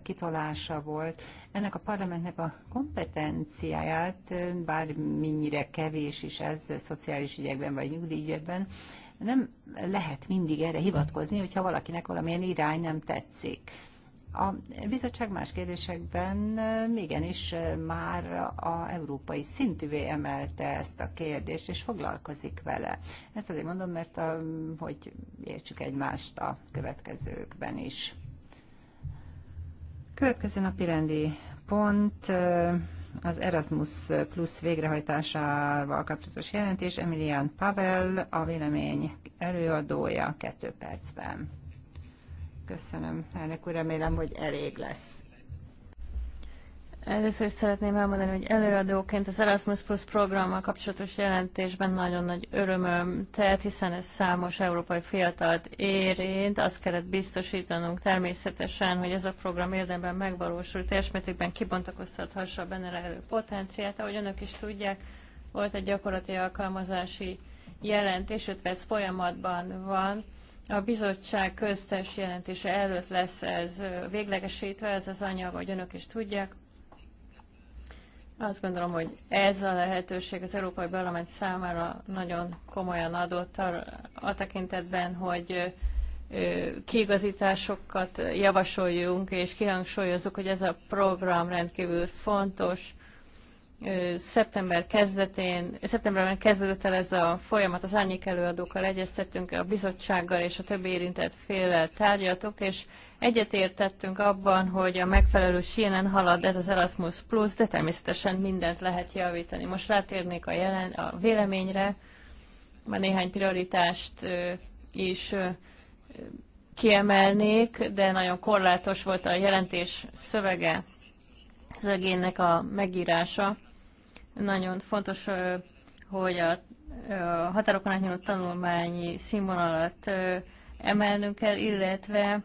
kitolása volt. Ennek a parlamentnek a kompetenciáját, bár mennyire kevés is ez szociális ügyekben vagy nyugdíjügyekben, nem lehet mindig erre hivatkozni, hogyha valakinek valamilyen irány nem tetszik a bizottság más kérdésekben eh, igenis eh, már a európai szintűvé emelte ezt a kérdést, és foglalkozik vele. Ezt azért mondom, mert a, eh, hogy értsük egymást a következőkben is. Következő napi rendi pont az Erasmus Plus végrehajtásával kapcsolatos jelentés. Emilian Pavel, a vélemény előadója, kettő percben. Köszönöm, elnök úr, remélem, hogy elég lesz. Először is szeretném elmondani, hogy előadóként az Erasmus Plus programmal kapcsolatos jelentésben nagyon nagy örömöm telt, hiszen ez számos európai fiatalt érint. Azt kellett biztosítanunk természetesen, hogy ez a program érdemben megvalósul, teljes mértékben kibontakoztathassa a benne rejlő potenciát. Ahogy önök is tudják, volt egy gyakorlati alkalmazási jelentés, illetve ez folyamatban van a bizottság köztes jelentése előtt lesz ez véglegesítve, ez az anyag, hogy önök is tudják. Azt gondolom, hogy ez a lehetőség az Európai Parlament számára nagyon komolyan adott a, a tekintetben, hogy kiigazításokat javasoljunk, és kihangsúlyozzuk, hogy ez a program rendkívül fontos, szeptember kezdetén, szeptemberben kezdődött el ez a folyamat, az árnyék előadókkal egyeztettünk, a bizottsággal és a többi érintett féllel tárgyaltuk, és egyetértettünk abban, hogy a megfelelő sínen halad ez az Erasmus Plus, de természetesen mindent lehet javítani. Most rátérnék a, jelen, a véleményre, már néhány prioritást is kiemelnék, de nagyon korlátos volt a jelentés szövege, az a megírása nagyon fontos, hogy a határokon átnyúló tanulmányi színvonalat emelnünk kell, illetve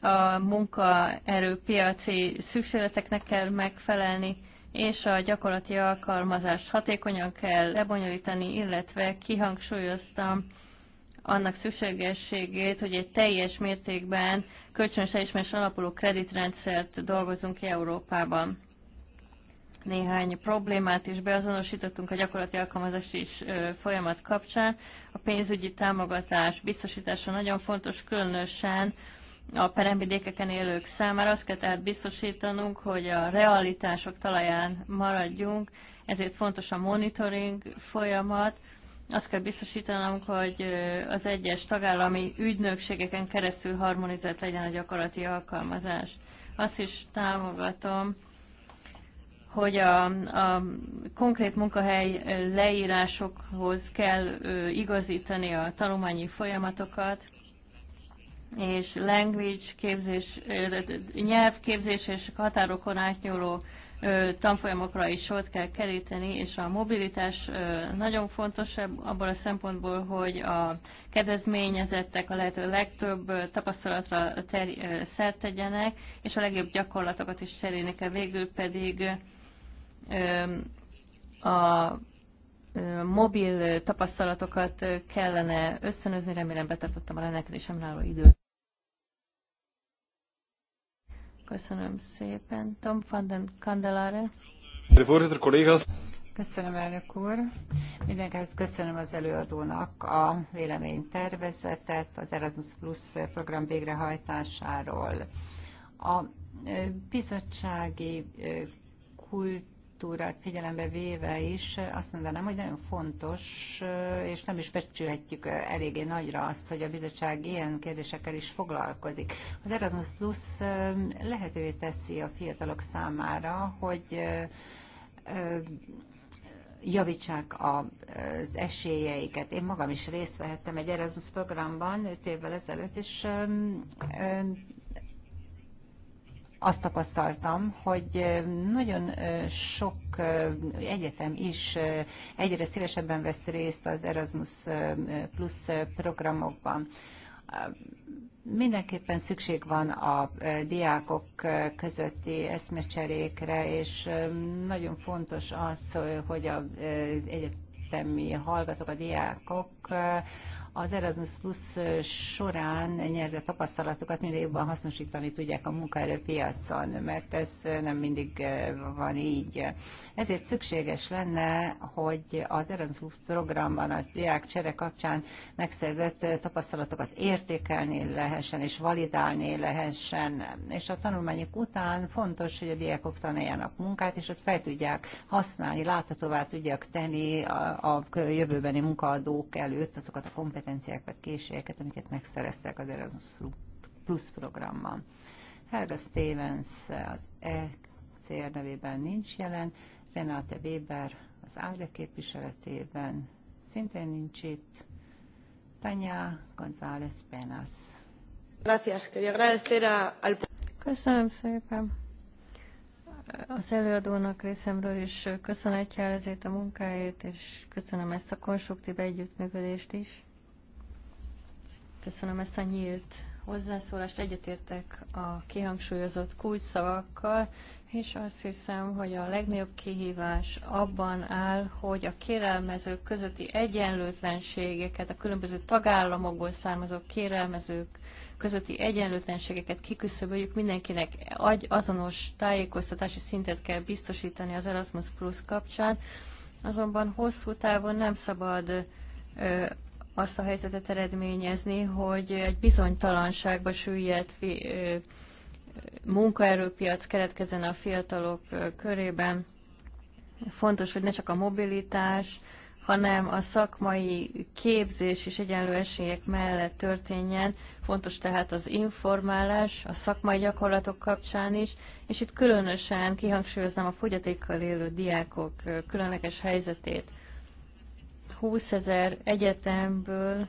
a munkaerőpiaci szükségleteknek kell megfelelni, és a gyakorlati alkalmazást hatékonyan kell lebonyolítani, illetve kihangsúlyoztam annak szükségességét, hogy egy teljes mértékben kölcsönös elismerés alapuló kreditrendszert dolgozunk ki Európában néhány problémát is beazonosítottunk a gyakorlati alkalmazási folyamat kapcsán. A pénzügyi támogatás biztosítása nagyon fontos, különösen a peremvidékeken élők számára. Azt kell tehát biztosítanunk, hogy a realitások talaján maradjunk, ezért fontos a monitoring folyamat. Azt kell biztosítanunk, hogy az egyes tagállami ügynökségeken keresztül harmonizált legyen a gyakorlati alkalmazás. Azt is támogatom, hogy a, a konkrét munkahely leírásokhoz kell igazítani a tanulmányi folyamatokat, és language képzés, nyelvképzés és határokon átnyúló tanfolyamokra is sort kell keríteni, és a mobilitás nagyon fontos abból a szempontból, hogy a kedvezményezettek a lehető legtöbb tapasztalatra szert tegyenek, és a legjobb gyakorlatokat is cserélni kell. Végül pedig a mobil tapasztalatokat kellene összönözni, remélem betartottam a rendelkezésemre álló időt. Köszönöm szépen. Tom van den Candelare. Köszönöm, elnök úr. Mindenkit köszönöm az előadónak a véleménytervezetet az Erasmus Plus program végrehajtásáról. A bizottsági kult kultúrát figyelembe véve is azt mondanám, hogy nagyon fontos, és nem is becsülhetjük eléggé nagyra azt, hogy a bizottság ilyen kérdésekkel is foglalkozik. Az Erasmus Plus lehetővé teszi a fiatalok számára, hogy javítsák az esélyeiket. Én magam is részt vehettem egy Erasmus programban 5 évvel ezelőtt, és azt tapasztaltam, hogy nagyon sok egyetem is egyre szívesebben vesz részt az Erasmus Plus programokban. Mindenképpen szükség van a diákok közötti eszmecserékre, és nagyon fontos az, hogy az egyetemi hallgatók, a diákok az Erasmus Plus során nyerzett tapasztalatokat minél jobban hasznosítani tudják a munkaerőpiacon, mert ez nem mindig eh, van így. Ezért szükséges lenne, hogy az Erasmus programban a diák csere kapcsán megszerzett tapasztalatokat értékelni lehessen és validálni lehessen, és a tanulmányok után fontos, hogy a diákok tanuljanak munkát, és ott fel tudják használni, láthatóvá tudják tenni a, a jövőbeni munkaadók előtt azokat a kompetenciákat, kompetenciákat, készségeket, amiket megszereztek az Erasmus Plus programban. Helga Stevens az ECR nevében nincs jelen, Renate Weber az Ágya képviseletében szintén nincs itt, Tanya González Penas. Köszönöm szépen. Az előadónak részemről is köszönetjel ezért a munkáért, és köszönöm ezt a konstruktív együttműködést is. Köszönöm ezt a nyílt hozzászólást. Egyetértek a kihangsúlyozott kulcsszavakkal, és azt hiszem, hogy a legnagyobb kihívás abban áll, hogy a kérelmezők közötti egyenlőtlenségeket, a különböző tagállamokból származó kérelmezők közötti egyenlőtlenségeket kiküszöböljük, mindenkinek azonos tájékoztatási szintet kell biztosítani az Erasmus Plus kapcsán, azonban hosszú távon nem szabad azt a helyzetet eredményezni, hogy egy bizonytalanságba süllyedt munkaerőpiac keletkezzen a fiatalok körében. Fontos, hogy ne csak a mobilitás, hanem a szakmai képzés és egyenlő esélyek mellett történjen. Fontos tehát az informálás a szakmai gyakorlatok kapcsán is, és itt különösen kihangsúlyoznám a fogyatékkal élő diákok különleges helyzetét. 20 ezer egyetemből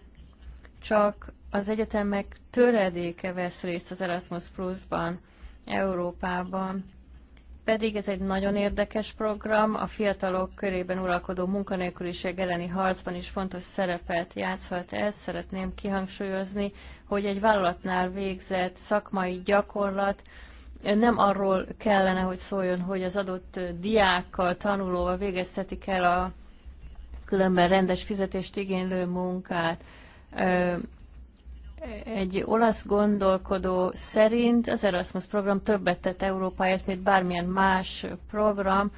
csak az egyetemek töredéke vesz részt az Erasmus Plus-ban Európában. Pedig ez egy nagyon érdekes program, a fiatalok körében uralkodó munkanélküliség elleni harcban is fontos szerepet játszhat ez. Szeretném kihangsúlyozni, hogy egy vállalatnál végzett szakmai gyakorlat nem arról kellene, hogy szóljon, hogy az adott diákkal, tanulóval végeztetik el a különben rendes fizetést igénylő munkát. Egy olasz gondolkodó szerint az Erasmus program többet tett Európáért, mint bármilyen más program.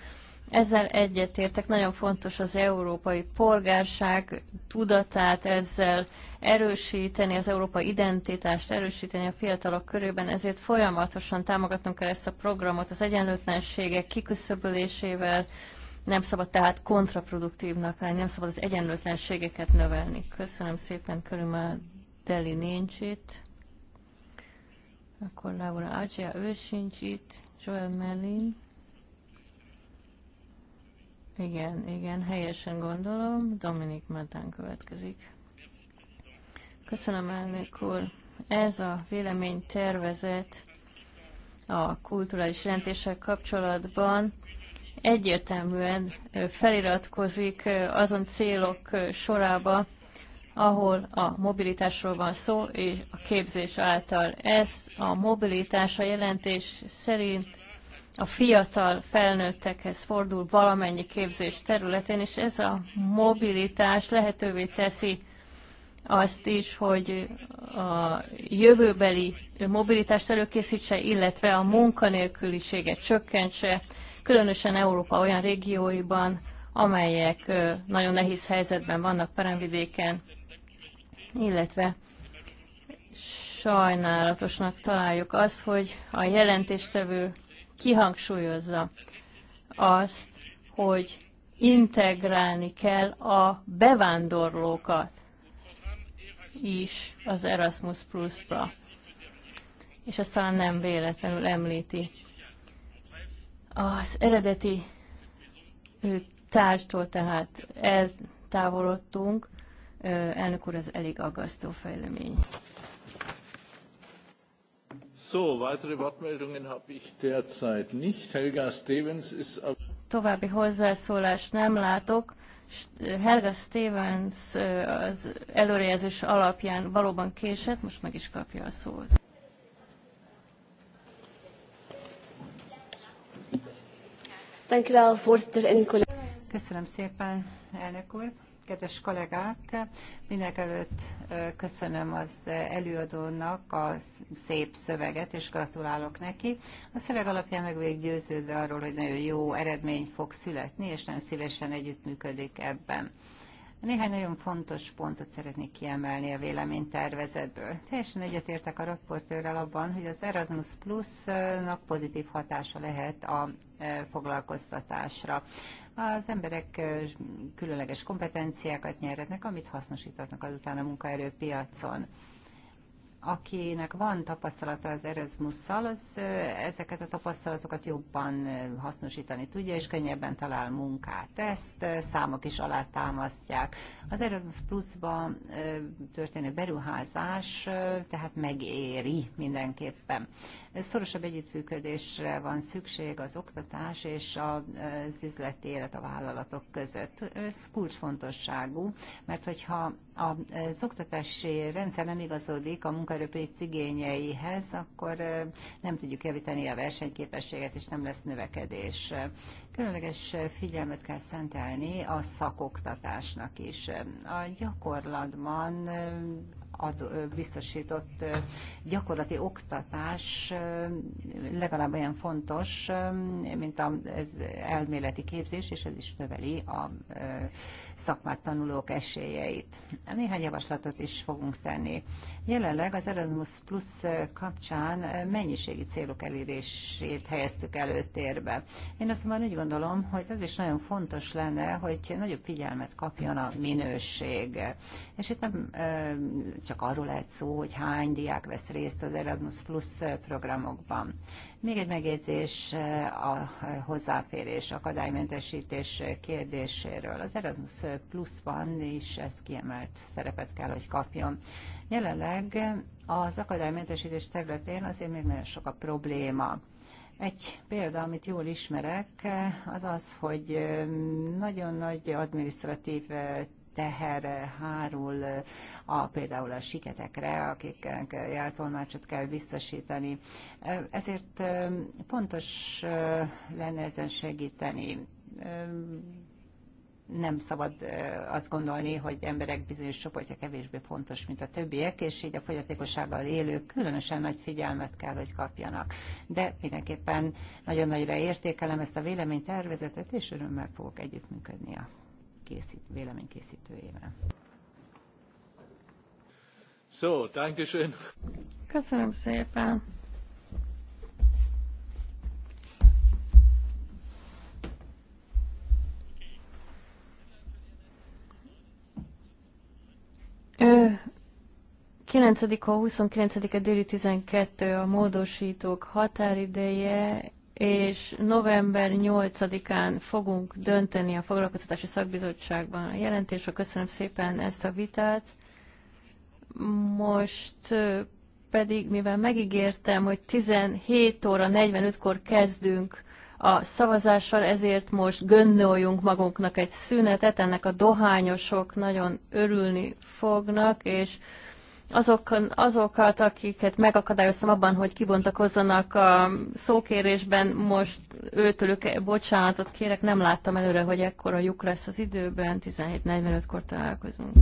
Ezzel egyetértek, nagyon fontos az európai polgárság tudatát ezzel erősíteni, az európai identitást erősíteni a fiatalok körében, ezért folyamatosan támogatnunk kell ezt a programot az egyenlőtlenségek kiküszöbölésével, nem szabad tehát kontraproduktívnak lenni, nem szabad az egyenlőtlenségeket növelni. Köszönöm szépen, körülbelül Deli nincs itt. Akkor Laura Ácsia, ő sincs itt. Joel Melin. Igen, igen, helyesen gondolom. Dominik Mátán következik. Köszönöm, elnök úr. Ez a vélemény tervezet a kulturális jelentéssel kapcsolatban egyértelműen feliratkozik azon célok sorába, ahol a mobilitásról van szó, és a képzés által. Ez a mobilitás a jelentés szerint a fiatal felnőttekhez fordul valamennyi képzés területén, és ez a mobilitás lehetővé teszi azt is, hogy a jövőbeli mobilitást előkészítse, illetve a munkanélküliséget csökkentse, különösen Európa olyan régióiban, amelyek nagyon nehéz helyzetben vannak peremvidéken, illetve sajnálatosnak találjuk az, hogy a jelentéstevő kihangsúlyozza azt, hogy integrálni kell a bevándorlókat is az Erasmus Plus-ra. És ezt talán nem véletlenül említi az eredeti társtól tehát eltávolodtunk. Elnök úr, ez elég aggasztó fejlemény. So, weitere Wortmeldungen habe ich derzeit nicht. Helga Stevens ist További hozzászólást nem látok. Helga Stevens az előrejelzés alapján valóban késett, most meg is kapja a szót. Köszönöm szépen, elnök úr. Kedves kollégák, mindenek előtt köszönöm az előadónak a szép szöveget, és gratulálok neki. A szöveg alapján meg vagyok győződve arról, hogy nagyon jó eredmény fog születni, és nagyon szívesen együttműködik ebben. Néhány nagyon fontos pontot szeretnék kiemelni a véleménytervezetből. Teljesen egyetértek a raportőrrel abban, hogy az Erasmus Plus-nak pozitív hatása lehet a e, foglalkoztatásra. Az emberek e, különleges kompetenciákat nyerhetnek, amit hasznosítatnak azután a munkaerőpiacon akinek van tapasztalata az Erasmusszal, az ezeket a tapasztalatokat jobban hasznosítani tudja, és könnyebben talál munkát. Ezt számok is alátámasztják. Az Erasmus Plus-ba történő beruházás tehát megéri mindenképpen. Szorosabb együttműködésre van szükség az oktatás és az üzleti élet a vállalatok között. Ez kulcsfontosságú, mert hogyha az oktatási rendszer nem igazodik a munkaerőpiac igényeihez, akkor nem tudjuk javítani a versenyképességet, és nem lesz növekedés. Különleges figyelmet kell szentelni a szakoktatásnak is. A gyakorlatban ad, biztosított gyakorlati oktatás legalább olyan fontos, mint az elméleti képzés, és ez is növeli a szakmát tanulók esélyeit. Néhány javaslatot is fogunk tenni. Jelenleg az Erasmus Plus kapcsán mennyiségi célok elérését helyeztük előtérbe. Én azonban úgy gondolom, hogy az is nagyon fontos lenne, hogy nagyobb figyelmet kapjon a minőség. És itt nem csak arról lehet szó, hogy hány diák vesz részt az Erasmus Plus programokban. Még egy megjegyzés eh, a eh, hozzáférés, akadálymentesítés kérdéséről. Az Erasmus van is ez kiemelt szerepet kell, hogy kapjon. Jelenleg az akadálymentesítés területén azért még nagyon sok a probléma. Egy példa, amit jól ismerek, eh, az az, hogy nagyon nagy administratív teher hárul a, például a siketekre, akiknek jártolmácsot kell biztosítani. Ezért pontos lenne ezen segíteni nem szabad azt gondolni, hogy emberek bizonyos csoportja kevésbé fontos, mint a többiek, és így a fogyatékossággal élők különösen nagy figyelmet kell, hogy kapjanak. De mindenképpen nagyon nagyra értékelem ezt a véleménytervezetet, és örömmel fogok együttműködni a készít, véleménykészítőjével. So, Dankeschön. Köszönöm szépen. Ö, 9 a 29 a déli 12 a módosítók határideje, és november 8-án fogunk dönteni a foglalkoztatási szakbizottságban a jelentésről. Köszönöm szépen ezt a vitát. Most pedig, mivel megígértem, hogy 17 óra 45-kor kezdünk a szavazással, ezért most gönnöljünk magunknak egy szünetet, ennek a dohányosok nagyon örülni fognak, és azok, azokat, akiket megakadályoztam abban, hogy kibontakozzanak a szókérésben, most őtőlük bocsánatot kérek, nem láttam előre, hogy ekkora lyuk lesz az időben, 17.45-kor találkozunk.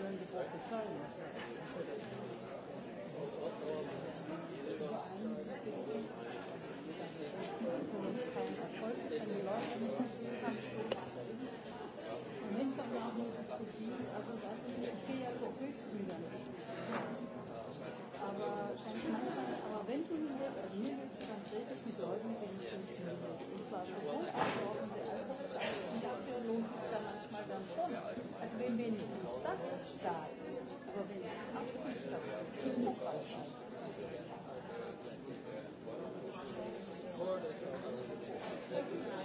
zwar sowohl Abgeordnete als auch Staatsminister lohnt sich dann dann schon. Also wenn wenigstens das da ist, aber wenn das Amt nicht da ist, ist Thank you.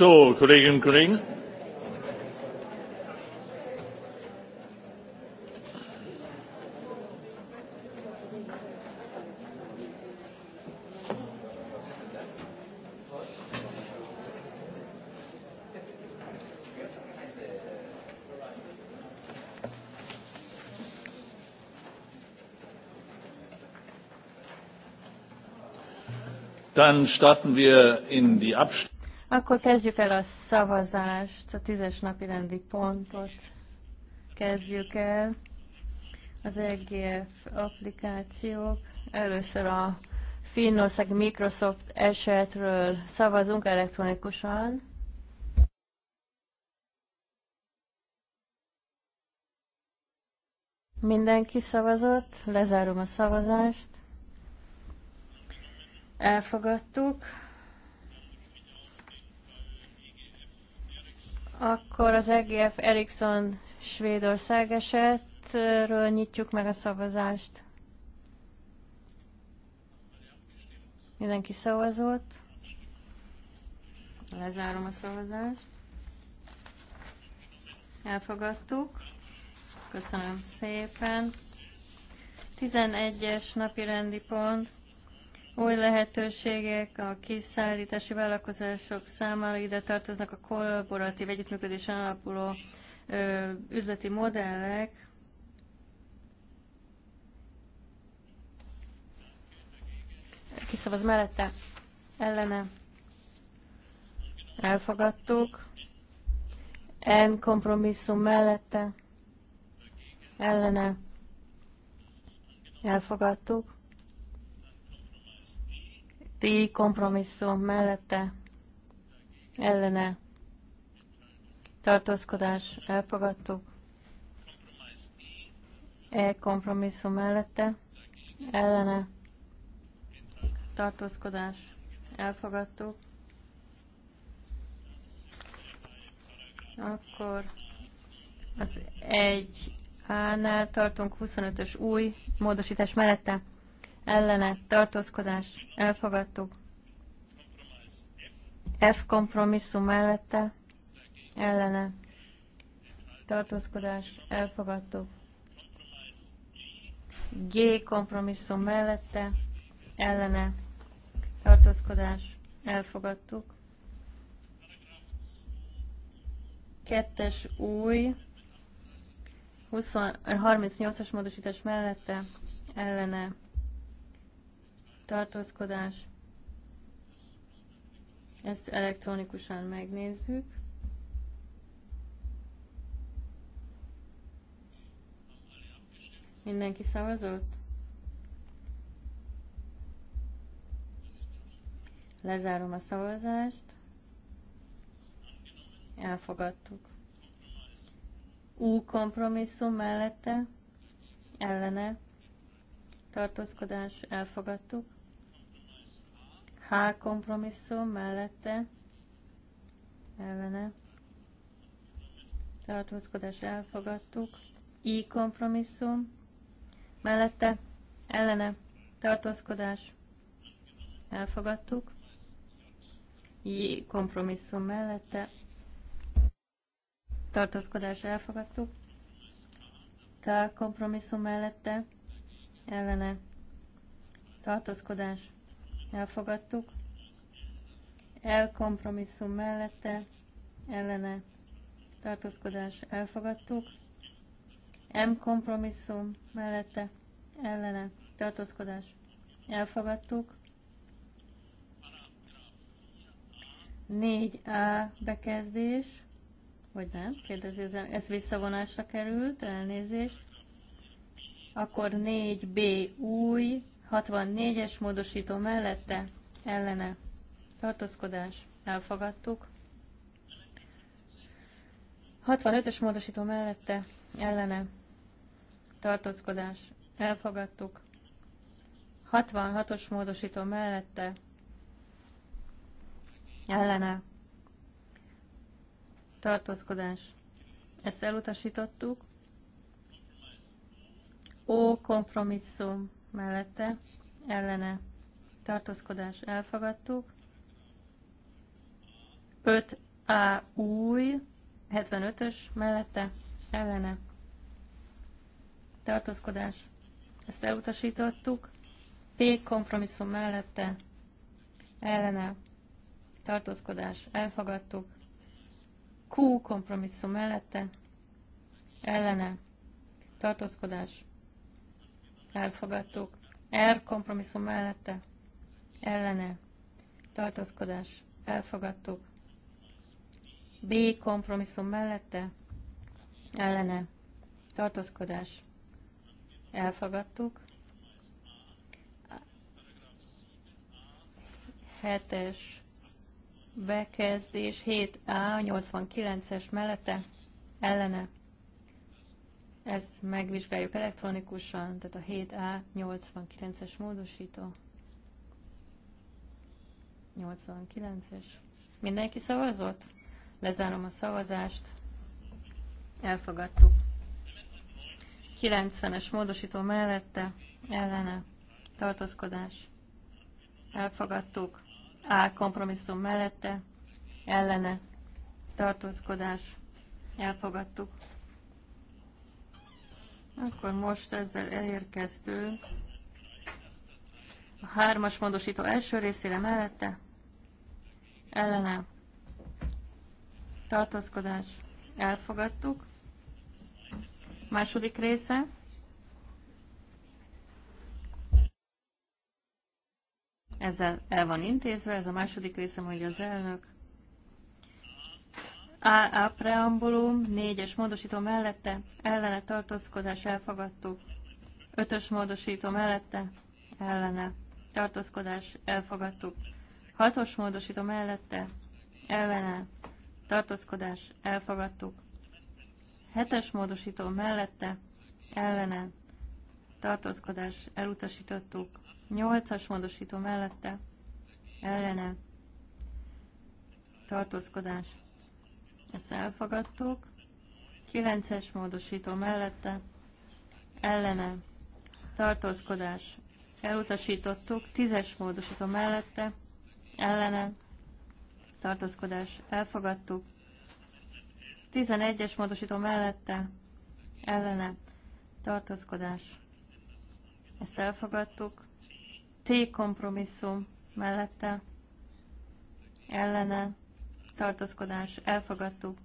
So, Kolleginnen und Kollegen. Dann starten wir in die Abstimmung. Akkor kezdjük el a szavazást, a tízes napi rendi pontot kezdjük el. Az EGF applikációk. Először a Finnország Microsoft esetről szavazunk elektronikusan. Mindenki szavazott, lezárom a szavazást. Elfogadtuk. Akkor az EGF Ericsson Svédország esetről nyitjuk meg a szavazást. Mindenki szavazott. Lezárom a szavazást. Elfogadtuk. Köszönöm szépen. 11-es napi rendi pont új lehetőségek a kiszállítási vállalkozások számára ide tartoznak a kollaboratív együttműködésen alapuló ö, üzleti modellek, kiszavaz mellette, ellene, elfogadtuk, en kompromisszum mellette, ellene, elfogadtuk, ti kompromisszum mellette ellene tartózkodás elfogadtuk. E kompromisszum mellette ellene tartózkodás elfogadtuk. Akkor az egy a nál tartunk 25-ös új módosítás mellette ellene tartózkodás elfogadtuk. F kompromisszum mellette ellene tartózkodás elfogadtuk. G kompromisszum mellette ellene tartózkodás elfogadtuk. Kettes új 20, 38-as módosítás mellette ellene tartózkodás. Ezt elektronikusan megnézzük. Mindenki szavazott? Lezárom a szavazást. Elfogadtuk. Ú kompromisszum mellette, ellene, tartózkodás, elfogadtuk. H kompromisszum mellette ellene tartózkodás elfogadtuk. I kompromisszum mellette ellene tartózkodás elfogadtuk. I kompromisszum mellette tartózkodás elfogadtuk. K kompromisszum mellette ellene tartózkodás elfogadtuk. Elkompromisszum mellette ellene tartózkodás elfogadtuk. M kompromisszum mellette ellene tartózkodás elfogadtuk. 4A bekezdés, vagy nem, kérdezi, ez visszavonásra került, elnézést. Akkor 4B új 64-es módosító mellette ellene tartózkodás elfogadtuk. 65-ös módosító mellette ellene tartózkodás elfogadtuk. 66-os módosító mellette ellene tartózkodás. Ezt elutasítottuk. Ó kompromisszum mellette ellene tartózkodás elfogadtuk. 5A új, 75-ös mellette ellene tartózkodás. Ezt elutasítottuk. P kompromisszum mellette ellene tartózkodás elfogadtuk. Q kompromisszum mellette ellene tartózkodás elfogadtuk. R kompromisszum mellette ellene tartózkodás elfogadtuk. B kompromisszum mellette ellene tartózkodás elfogadtuk. 7-es bekezdés 7A 89-es mellette ellene ezt megvizsgáljuk elektronikusan, tehát a 7A89-es módosító. 89-es. Mindenki szavazott? Lezárom a szavazást. Elfogadtuk. 90-es módosító mellette, ellene, tartózkodás. Elfogadtuk. A kompromisszum mellette, ellene, tartózkodás. Elfogadtuk. Akkor most ezzel elérkeztünk a hármas módosító első részére mellette, ellene, tartózkodás, elfogadtuk. Második része, ezzel el van intézve, ez a második része, mondja az elnök. AA preambulum, 4-es módosító mellette, ellene tartózkodás elfogadtuk. 5-ös módosító mellette, ellene tartózkodás elfogadtuk. 6-os módosító mellette, ellene tartózkodás elfogadtuk. 7-es módosító mellette, ellene tartózkodás elutasítottuk. 8-as módosító mellette, ellene tartózkodás ezt elfogadtuk. 9-es módosító mellette ellene tartózkodás elutasítottuk, 10-es módosító mellette ellene tartózkodás elfogadtuk, 11-es módosító mellette ellene tartózkodás ezt elfogadtuk, T kompromisszum mellette ellene tartózkodás, elfogadtuk.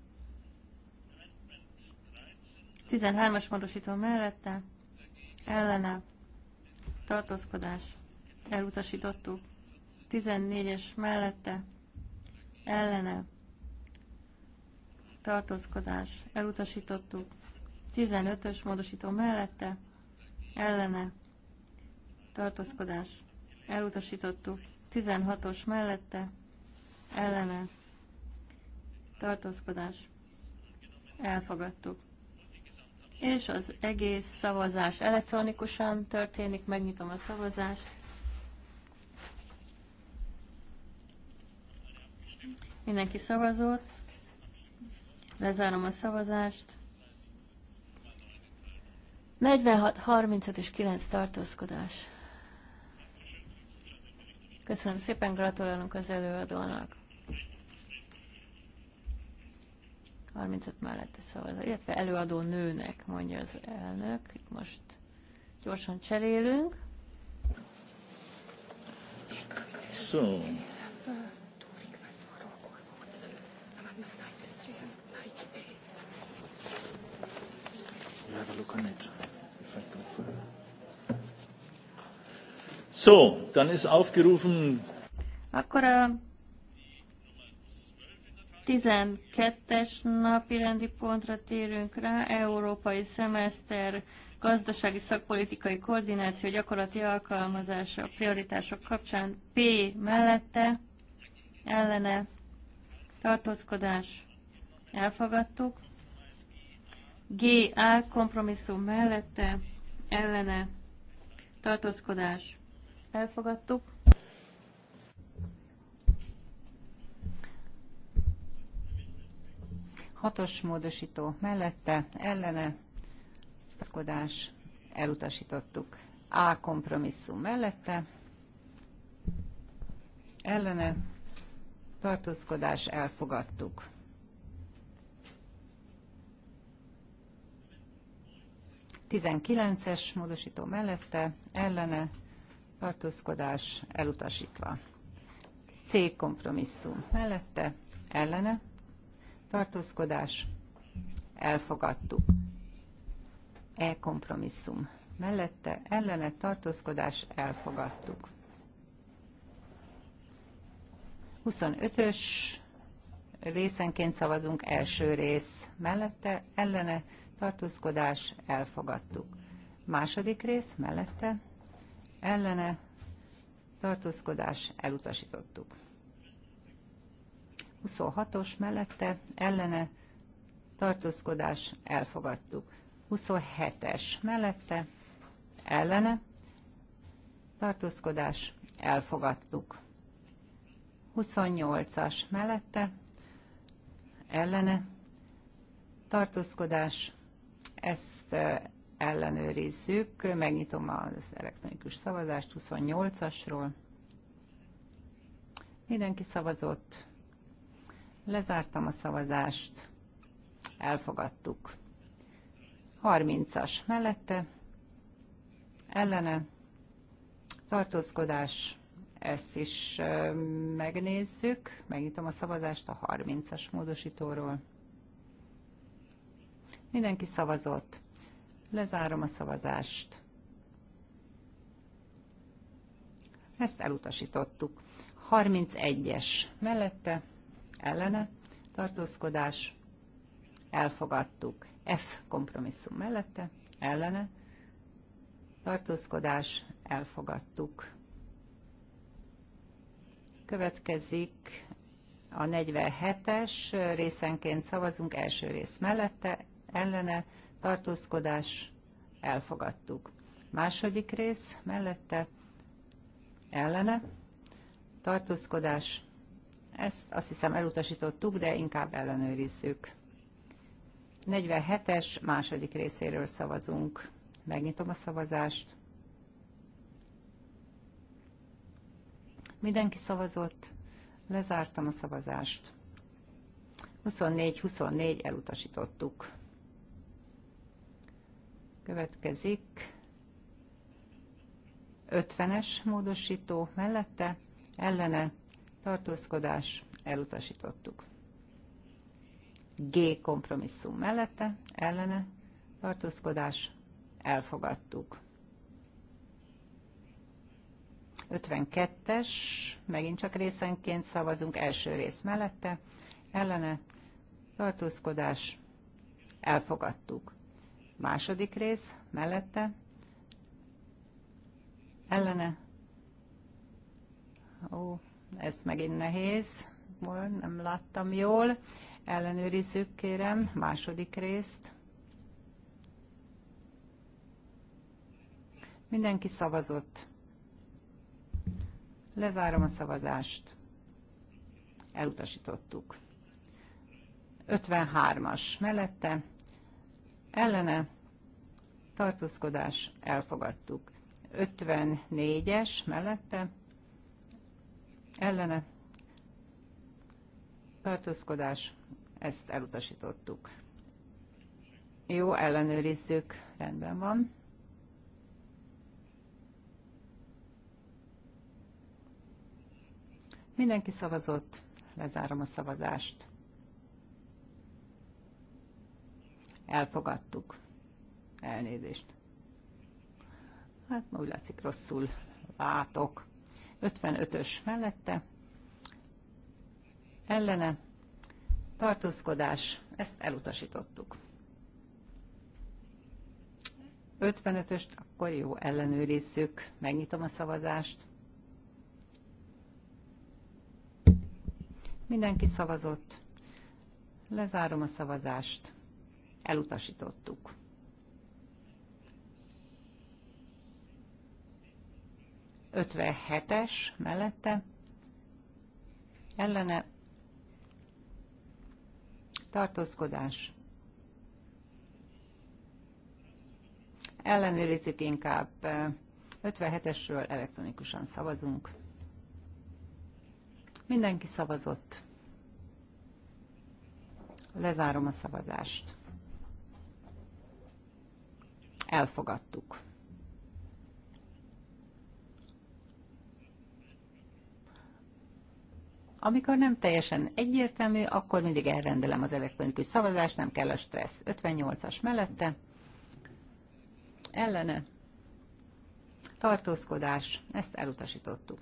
13-as módosító mellette, ellene, tartózkodás, elutasítottuk. 14-es mellette, ellene, tartózkodás, elutasítottuk. 15-ös módosító mellette, ellene, tartózkodás, elutasítottuk. 16-os mellette, ellene, tartózkodás, elfogadtuk. És az egész szavazás elektronikusan történik, megnyitom a szavazást. Mindenki szavazott, lezárom a szavazást. 46, 35 és 9 tartózkodás. Köszönöm szépen, gratulálunk az előadónak. 35 mellette szavaz, illetve előadó nőnek, mondja az elnök. Itt most gyorsan cserélünk. So. So, dann ist aufgerufen. Akkor a 12-es napi rendi pontra térünk rá, Európai Szemeszter gazdasági szakpolitikai koordináció gyakorlati alkalmazása a prioritások kapcsán P mellette, ellene, tartózkodás, elfogadtuk. G A kompromisszum mellette, ellene, tartózkodás, elfogadtuk. Hatos módosító mellette, ellene, szkodás elutasítottuk. A kompromisszum mellette, ellene, tartózkodás, elfogadtuk. Tizenkilences módosító mellette, ellene, tartózkodás, elutasítva. C kompromisszum mellette, ellene, tartózkodás, elfogadtuk. E kompromisszum. Mellette ellene tartózkodás, elfogadtuk. 25-ös részenként szavazunk első rész. Mellette ellene tartózkodás, elfogadtuk. Második rész mellette ellene tartózkodás, elutasítottuk. 26-os mellette ellene tartózkodás elfogadtuk. 27-es mellette ellene tartózkodás elfogadtuk. 28-as mellette ellene tartózkodás ezt ellenőrizzük. Megnyitom az elektronikus szavazást 28-asról. Mindenki szavazott. Lezártam a szavazást. Elfogadtuk. 30-as mellette. Ellene. Tartózkodás. Ezt is megnézzük. Megnyitom a szavazást a 30-as módosítóról. Mindenki szavazott. Lezárom a szavazást. Ezt elutasítottuk. 31-es mellette ellene tartózkodás elfogadtuk. F kompromisszum mellette ellene tartózkodás elfogadtuk. Következik a 47-es részenként szavazunk, első rész mellette, ellene, tartózkodás, elfogadtuk. Második rész mellette, ellene, tartózkodás, ezt azt hiszem elutasítottuk, de inkább ellenőrizzük. 47-es második részéről szavazunk. Megnyitom a szavazást. Mindenki szavazott. Lezártam a szavazást. 24-24 elutasítottuk. Következik 50-es módosító mellette, ellene tartózkodás, elutasítottuk. G kompromisszum mellette, ellene, tartózkodás, elfogadtuk. 52-es, megint csak részenként szavazunk, első rész mellette, ellene, tartózkodás, elfogadtuk. Második rész mellette, ellene, ó, ez megint nehéz, nem láttam jól. Ellenőrizzük, kérem, második részt. Mindenki szavazott. Lezárom a szavazást. Elutasítottuk. 53-as mellette, ellene, tartózkodás, elfogadtuk. 54-es mellette, ellene tartózkodás, ezt elutasítottuk. Jó, ellenőrizzük, rendben van. Mindenki szavazott, lezárom a szavazást. Elfogadtuk. Elnézést. Hát ma úgy látszik rosszul látok. 55-ös mellette, ellene, tartózkodás, ezt elutasítottuk. 55-öst, akkor jó, ellenőrizzük, megnyitom a szavazást. Mindenki szavazott. Lezárom a szavazást. Elutasítottuk. 57-es mellette ellene tartózkodás. Ellenőrizzük inkább 57-esről elektronikusan szavazunk. Mindenki szavazott. Lezárom a szavazást. Elfogadtuk. Amikor nem teljesen egyértelmű, akkor mindig elrendelem az elektronikus szavazást, nem kell a stressz. 58-as mellette, ellene, tartózkodás, ezt elutasítottuk.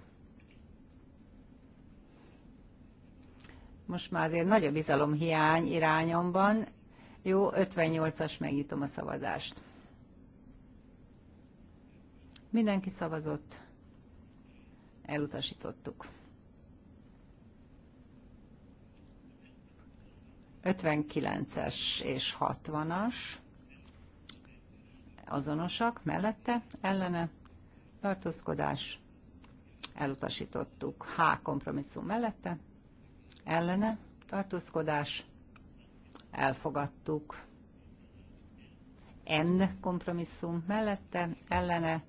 Most már azért nagy a bizalomhiány irányomban. Jó, 58-as megnyitom a szavazást. Mindenki szavazott, elutasítottuk. 59-es és 60-as azonosak, mellette, ellene, tartózkodás, elutasítottuk. H kompromisszum mellette, ellene, tartózkodás, elfogadtuk. N kompromisszum mellette, ellene,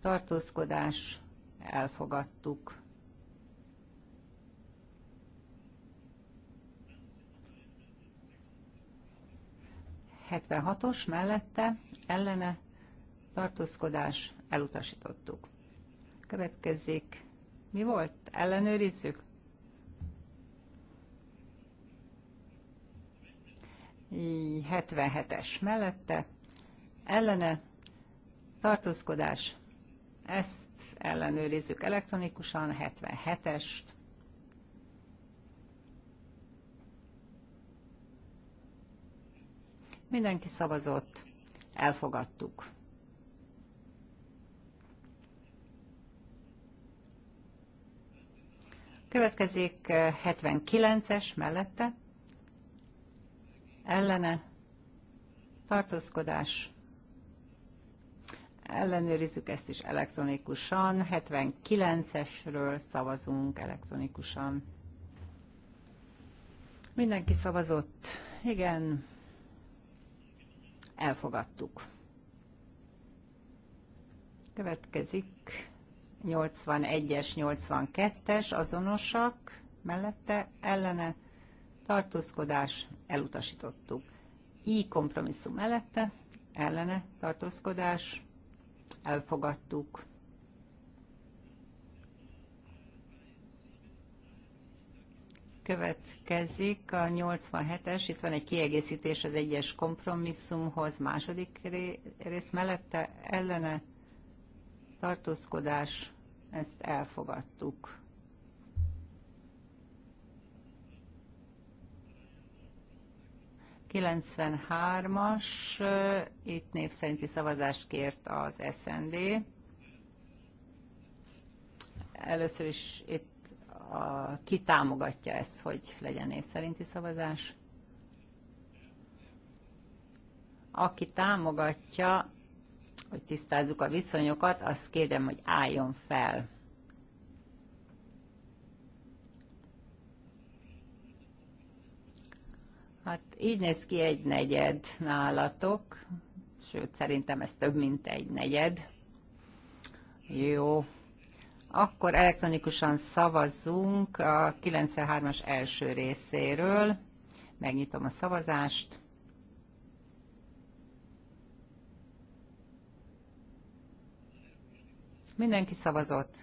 tartózkodás, elfogadtuk. 76-os mellette ellene tartózkodás elutasítottuk. Következik, mi volt? Ellenőrizzük? I 77-es mellette ellene tartózkodás. Ezt ellenőrizzük elektronikusan, 77-est. Mindenki szavazott, elfogadtuk. Következik 79-es eh, mellette, ellene, tartózkodás, ellenőrizzük ezt is elektronikusan. 79-esről szavazunk elektronikusan. Mindenki szavazott. Igen, Elfogadtuk. Következik 81-es, 82-es azonosak, mellette ellene tartózkodás elutasítottuk. I kompromisszum mellette ellene tartózkodás elfogadtuk. következik a 87-es, itt van egy kiegészítés az egyes kompromisszumhoz, második rész mellette ellene tartózkodás, ezt elfogadtuk. 93 as itt név szerinti szavazást kért az SND. Először is itt a, ki támogatja ezt, hogy legyen név szerinti szavazás? Aki támogatja, hogy tisztázzuk a viszonyokat, azt kérem, hogy álljon fel. Hát így néz ki egy negyed nálatok, sőt szerintem ez több, mint egy negyed. Jó, akkor elektronikusan szavazzunk a 93-as első részéről. Megnyitom a szavazást. Mindenki szavazott.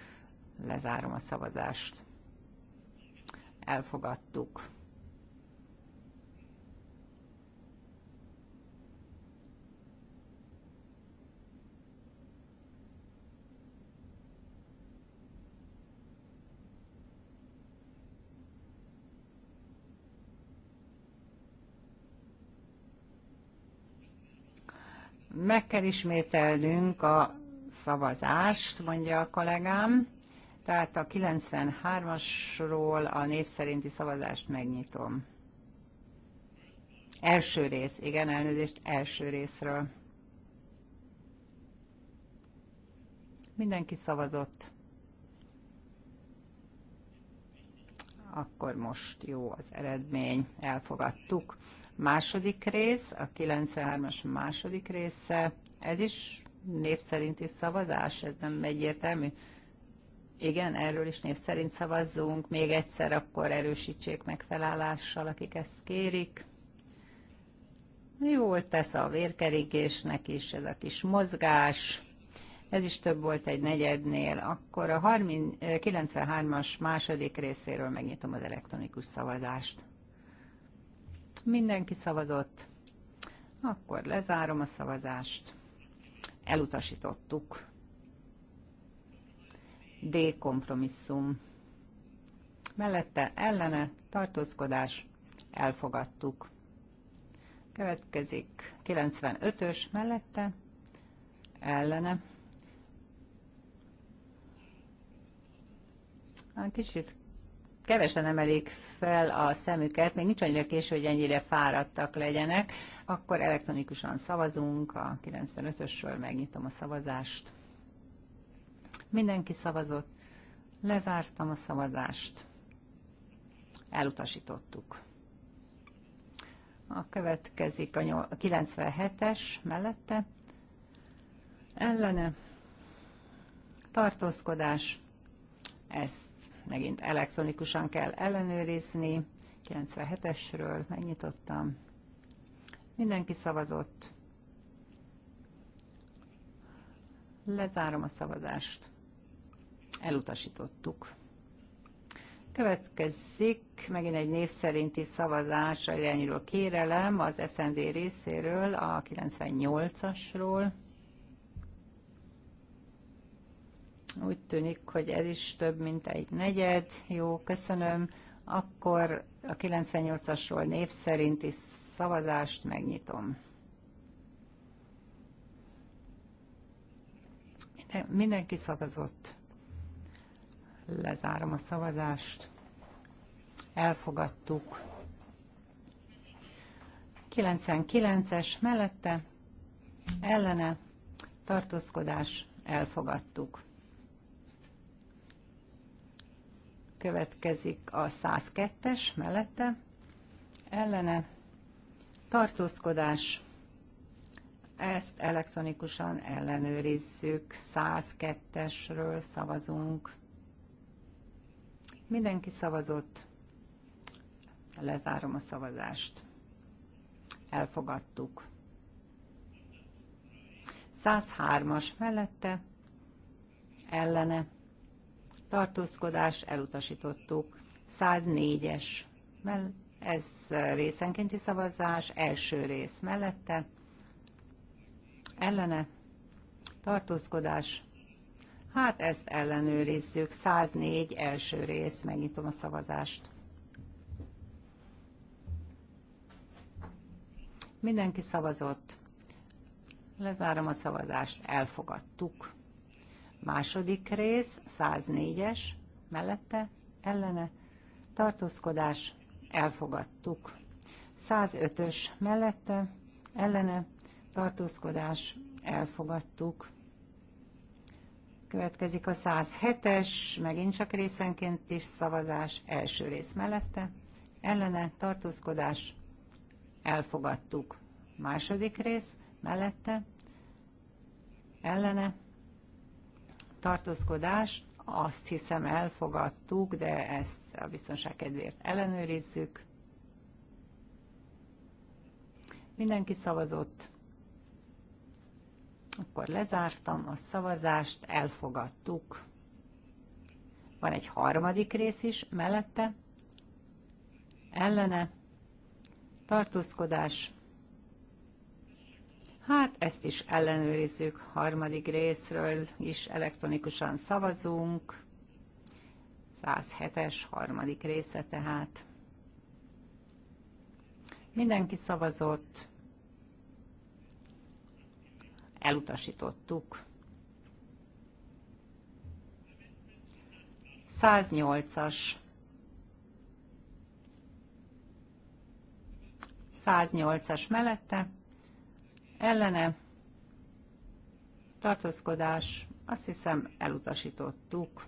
Lezárom a szavazást. Elfogadtuk. Meg kell ismételnünk a szavazást, mondja a kollégám. Tehát a 93-asról a népszerinti szerinti szavazást megnyitom. Első rész, igen, elnézést, első részről. Mindenki szavazott. Akkor most jó az eredmény, elfogadtuk. Második rész, a 93-as második része, ez is név szerinti szavazás, ez nem egyértelmű. Igen, erről is név szerint szavazzunk. Még egyszer akkor erősítsék meg felállással, akik ezt kérik. Jól tesz a vérkerigésnek is ez a kis mozgás. Ez is több volt egy negyednél. Akkor a 93-as második részéről megnyitom az elektronikus szavazást. Mindenki szavazott. Akkor lezárom a szavazást. Elutasítottuk. D kompromisszum. Mellette ellene tartózkodás. Elfogadtuk. Következik 95-ös mellette ellene. Kicsit kevesen emelik fel a szemüket, még nincs annyira késő, hogy ennyire fáradtak legyenek, akkor elektronikusan szavazunk, a 95-ösről megnyitom a szavazást. Mindenki szavazott, lezártam a szavazást, elutasítottuk. A következik a 97-es mellette, ellene, tartózkodás, ezt megint elektronikusan kell ellenőrizni. 97-esről megnyitottam. Mindenki szavazott. Lezárom a szavazást. Elutasítottuk. Következik megint egy név szerinti szavazás, irányuló kérelem az SND részéről, a 98-asról. Úgy tűnik, hogy ez is több, mint egy negyed. Jó, köszönöm. Akkor a 98-asról név szerinti szavazást megnyitom. Mindenki szavazott. Lezárom a szavazást. Elfogadtuk. 99-es mellette, ellene, tartózkodás, elfogadtuk. Következik a 102-es mellette, ellene, tartózkodás, ezt elektronikusan ellenőrizzük, 102-esről szavazunk. Mindenki szavazott, lezárom a szavazást. Elfogadtuk. 103-as mellette, ellene, tartózkodás elutasítottuk. 104-es, ez részenkénti szavazás, első rész mellette, ellene, tartózkodás, hát ezt ellenőrizzük, 104 első rész, megnyitom a szavazást. Mindenki szavazott. Lezárom a szavazást, elfogadtuk. Második rész, 104-es, mellette, ellene, tartózkodás, elfogadtuk. 105-ös mellette, ellene, tartózkodás, elfogadtuk. Következik a 107-es, megint csak részenként is szavazás, első rész mellette, ellene, tartózkodás, elfogadtuk. Második rész, mellette, ellene, tartózkodás, azt hiszem elfogadtuk, de ezt a biztonság kedvéért ellenőrizzük. Mindenki szavazott. Akkor lezártam a szavazást, elfogadtuk. Van egy harmadik rész is mellette. Ellene. Tartózkodás. Hát ezt is ellenőrizzük, harmadik részről is elektronikusan szavazunk. 107-es harmadik része tehát. Mindenki szavazott, elutasítottuk. 108-as. 108-as mellette ellene tartózkodás, azt hiszem elutasítottuk.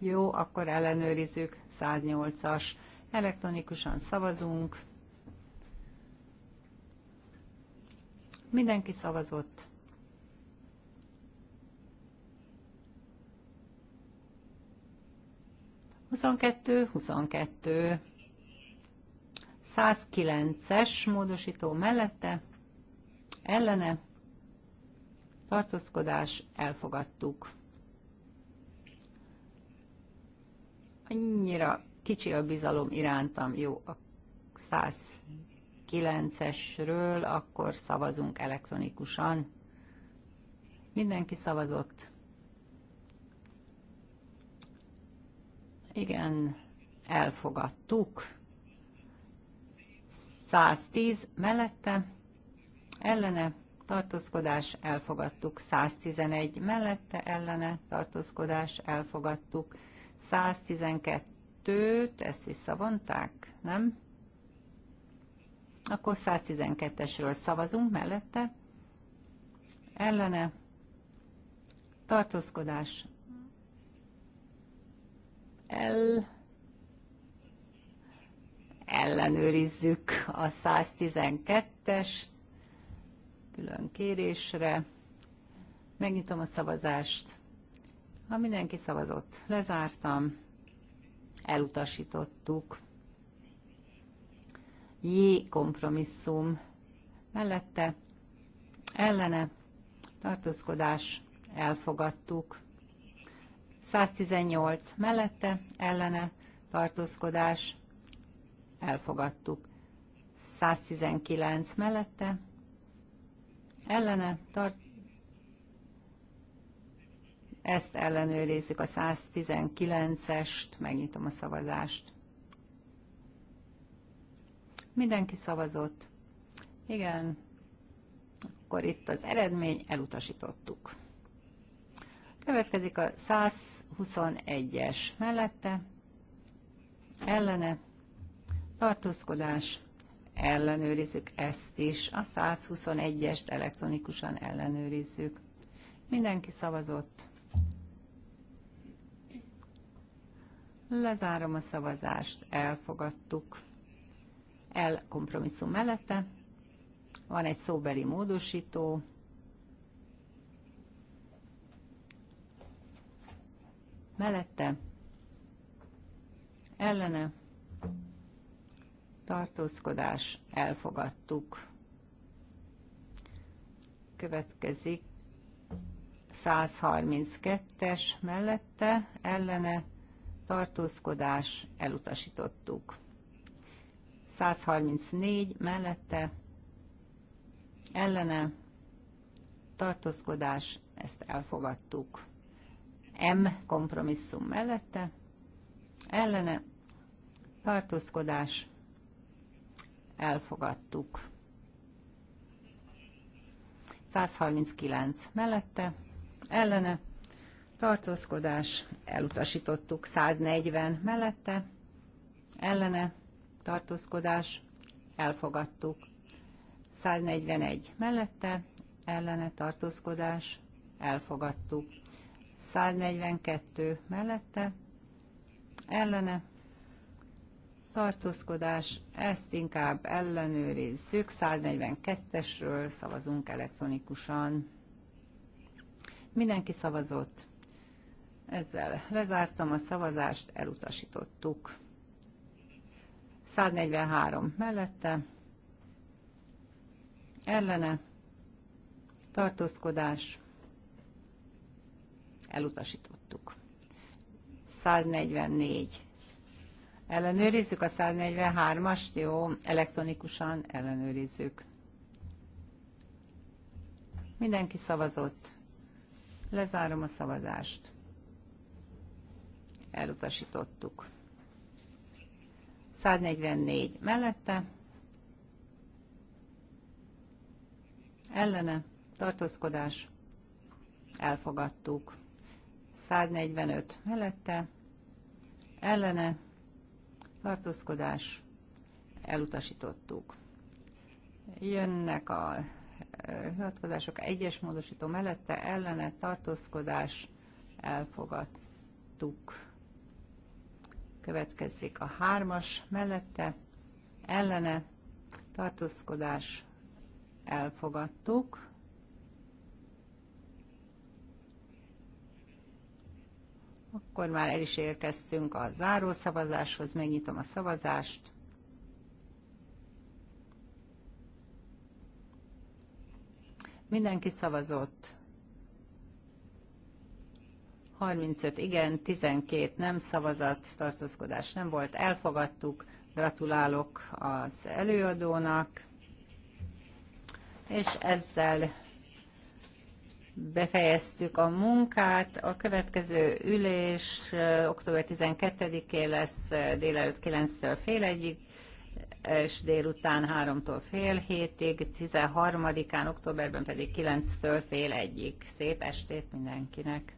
Jó, akkor ellenőrizzük, 108-as, elektronikusan szavazunk. Mindenki szavazott. Huszonkettő, huszonkettő. 109-es módosító mellette ellene, tartózkodás, elfogadtuk. Annyira kicsi a bizalom irántam, jó, a 109-esről akkor szavazunk elektronikusan. Mindenki szavazott. Igen, elfogadtuk. 110 mellette ellene tartózkodás elfogadtuk, 111 mellette ellene tartózkodás elfogadtuk, 112-t, ezt visszavonták, nem? Akkor 112-esről szavazunk mellette, ellene tartózkodás el ellenőrizzük a 112-est, külön kérésre. Megnyitom a szavazást. Ha mindenki szavazott, lezártam, elutasítottuk. J kompromisszum mellette, ellene, tartózkodás, elfogadtuk. 118 mellette, ellene, tartózkodás, elfogadtuk. 119 mellette, ellene tart. Ezt ellenőrizzük a 119-est, megnyitom a szavazást. Mindenki szavazott. Igen, akkor itt az eredmény, elutasítottuk. Következik a 121-es mellette, ellene, tartózkodás, ellenőrizzük ezt is, a 121-est elektronikusan ellenőrizzük. Mindenki szavazott. Lezárom a szavazást, elfogadtuk. El kompromisszum mellette. Van egy szóbeli módosító. Mellette. Ellene tartózkodás, elfogadtuk. Következik 132-es mellette, ellene, tartózkodás, elutasítottuk. 134 mellette, ellene, tartózkodás, ezt elfogadtuk. M kompromisszum mellette, ellene, tartózkodás, elfogadtuk. 139 mellette, ellene, tartózkodás, elutasítottuk 140 mellette, ellene, tartózkodás, elfogadtuk. 141 mellette, ellene tartózkodás, elfogadtuk. 142 mellette, ellene tartózkodás, ezt inkább ellenőrizzük. 142-esről szavazunk elektronikusan. Mindenki szavazott. Ezzel lezártam a szavazást, elutasítottuk. 143 mellette, ellene, tartózkodás, elutasítottuk. 144 Ellenőrizzük a 143-ast, jó, elektronikusan ellenőrizzük. Mindenki szavazott. Lezárom a szavazást. Elutasítottuk. 144 mellette. Ellene. Tartózkodás. Elfogadtuk. 145 mellette. Ellene tartózkodás, elutasítottuk. Jönnek a eh, hivatkozások egyes módosító mellette, ellene tartózkodás, elfogadtuk. Következik a hármas mellette, ellene tartózkodás, elfogadtuk. Akkor már el is érkeztünk a záró szavazáshoz, megnyitom a szavazást. Mindenki szavazott. 35 igen, 12 nem szavazat, tartózkodás nem volt, elfogadtuk. Gratulálok az előadónak, és ezzel befejeztük a munkát. A következő ülés október 12-én lesz délelőtt 9-től fél egyig, és délután 3-tól fél hétig, 13-án októberben pedig 9-től fél egyig. Szép estét mindenkinek!